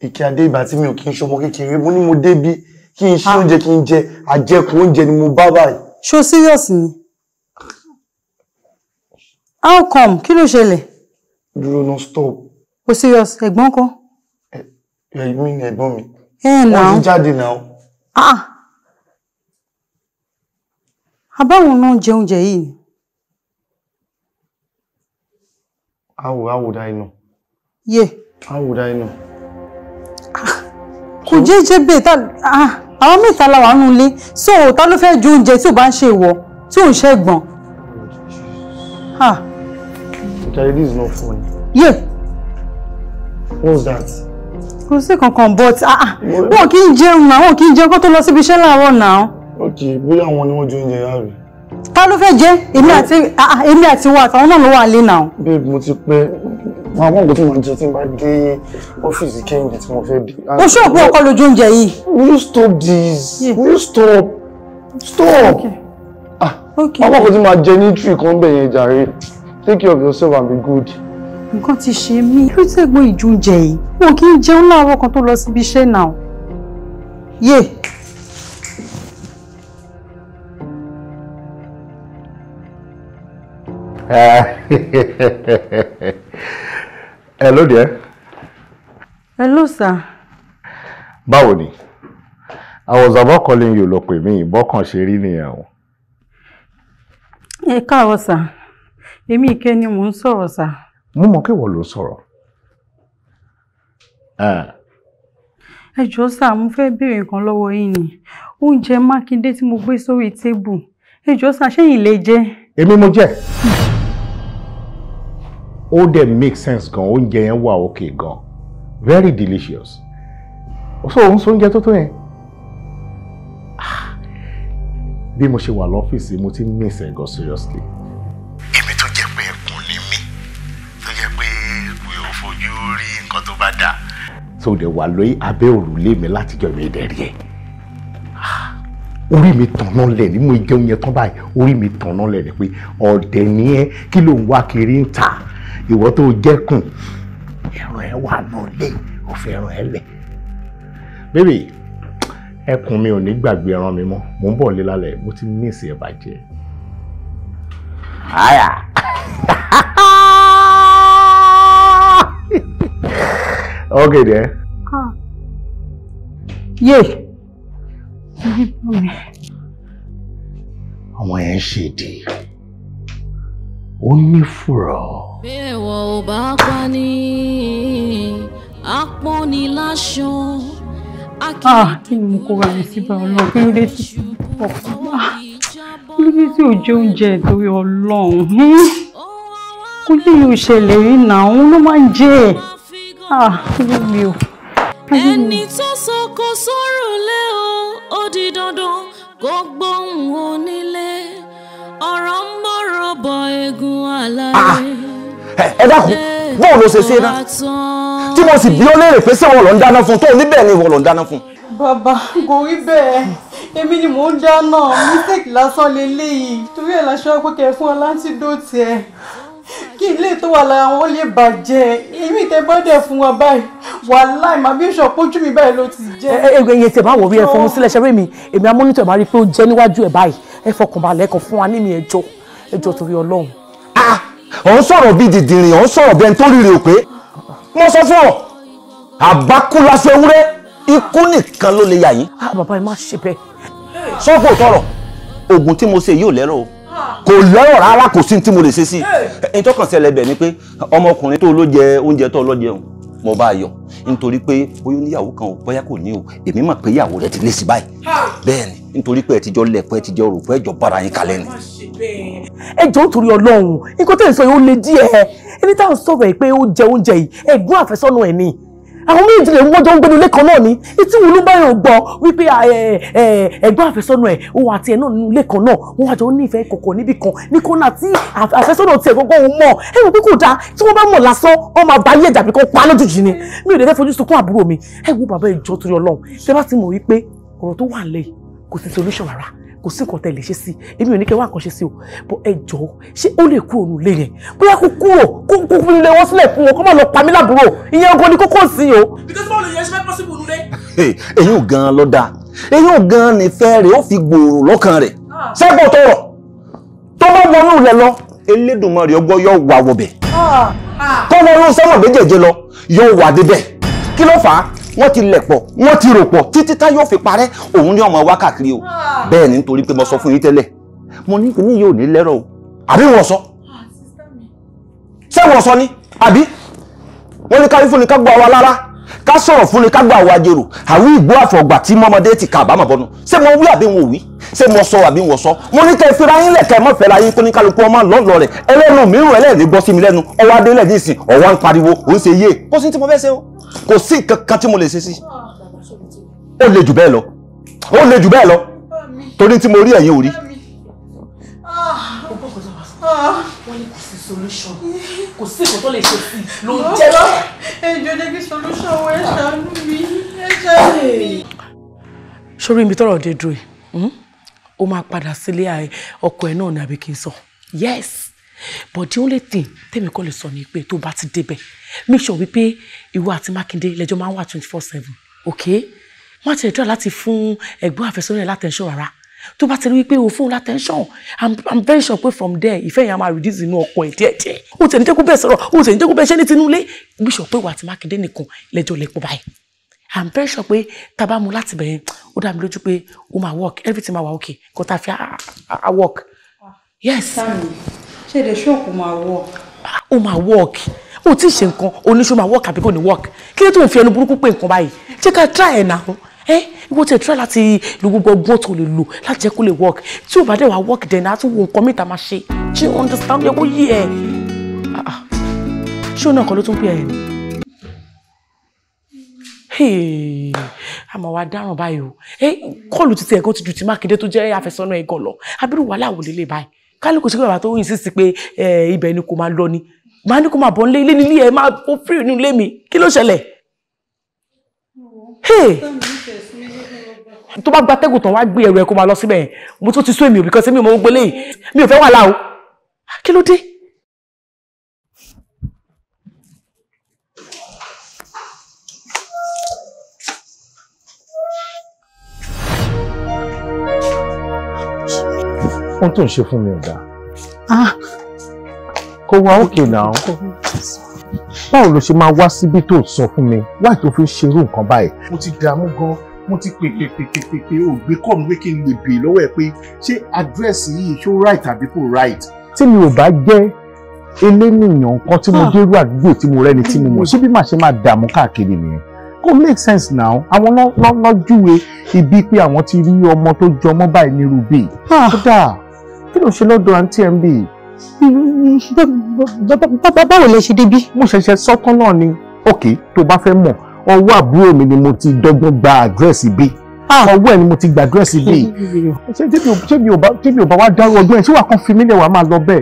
ìkí adé ìbà tí mi ò kí n ṣọmọ kékeré mo ní mo débi kí n ṣí ah. oúnjẹ kí n jẹ àjẹkù oúnjẹ ni mo bá báyìí. ṣó serious ni how come kí ló ṣẹlẹ̀. dúró non stop. o serious ẹ̀gbọ́n kan. You mean èmi ni ẹ̀gbọ́n mi wọ́n ti Ah. náà. Ah. àbáwọn náà jẹ oúnjẹ yìí. How, how would I know? Yeah. How would I know? Kò jẹ́ jẹ́ bẹ́ẹ̀ tá ah, àwọn mẹ́ta la wà nù ilé so ta ló fẹ́ ju oúnjẹ tí ò bá ń ṣe ìwọ tí ò ń ṣe gbọ̀n. Ah. this is not funny. Yeah. What's that? kò sí kankan but ah, ah, wọn kì í jẹun náà wọn kì í jẹun kó tó lọ síbi iṣẹ́ láàárọ̀ náà. ok bóyá àwọn ni wọ́n jẹ oúnjẹ yára rẹ̀. ta ló fẹ́ jẹ èmi àti ah, èmi àtàwọn náà ló wà lé náà. babe mo ti pẹ́ wọn àwọn nǹkan tí mo jẹ tí mo bá dé ọ́fíìsì kẹ́hìndé tí mo fẹ́ dé. o ṣé òpin ọkọ lójú oúnjẹ yìí. will you stop this will you stop stop. ọmọ kan tí mo máa jẹ ní tree kan bẹ̀yẹn jàre take care of yourself and be good nǹkan ti ṣe mí irú tẹ̀gbọ́n ìjúnjẹ yìí wọn kì í jẹun láàárọ̀ kan tó lọ síbi iṣẹ́ náà yé. hello dear. hello sir. báwo ni i was about calling you ló pè mí bọ́kàn ṣe rí nìyẹn o. ẹ káàárọ̀ sà èmi ìkẹ́ni mò ń sọ̀rọ̀ sà mo mọ̀ kéwọ́ ló sọ̀rọ̀. ẹ jọ̀ọ́ sà mo fẹ́ béèrè nǹkan lọ́wọ́ yín ni oúnjẹ mákindé tí mo gbé sórí tébù ẹ jọ̀ọ́ sà lè jẹ. èmi mo jẹ ó dẹ̀ make sense gan oúnjẹ yẹn wà òkè gan very delicious so òun sọ oúnjẹ tó tó yẹn ah, bí mo ṣe wà lọ́fíìsì mo ti miss ẹ̀ gan seriously. rí nǹkan tó bá dáa. tó dẹ̀ wà lórí abẹ́ òrùlé mi látijọ́ mi dẹ̀ rí ẹ̀ orí mi tànná lẹ̀ ní mo jẹun yẹn tán báyìí orí mi tànná lẹ̀ ni pé ọ̀dẹ̀ ni ẹ́ kí ló ń wá kiri ń ta ìwọ tó jẹ́kùn ẹ̀rọ ẹ̀ wà náà lé òfin ẹ̀rọ ẹ̀ lẹ̀. bébì ẹkùn mi ò ní gbàgbé ẹran mi mọ́ mò ń bọ̀ lé lálẹ́ mo ti ní ìsìn ẹ̀ bàjẹ́. àyà. Okay, dear. Huh. Yay. Ọmọ yẹn ṣe dé. Ó ní fùrọ̀. Bẹ́ẹ̀wọ̀ ò bá pa ní apọ́niláṣọ. Ah, kí ni mo kó ra mi síbẹ̀ ọlọ́run? Kí ló dé tí ó pọ̀? Ah, kí ló dé tí ò jẹ oúnjẹ inú ah, mi ò. ẹni tó sọkò sọ̀rọ̀ lé o ó di dandan kó gbóhùn onílé ọ̀rọ̀ ń bọ̀rọ̀ bọ egun àlàyé. Ah, ẹ dákun bóun ló ṣe ṣe náà tí mo sì bí ó léèrè pé ṣé wọn lọ ń dáná fún tóun níbẹ̀ ni wọn lọ ń dáná fún. bàbá kò rí bẹ́ẹ̀ èmi ni mò ń dáná mistake lásán lélẹ́yìí torí ẹ̀ la pé kẹ́ fún ọ láńtí dòtí ẹ̀ kí ilé tó wà lára wọn lè bàjẹ́ èmi tẹ bá dẹ̀ fún wa báyìí wàláì má bí ìṣọ̀ pójú mi báyìí ló ti jẹ́. ẹ ẹ ìyẹn tí ẹ bá wọ̀ rí ẹ fọwọ́n sílẹ̀ ṣẹ́rí mi èmi amónítọ̀ máa rí i pé ó jẹ́ níwájú ẹ̀ báyìí ẹ fọkàn balẹ̀ kan fún wa ní mi ẹjọ́ ẹjọ́ torí Ọlọ́run. ọ̀ ah, ń sọ̀rọ̀ bíi dìdìrín ọ̀ ń sọ̀rọ̀ bẹ́ẹ̀ tó rírì òpé mo sọ fún ọ àbákú lásán ewúrẹ́ ikú nìkan ló lè yà yín. Ah, bàbá ẹ má ṣe kò lọ́rọ̀ rárá kò sí ní tí mo lè ṣe sí i ìtọ́kàn ṣẹlẹ̀ bẹ̀ ni pé ọmọkùnrin tó ló jẹ oúnjẹ tó ló jẹun mo bá yọ nítorí pé bóyá níyàwó kan ò bóyá kò ní o èmi mọ̀ pé ìyàwó rẹ ti lé sí báyìí bẹ́ẹ̀ ni nítorí pé ẹ ti jọ lẹ̀pẹ́ ẹ ti jọ rògbò ẹ jọ bára yín kalẹ̀ ni. ẹ jọ̀ọ́ torí ọlọ́run nǹkan tẹ̀ ń sọ yìí ó le díẹ̀ ẹni tá à ń sọ̀rọ̀ ẹ̀ pé ó jẹ oúnjẹ yìí ẹ̀gbọ́n àfẹ́sọ́nà ẹ̀ ni àwọn méjì lè wọ́n jọ ń gbénu lẹ́kọ̀ọ́ náà ni etí wo ló bá yàn gbọ́ wípé ah, eh, eh, ẹ̀gbọ́n àfẹ́sọ́nà ẹ̀ òun àti ẹ̀ náà nínú lẹ́kọ̀ọ́ náà wọ́n àjọ nífẹ̀ẹ́ kọ̀kọ̀ níbì kan ní kọ́nà tí àfẹ́sọ́nà tiẹ̀ gbọ́gbọ́ òun mọ̀ ẹ wò pé kò dáa tí wọ́n bá mọ̀ lásán wọ́n máa bá yé ẹ̀jà kan pa lójijì ni mi ò dẹ̀ fẹ́ fojú sunkún àbúrò mi ẹ wo bàbá ìjọ torí Ọlọ́run tẹ́ bá ti mọ̀ wípé ọ̀rọ̀ tó wà lẹ́yìn kò sí solution rárá kò sí nǹkan tẹ́ lè ṣe sí èmi ò ní kẹ́ wá nǹkan ṣe sí o bọ́ ẹ jọ̀ọ́ ṣé ó lè kúrò nù lé yẹn bóyá kó kúrò kó kó fi lè wọ́n sílẹ̀ fún wọn kó má lọ pa mí lábúrò ìyẹn ọkọ ni kókó sí o. because báwo lè yẹn ṣe fẹ́ pọ́sibú nulẹ̀. èyí ò gan-an ló dáa èyí ò gan-an nífẹ̀ẹ́ rẹ̀ ó fi gbòòrò lọ́kàn rẹ̀ sẹ́gbọ̀n ah. tó rọ̀ tó bá wọnú rẹ̀ lọ Elédùmarè ọgbọ́ yóò wà wọ̀bẹ̀ ah, ah. tó wọnú sẹ́wọ̀n méjèèjì lọ yóò wà débẹ̀ kí ló wọ́n ti lẹ̀ pọ̀ wọ́n ti rò pọ̀ títí tá yóò fi parẹ́ òun ní ọmọ wákàkiri o ah. bẹ́ẹ̀ ni nítorí pé mo sọ fún yín tẹ́lẹ̀ mo ní kíní yóò ní lẹ́rọ̀ o àbí wọ́n sọ ah, ṣé wọ́n sọ ni àbí wọ́n ní káwí fún ni ká gbọ́ wa lára ká sọ̀rọ̀ fún ni ká gbọ́ àwọn ajérò àwọn ìgbó àfọ̀gbà tí mọ́mọdé ti kà àbámọ̀ bọ́nu ṣé mo wí àbí wọn ò wí ṣé mo sọ àbí wọn sọ mo ní kẹ́ ẹ fira yín lẹ̀ kẹ́ ẹ mọ̀ fẹ́ la yín kó ní kálukú ọmọ lọ́ọ̀lọ́ rẹ̀ ẹlẹ́nu mìíràn ẹlẹ́rìí bọ́ sí mi lẹ́nu ọwọ́ adélẹ̀ ní ìsìn ọwọ́ ń pariwo ò ń ṣe yé kò sí tí mo fẹ́ ṣe o kò sí kankan tí mo lè ṣe sí ó le jù bẹ́ẹ̀ lọ ó le jù bẹ́ẹ̀ lọ torí tí mo rí ẹ̀yin ò solution kò sí nǹkan tó lè ṣe sí ló ń jẹ́ lọ. ẹ jọ̀ọ́ jẹ́ kí solution wọ ẹ ah. ṣàánú mi ẹ ṣàánú mi. sórí ibi tọ́rọ̀ dé dúró yìí hmm? máa padà sílé ọkọ ẹ náà ní àbí kí n sọ yes but the only thing tèmi kò lè sọ ni pé tó bá ti débẹ̀ make sure wípé ìwọ àti Mákindé lẹ́jọ́ máa ń wà twenty four seven Okay? má tẹ̀ dúrà láti fún ẹ̀gbọ́n àfẹ́sọ́nà ẹ̀ látẹ̀ṣọ́ rárá tó bá ti rí wípé o fún un látẹ́ńsọ̀n i'm very sure pé from there ìfẹ́ yẹn a máa reduce inú ọkàn ẹ̀ díẹ̀díẹ̀ o tẹ̀ ní jẹ́ kó bẹ́ẹ̀ sọ̀rọ̀ o tẹ̀ ní jẹ́ kó bẹ́ẹ̀ ṣẹ́ ní tinúlé bíṣọ̀ pé ìwà àti mákindé nìkan lẹ́jọ́ lẹ́pọ̀ báyìí i'm very sure pé tá a bá mu láti bẹ̀rẹ̀ ó dá mi lójú pé ó máa work everything máa wà okay kó tá a fi a work. yes. ṣé èdè ṣọ́ọ̀kù máa work. ó máa work ó ti ṣe nǹkan oníṣòwò máa work àbí kò ní work kí ló tó ń fi ẹnu burúkú pé nǹkan báyìí ṣé ká try ẹ̀ náà Eh, ẹ wọ́n ti try láti lo gbogbo ọgbọ́n tó lè lò láti jẹ́ kó lè work tí ò bá dẹ̀ wá work then á tún wo nǹkan mìta máa ṣe ṣé o understand yẹ kó yí ẹ ah, ah. ṣé o náà kọ́ ló tún pè ẹ́ ni àmọ́ wa dáràn báyìí o eh, kọ́ọ̀lù ti tiẹ̀ kan ti ju ti Mákindé tó jẹ́ àfẹ́sọ́nà ẹ̀gàn lọ abirù wàhálà wò lélẹ̀ báyìí kálukú sí bàbá tó ń insist pé eh, ibẹ̀ ni kò máa lọ ni màá ní kó máa bọ̀ nílé ilé nílé ẹ̀ máa ó fírì nínú ilé mi kí ló ṣẹlẹ̀ tó bá gba tẹ́gùn tán wá gbé ẹrù ẹ kó máa lọ síbẹ̀ yẹn mo tún ti sún èmi ò bìkọ́sí mi ò mọ gbogbo lẹ́yìn mi ò fẹ́ wà láwo kí ló dé. ohun tó ń ṣe fún mi ò dáa. Ah. kò wá òkè náà báwo ló ṣe máa wá síbi tó sọ fún mi wáyé tó fi ṣerú nǹkan báyìí mo ti dààmú gan-an mo ti pè pè pè pè pè pè ò gbé kọ́ mi pé kí n lè bèè lọ́wọ́ ẹ pé ṣé àdírẹ́sì yìí ṣó right àbí kò right. tí mi ò bá jẹ́ elénìyàn kan tí mo dérú àdúgbò tí mo rẹ́ni tí mo mọ̀ ṣé bí màá ṣe máa dààmú káàkiri nìyẹn kò make sense now àwọn lọ́júwe ibi pé àwọn ti rí ọmọ tó jọmọ́ báyìí nírú bíi kódà kí ló ṣe lọ́dọ̀ àǹtí ẹ̀ ń bíi báwo lè ṣe débi. mo ṣẹ̀ṣẹ̀ sọ́kán náà ni ok tó bá fẹ́ mọ̀ ọwọ́ àbúrò mi ni mo ti dọ́gbọ́n gba àdírẹ́sì bíi ah. ọwọ́ ẹ̀ ni mo ti gba àdírẹ́sì bíi ṣé tèmi ò bá wá dárú ọdún ẹ̀ ṣé wàá kàn fi mí lẹ̀ wàá máa lọ bẹ́ẹ̀.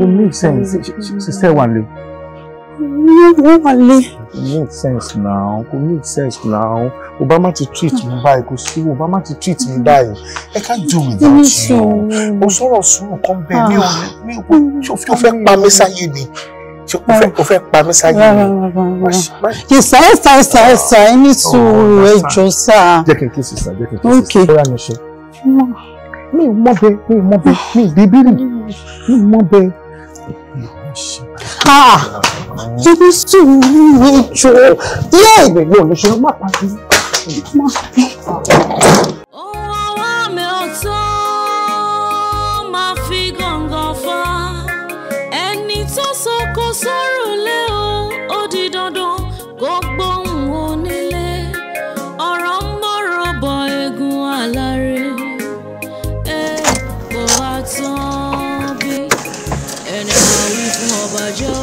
it makes sense ṣiṣẹ́ wà lé. wọ́n wà lé. it makes sense now it makes sense now obama ti treat me báyìí kò sí obama ti treat me báyìí i can't do without you o sọ̀rọ̀ sùúrù kan bẹ́ẹ̀ mi ò fẹ́ pa mí sáyé ni ṣé o fẹ́ pa mí sáyé mi. ìsà ìsà ìsà ìsà ẹni sùúrù ẹjọ sá. jẹ́ kí n kí sísà jẹ́ kí n kí sísà bóyá mi ṣe. mi ì mọ̀ bẹ mi ì mọ̀ bẹ mi ì bíbélì mi ì mọ̀ bẹ. ẹni ah, ah. sùúrù ẹjọ. ilé ìgbẹ̀gbẹ̀ ò lè ṣe má pa mí. sọ̀rọ̀ lé o ó di dandan kó gbóhùn onílé ọ̀rọ̀ ń bọ̀rọ̀ bọ egun aláré èèpọ̀ àtàn bí ẹni máa wí fún ọba jẹ́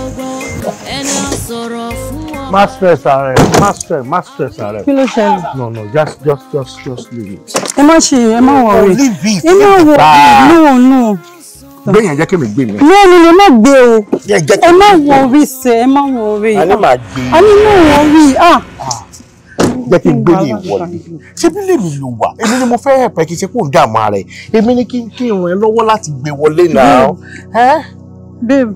ẹni á sọ̀rọ̀ fún ọba. má stress ààrẹ má stress má stress ààrẹ. kí ló ṣẹlẹ̀. no no just just just just leave it. ẹ má ṣe ẹ má wọrí ẹ má wọrí no no bẹ́yàn jẹ́ kémi gbé mi. mi ò ní lè má gbé o ẹ má wọ orí sẹ ẹ má wọ orí. a ní a ní má wọ orí a. Ah. jẹ́ kí n gbé lè wọlé ṣébí lèmi ló wà èmi ni mo fẹ́ ẹ̀pẹ́ kí n ṣe kó ń dààmú rẹ̀ èmi ni kí n kí n ràn ẹ́ lọ́wọ́ láti gbé wọlé náà. babe.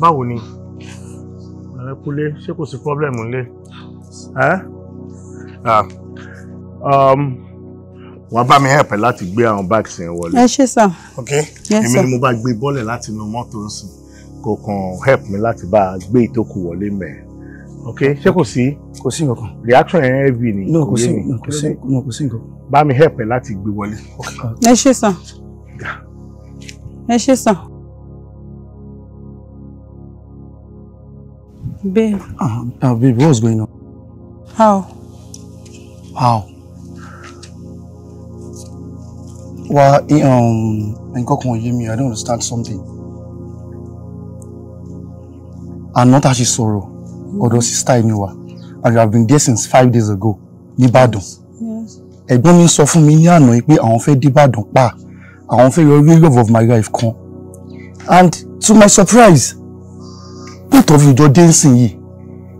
báwo ni ẹ kúlé ṣé kò sí pọ́blẹ́mù ńlẹ̀ ẹ́ ah. um, wàá bá mi help ẹ láti gbé àwọn bags yẹn wọlé. ẹ ṣe sir. Okay. èmi ni mo bá gbé bọ́lẹ̀ láti inú mọ́tò ń sìn kò help me. láti bá a gbé ìtókù wọlé mẹ́ẹ̀. ok ṣé kò sí. kò sí nǹkan. reaction yẹn heavy ni. no kò sí kò sí no kò sí nǹkan. bá mi help ẹ láti gbé Okay. ẹ ṣe sir. ẹ ṣe sir. babe. ah uh, babe what's going on. how. how. wá eh, um, nǹkan kan yé mi i don't understand something àná not a ṣe sọ̀rọ̀ ọ̀dọ̀ sista ẹni wa and you have been there since five days ago nìbàdàn ẹ̀gbọ́n mi sọ fún mi ní àná pé àwọn fẹ́ dìbàdàn pa àwọn fẹ́ yọ real love of my life kan and to my surprise both of you jọ dancing. nsìnyí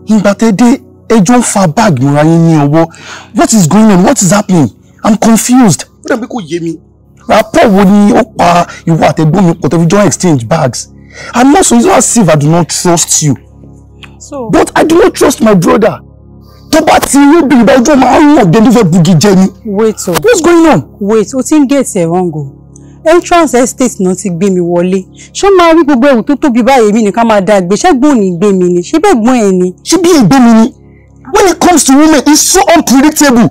ìgbà tẹ́ dé ẹjọ́ ń fa báàgì mọ́ra yín ní what is going on what is happening i'm confused. ó dàbí kò yé mi rapport wo ni ó pa ìwọ àtẹ̀gbọ́n mi pọ̀ tẹ́fi join exchange bags and also it's not as if I do not trust you so but I do not trust my brother tó bá ti rí bìrì bá ojú ọmọ àwọn ọ̀gbẹ́ ló fẹ́ bugi jẹ ni. wait o what's going on. wait o ti ń gèètì ẹ̀ wrong o entrance estate náà ti gbé mi wọlé ṣé máa rí gbogbo ẹrù tó tóbi báyìí mi nìkan máa da àgbẹ̀ ṣẹ́gbọ́n ní gbé mi ni ṣé bẹ́ẹ̀ gbọ́n ẹ̀ ni. ṣé bí ègbé mi ni when it comes to women it's so unpredictable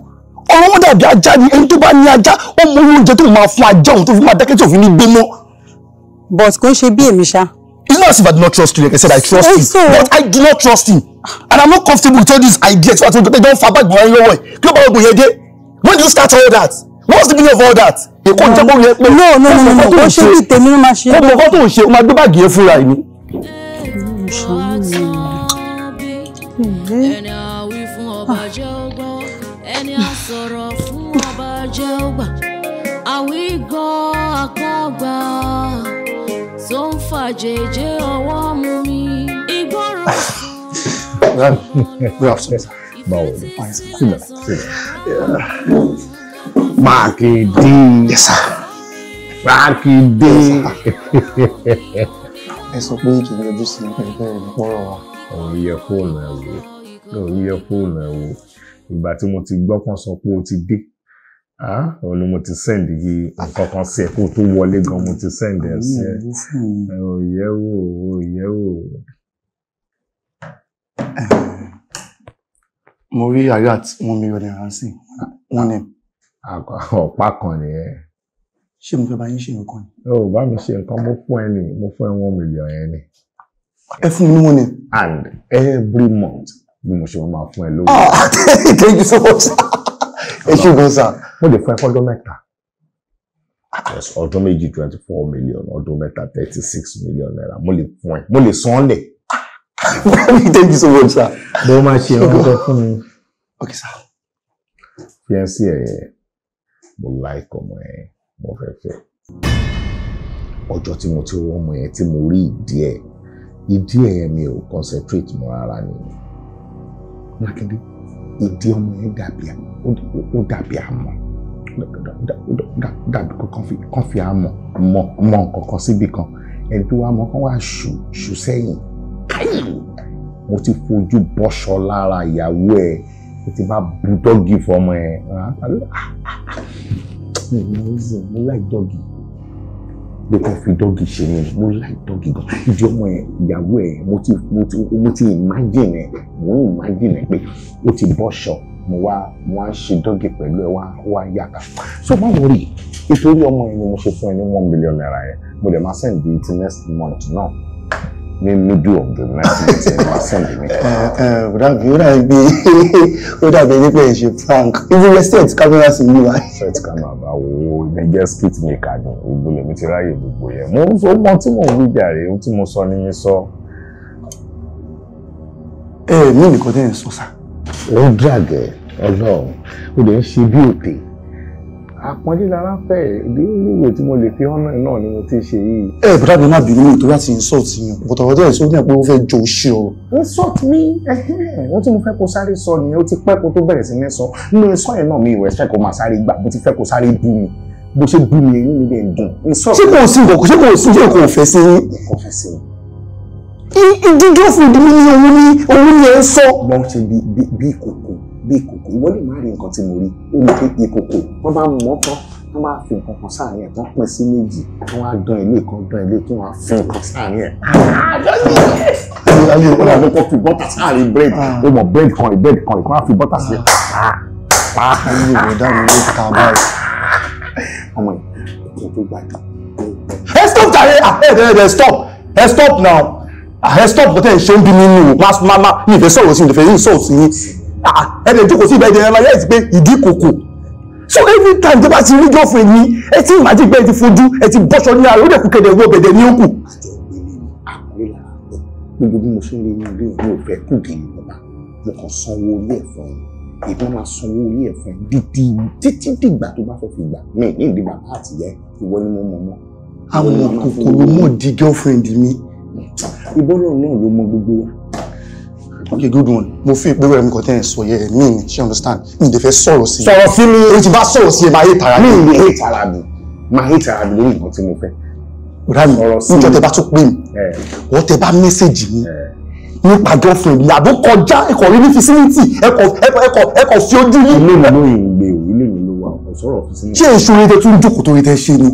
ọ̀rọ̀ dàbí ajá ni ẹni tó bá ní ajá ó mú oúnjẹ tó máa fún ajá òun tó fi máa dákẹ́ tí òfin ní gbé mọ́. but kò ń ṣe bí èmi ṣá. it's not as if i do not trust you like i said i trust you so... but i do not trust him and i'm not comfortable with all these ideas wey i told you don fa bag behind your way kí ló bá ogun dé when did you start all that what's the meaning of all that. èkó jẹ́ kó yẹ pé no no no no kò ṣe bí tèmi ló ṣe. kó mọ̀ kó tó ń ṣe máa gbé báàgì yẹn fúnra ẹ̀ ni. ṣàmùlò jẹ́ ó gbà àwígbọ́n àkọ́gbà tó ń fàjèjé ọwọ́ mú mi ìgbọ́ràn. Ah. báwo ni sílẹ̀ sílẹ̀ mákindé mákindé. ẹ sọ pé kì í yọjú sí ìpínlẹ̀ ìpọ́nrọ̀ wa. òun yẹ fóònù ẹ wò òun yẹ fóònù ẹ wò ìgbà tí mo ti gbọ́ kan sọ pé o ti dé òun ni mo ti send yí nǹkan kan sí ẹ kó tó wọlé gan mo ti send ẹ sí ẹ òye wò òye wò. mo rí ayat wọn mi rọlẹ ránṣẹ́ wọn ni. ọ̀pá kan nìyẹn. ṣé mo fẹ́ bá yín ṣe nǹkan ni. ó bá mi ṣe nǹkan mo fún ẹ ní mo fún ẹ one million yẹn ni. ẹ fún mi ní wọn ni. and every month bí mo ṣe máa fún ẹ lówó. Ah, thank you so much ẹ ṣùgbọ́n sà. mo lè fún ẹ fọ́dún mẹ́ta. ọdún méjì twenty four million ọdún mẹ́ta thirty six million naira mo lè fún ẹ mo lè san án lẹ̀. thank you so much sir. bó máa ṣe ọjọ́ fún mi. ok sir. fiẹ́nsì ẹ̀ mo láìkọ̀ ọmọ ẹ̀ mo fẹ́ fẹ́ ọjọ́ tí mo ti rọ́ ọmọ yẹn tí mo rí ìdí ẹ̀ ìdí ẹ̀ yẹn mi ò concentrate mọ́ rárá ni Mákindé ìdí ọmọ yẹn dàbí ó dàbí àmọ́ dàbí kàn fi àmọ́ mọ mọ nkankan síbi kan ẹni tó wá mọ kán wá ṣù ṣù sẹ́yìn káyì mo ti fojú bọ́ṣọ lára ìyàwó ẹ̀ mo ti bá bu dọ́gì fọmọ ẹ̀ ah, ah, ah, mi ò mọ ìzìn mo láì dọ́gì pé kàn fi dọ́gì ṣe yẹn mo láì dọ́gì gan ìdí ọmọ ẹ ìyàwó ẹ mo ti mo ti mo ti imagine ẹ mo ń imagine ẹ pé ó ti bọ́ṣọ mo wá mo wá ṣe dọ́gì pẹ̀lú ẹ wá wá yàtà so má wọrí nítorí ọmọ ẹ ni mo ṣe fún ẹ ní one million naira yẹn mo dẹ̀ máa send di ti next month náà ní middle of the night ní ti máa send mi. ọ̀dà mi ó dàbí pé ó dàbí ẹni pé ẹ ṣe prank ibi set camera sí mi wá. set camera bá wo ibẹ̀ jẹ́ skit maker ni gbogbo lèmi ti ráyè gbogbo yẹn mo ń sọ ohun tí mo ń wí jàre ohun tí mo sọ ni mi sọ. ẹ eh, ẹ mi nìkan tẹ́ ẹ̀ sọ sá. ó ń dàgẹ̀ ọlọ́run ó lè ń ṣe bí òtè àpọ́nlé lára fẹ́ ìdí ìwé tí mo lè fi hàn náà ni mo ti ṣe yìí. ẹ bùdá mi má bínú mi tó láti insult yàn but ọ̀rọ̀ díẹ̀ sórí ẹ̀ pé ó fẹ́ jọ ṣe ọ. insult mi wọ́n tí mo fẹ́ kó sáré sọ nìyẹn ó ti pẹ́ kó tó bẹ̀rẹ̀ sí ní sọ nínú sọ yẹn náà mi ìwẹ̀ fẹ́ kó máa sáré gbà mo ti fẹ́ kó sáré bú mi bó ṣe bú mi èyí mi lè dùn. ṣé kò sí nǹkan nǹkan tí mo rí ó rí pé ìkòkò wọ́n bá mọ́ tán wọ́n bá fi nǹkan kan sáàárín ẹ̀ tán pín sí méjì wọ́n á dán ilé kan dán ilé kí wọ́n á fi nǹkan sáàárín ẹ̀. ayé wọn làwọn kan fi bọ́tà sáàárín bírèdì ah. ó mọ̀ bírèdì kan ìbírèdì kan ìkan á fi bọ́tà sí ah. ah. ẹ stop jàre ẹ stop ẹ stop now ẹ stop bọ́tẹ̀ ṣé ń bí mi nù máa máa mi ìfẹ́ sọ̀rọ̀ sí mi sí yìí. Ah, ẹni ìjókòó sí ìbẹ̀jẹ̀ ẹ̀rọ ayẹ́sì pé ìdí kòkò so every time tó bá ti rí girlfriend ni ẹ ti ìmájì pé ẹ ti fojú ẹ ti bọ́ṣọ ní ara ó dẹ̀ kú kẹ̀dẹ̀ wọ bẹ̀dẹ̀ ní òkú. Ah, gbogbo bí mo ṣe ń rí ilé mi ò fẹ́ kù kì í bàbá mo kàn sanwó orí ẹ̀ fún un ìbọn máa sanwó orí ẹ̀ fún un títí títí dìgbà tó bá fẹ́ fi gbà mí ní ìdí bàbá àtìyẹ ìwọ ni mo mọ̀ mọ́. àwọn kòkòrò mọ̀ di girlfriend mi. ìbọn náà ló mọ gbogbo wa okay good one mo fi ìpẹ́rẹ́ mi kàn tẹ́ ẹ̀ sọ yẹ ẹ̀ mí ṣe understand mi dẹ̀ fẹ́ sọ̀rọ̀ sí i. sọ̀rọ̀ sí mi. o ti bá sọ̀rọ̀ sí ẹ máa hate ara mi. mi ni hate ara mi máa hate ara mi lórí nǹkan tí mo fẹ́. ọ̀rá mi níjọ́ tẹ bá tún pè mí wọ́n tẹ bá mẹ́sẹ̀gì mi nípa girlfriend yàgò kọjá ẹ̀kọ́ rí ní facility ẹ̀kọ́ fi ojú yín. ilé mi ló ìgbé o ilé mi ló wà ọ̀pọ̀ sọ̀rọ̀ facility. ṣé èso rẹ tẹ tún jókòó torí tẹ ṣe ni.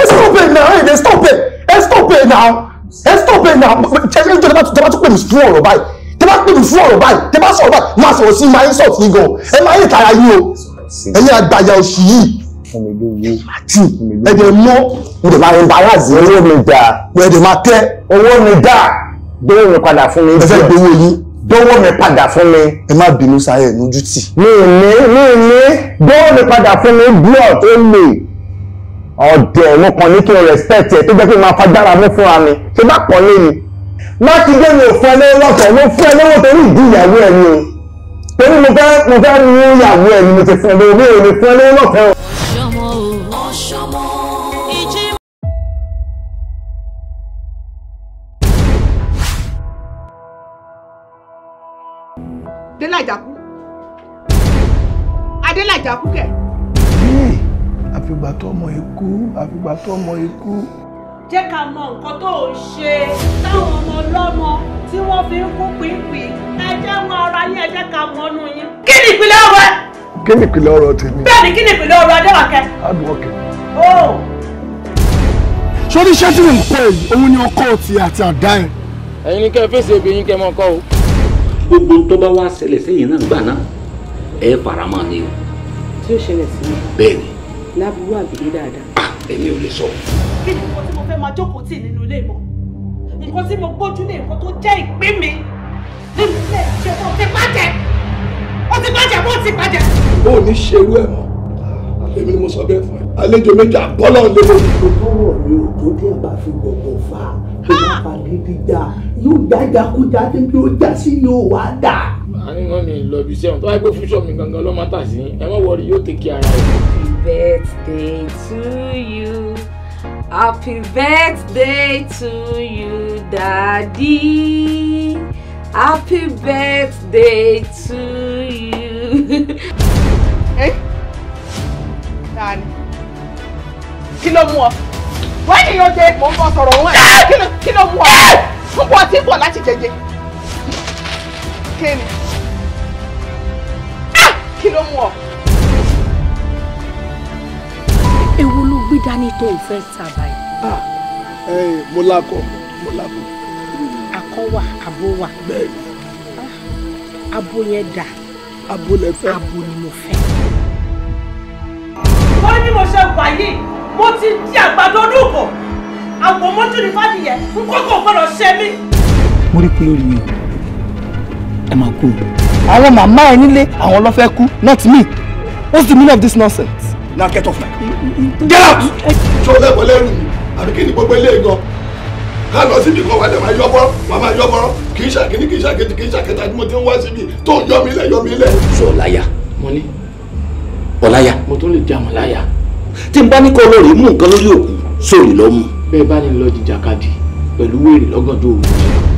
ẹ stop it now ẹ stop it ẹ stop it now ẹ stop ẹ náà ẹjọ́ tẹ́ bá tún pè mí fún ọ̀rọ̀ báyìí tẹ́ bá pè mí fún ọ̀rọ̀ báyìí tẹ́ bá sọ̀rọ̀ báyìí máa sọ̀rọ̀ sí máa ń sọ̀ sí gan ẹ máa yè tara yín o ẹ̀yin àgbàyà òṣì yìí àti ẹ̀dẹ̀ mọ́ ẹ̀dẹ̀ máa ń bára sí owó mi dà ẹ̀dẹ̀ máa tẹ́ owó mi dà dówó mi padà fún mi ẹ fẹ́ gbowó yín dówó mi padà fún mi. ẹ má bínú sáyẹ̀ lójú tì. mi ò ní mi ò ní dówó mi padà fún mi blood ó lè ọ̀dẹ̀ mo kàn ní kí n respect ẹ tó jẹ́ pé máa fagbára mú fúnra mi ṣé bá pọ̀ lé mi. mákindé mi ò fún ẹ lówó lọ́tọ̀ mo fún ẹ lówó torí ìdí ìyàwó ẹ ni o torí mo fẹ́ mo fẹ́ mú ìyàwó ẹ ni mo ti fún ẹ lówó mi ò lè fún ẹ lówó lọ́tọ̀ Adélàjà kú kẹ̀ àfìgbà tó ọmọ ikú àfìgbà tó ọmọ ikú. jẹ́ ká mọ nǹkan tó ń ṣe táwọn ọmọ ọlọ́mọ tí wọ́n fi ń kú pínpín ẹ jẹ́ mọ ara yín ẹ jẹ́ ká mọ ọ́nú yín. kí ni ìpínlẹ̀ ọ̀rọ̀ ẹ. kí ni ìpínlẹ̀ ọ̀rọ̀ tèmi. bẹ́ẹ̀ ni kí ni ìpínlẹ̀ ọ̀rọ̀ adéwàkẹ́. adéwàkẹ́. sórí iṣẹ́ tí mò ń kọ́ ẹ̀ òun ni ọkọ ti àti àdá ẹ̀. ẹ̀yin ni kẹ́ ẹ fèsì ebi yín kẹ́ mọ́ kọ́ o. gbogbo tó bá wá ṣẹlẹ̀ láburú àbílẹ̀ dáadáa. èmi ò lè sọ. kí ni nǹkan tí mo fẹ́ máa jókòó tì nínú ilé mọ́ nǹkan tí mo gbójú lé nǹkan tó jẹ́ ìpín mi nínú ilé ìṣe tó ti bàjẹ́ ó ti bàjẹ́ bó ti bàjẹ́. ó ní ṣerú ẹ̀ mọ́ èmi ni mo sọ bẹ́ẹ̀ fún ẹ àlejò méjì àbọ́lọ́ lé mo. ìtọ́wọ̀ mi ò tó bí àbá fi gbọ̀ngàn fa tó bá fa gidi gbà yóò gbàgbà kú jáde bí ó já sí yóò wá dáa àníyàn lè lọ ibi iṣẹ́ tó wáyé pé fúnṣọ́ mi gangan ló máa tà sí ẹ má wọrí yóò tẹ̀kí ara rẹ̀. happy birthday to you happy birthday to you daddy happy birthday to you. ẹ ta ni kí ló mú ọ wọ́n ní yóò jẹ mò ń bọ sọ̀rọ̀ òun ẹ̀ ah! kí ló mú ọ fún ah! bọ́ tí bọ̀ láti jẹjẹ kí ni kí ló mú ọ. ewu ló gbé dání tó o fẹ́ ta báyìí. mo lakọ mo lakọ. akọ wa abo wa. bẹ́ẹ̀ni. abo ah, yẹn dà. abo lẹ fẹ́. abo ni mo fẹ́. wọ́n ní mo ṣe wà yìí mo ti di àgbàdo olúkọ àwọn mọ́tò ní fàdìyẹ n kò kò gbọ́dọ̀ ṣe mí. mo rí i pé lórí mi ẹ máa kú. àwọn màmá ẹ nílé àwọn ló fẹ́ kú not me what's the meaning of this nonsense. now get off my get out. ṣé o lẹ́kọ̀ọ́ lẹ́rù mi àbí kí ni gbogbo ilé gan ká lọ síbi kan wà lè máa yọ bọ́rọ́ wà máa yọ bọ́rọ́ kì í ṣàkíní kì í ṣàkejì kì í ṣàkẹta ni mo ti ń wá síbi tó ń yọ mí lẹ̀ yọ mí lẹ̀. sọ ọ̀láyà mo ní ọ̀láyà mo tún lè jẹ àwọn láyà. tí n bá ní kọ́ lórí mú nǹkan lórí òkú sórí lọ́mú. bẹ́ẹ̀ bá ní lọ jìjàkadì pẹ̀lú wèrè lọ́gànjọ́ òru jẹ́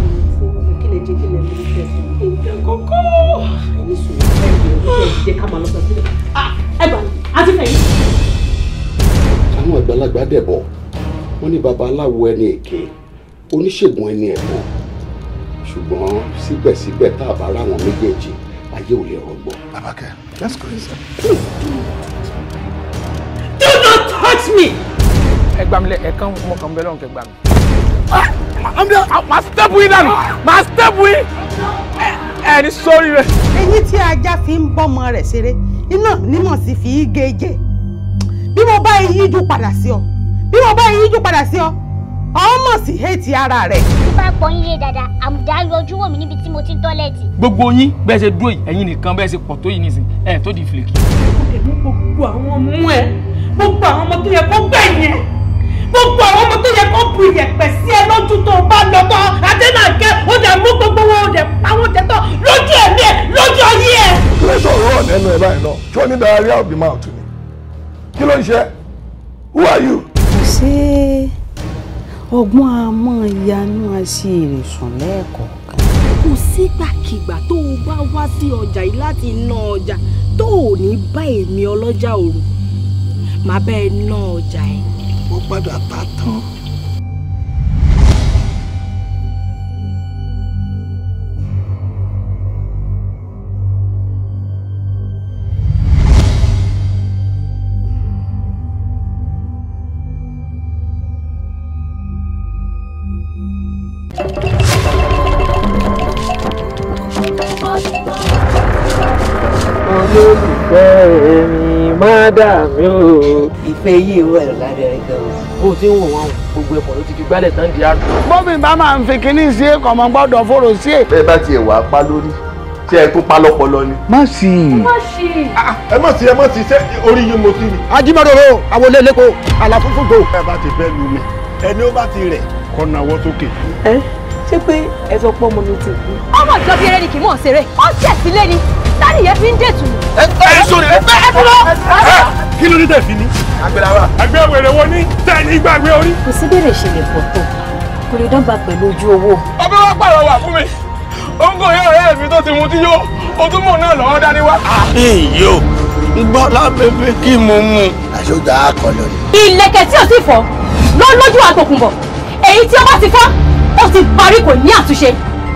àwọn àgbàlagbà dẹ̀bọ̀ wọ́n ní babaláwo ẹni èké oníṣègùn ẹni ẹ̀kọ́ ṣùgbọ́n síbẹ̀síbẹ̀ tá a bá ráwọn méjèèjì ayé ò lè rọgbọ. Abake, let's go inside. Do not touch me! Ẹ lẹ, ẹ mọ kàn bẹ lọ́run kẹ gbà ah, step wí dànù, màá step wí ẹni sórí rẹ. eyín tí ajá fi ń bọ́mọ rẹ̀ ṣeré iná nímọ̀ sí fi í gèjè bí mo bá yíjú padà sí ọ bí mo bá yíjú padà sí ọ ọmọ sì hétí ara rẹ. bí bá pọ̀ yín yé dáadáa àmùdá yọjú wò mí níbi tí mo ti ń tọ́lẹ̀tì. gbogbo yín bẹ́ẹ̀ ṣe dúró yìí nìkan bẹ́ẹ̀ ṣe pọ̀ tó yìí nísìn ẹ̀ tó di fìlèkì. èmi gbogbo àwọn ọmọ ẹ gbogbo àwọn ọmọ tó yẹ kó gbẹ̀yìn ẹ gbogbo àwọn ọmọ tó yẹ kó bu ìyẹ̀pẹ̀ sí ẹ lójú tó bá lọ tán àdénàkẹ́ ó dẹ̀ mú gbogbo wọn ó dẹ̀ pàwọn jẹ tán lójú ẹ̀mí ẹ̀ lójú ayé ẹ̀. kí ló sọ̀rọ̀ ọ̀nà báyìí náà tí wọ́n ní diarrhea of the mouth ni kí ló ń ṣe who are you. kò sí ọgbọ́n àmọ́ ìyanu àti ìrìnsùn lẹ́ẹ̀kọ̀ọ̀kan. kò sígbàkigbà tó o bá wá sí ọjà yìí láti ná ọjà tó ò ní bá èmi ọlọ́jà òru màá bẹ́ẹ̀ ná ọjà ẹ̀ ó padà ta tán. olólùfẹ́ mi má dà mí o pé eyín ìwọ ẹ̀rọ lábẹ́ rẹ gan o. bó ti ń wò wọn gbogbo ẹ̀kọ́ ló ti fi gbálẹ̀ tán di àrùn. bómi bá máa ń fi kinní sí èkó ọmọ gbọ́dọ̀ fòrò sí è. bẹ́ẹ̀ bá tiẹ̀ wà pa lórí tí ẹ tún pa lọ́pọlọ ni. má sì má sì ẹ má sì ẹ má sì sẹ orí yín mo ti ni. ajímọ̀dòrò àwọlé lẹ́kọ̀ọ́ àlàfúnfún tó. ẹ bá ti bẹ́ẹ̀ lu ẹni ó bá ti rẹ̀ kọ́ nawọ́ ṣé pé ẹ sọ pé ọmọ ti kú. ọmọ ìjọba eré ni kì í mọ̀ ṣeré ó ṣẹ̀ sílé ni dádì yẹn fi ń dètù. ẹ sọ̀rọ̀ ẹ fẹ́ ẹ dúró. kí ló ní tẹ̀ fi ní. agbẹ̀rẹ̀wà. agbẹ̀wẹ̀rẹ̀ wo ni tẹ̀ ní gbàgbé orí. kò sí bèrè ṣe lè pọ̀ tó kò lè dọ́gba pẹ̀lú ojú owó. ọbẹ̀ wá pàrọ̀ wà fún mi ó ń gò yẹ ọ̀rẹ́ mi tó ti mu tí yó o tún mọ̀ náà lọ́wọ́ dání wá. àbíyó ah, gbọ́ lábẹ́bẹ́ kí mo mú. àṣọjà akọlọ ni. ìlẹ̀kẹ̀ tí o ti fọ́ ló lójú àtòkùnbọ̀ èyí tí o bá ti fọ́ ó ti parí kò ní àtúnṣe.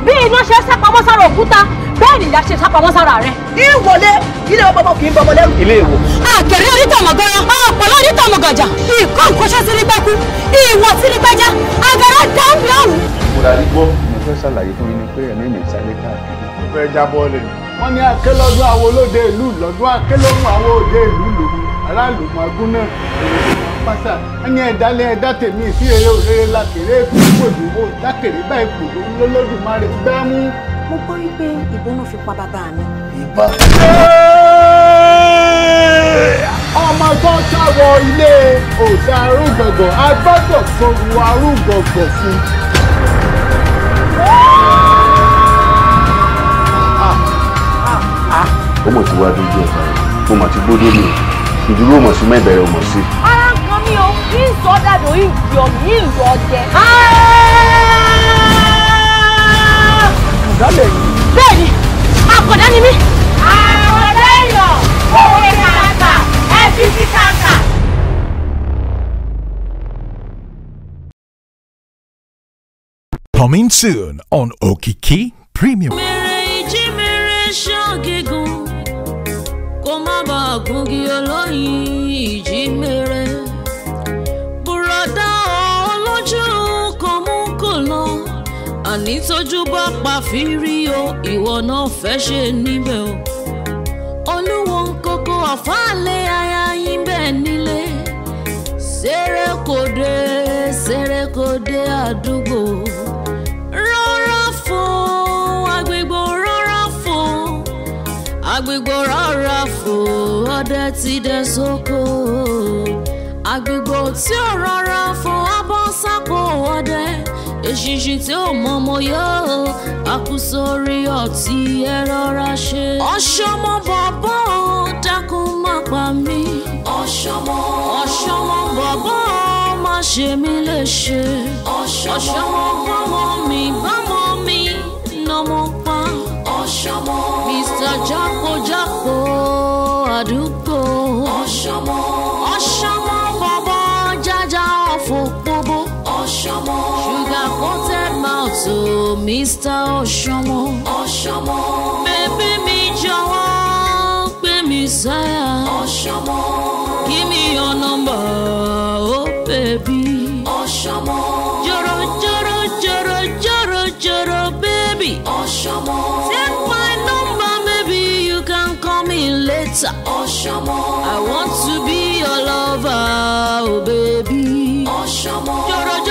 bí iná ṣe ń sápamọ́ sára òkúta bẹ́ẹ̀ ni ìyá ṣe sápamọ́ sára rẹ̀. ìwọlé ilé ọmọ kì í bọmọ lẹ́rù. ilé ìwò. àkèrè onítọ̀mọ̀gọ́ra ọ̀pọ̀lọ́ onítọ̀mọ̀gànjà ìkọ́ nǹkanṣẹ́ sí ní pẹ́kú ìwọ̀ sí ní pẹ́já agara dáńbì ọ̀hún. ìmúra gbọ́ mo fẹ́ ṣàlàyé fún yín ni pé ẹ̀mí mi sáré káàkiri. mo fẹ́ jábọ́ lẹ̀. wọ́n ní akélọ́dún àwọn olóde ìlú lọ́dún akélóhùn àwọn òde ìlú lòun pásá ẹni ẹ̀dá lé tèmi sí eré òréré èkó ìgbòdúwò lákèrè báyìí kò lólódùmarè gbámú mo gbọ́ wípé ìbọn náà fi pa bàbá mi. ìbá. ọmọ tó jáwọ ilé òòṣà arúgbọ̀gbọ̀ agbọ́dọ̀ sọ̀rọ̀ arúgbọ̀gbọ̀ fún. ọmọ ah, ah, ah. tí wàá dojú ọ̀tá rẹ̀ mo mà ti gbọ́dọ̀ mi ìdúró mọ̀ sí mẹ́bẹ̀rẹ̀ ọmọ sí. ara kan mi ò fi sọ́dà lóyún ìdí ọ̀mí ìlú ọjẹ́ àkàndá lẹ́yìn. bẹ́ẹ̀ni àkàndá ni mí. àwọn lẹ́yìn òwe kàkà fcc kàkà. Coming soon on Okiki Premium. Mèrè ìjì mèrè ṣọ́ọ̀gígùn kó má bàa gùn kí olóyin. ẹ̀mí tójú bá pa fírí o ìwọ náà fẹ́ ṣe níbẹ̀ o olúwo ń kókó ọ̀fáàlẹ̀ aya yín bẹ́ẹ̀ nílé sẹ́rẹ́kòdé sẹ́rẹ́kòdé àdúgbò rọ́rọ́ fún agbègbè rọ́rọ́ fún agbègbè rọ́rọ́ fún ọdẹ ti dẹ sóko agbègbè tí ò rọ́rọ́ fún abọ́sápò wọn èṣìṣì tí ò mọ mo yọ ọ àkùsọ̀rí ọtí ẹ rọra ṣe. ọ̀ṣọ́mọ bàbá dákun má pa mí. ọ̀ṣọ́mọ ọ̀ṣọ́mọ bàbá má ṣe mí léṣe. ọ̀ṣọ́mọ bàmọ mi bàmọ mi nọmọ pa. ọ̀ṣọ́mọ Mr. jákòjákò àdúgbò. ọ̀ṣọ́mọ. Mr. Ọ̀ṣọ́mọ. Ọ̀ṣọ́mọ. Bébí mi jọ̀wọ́ pè mí sáyà. Ọ̀ṣọ́mọ. Give me your number, oh baby. Ọ̀ṣọ́mọ. Jọ̀rọ̀ jọ̀rọ̀ jọ̀rọ̀ jọ̀rọ̀ jọ̀rọ̀ baby. Ọ̀ṣọ́mọ. Take my number, maybe you can call me later. Ọ̀ṣọ́mọ. I want to be your lover, oh baby. Ọ̀ṣọ́mọ. Jọ̀rọ̀ jọ̀rọ̀.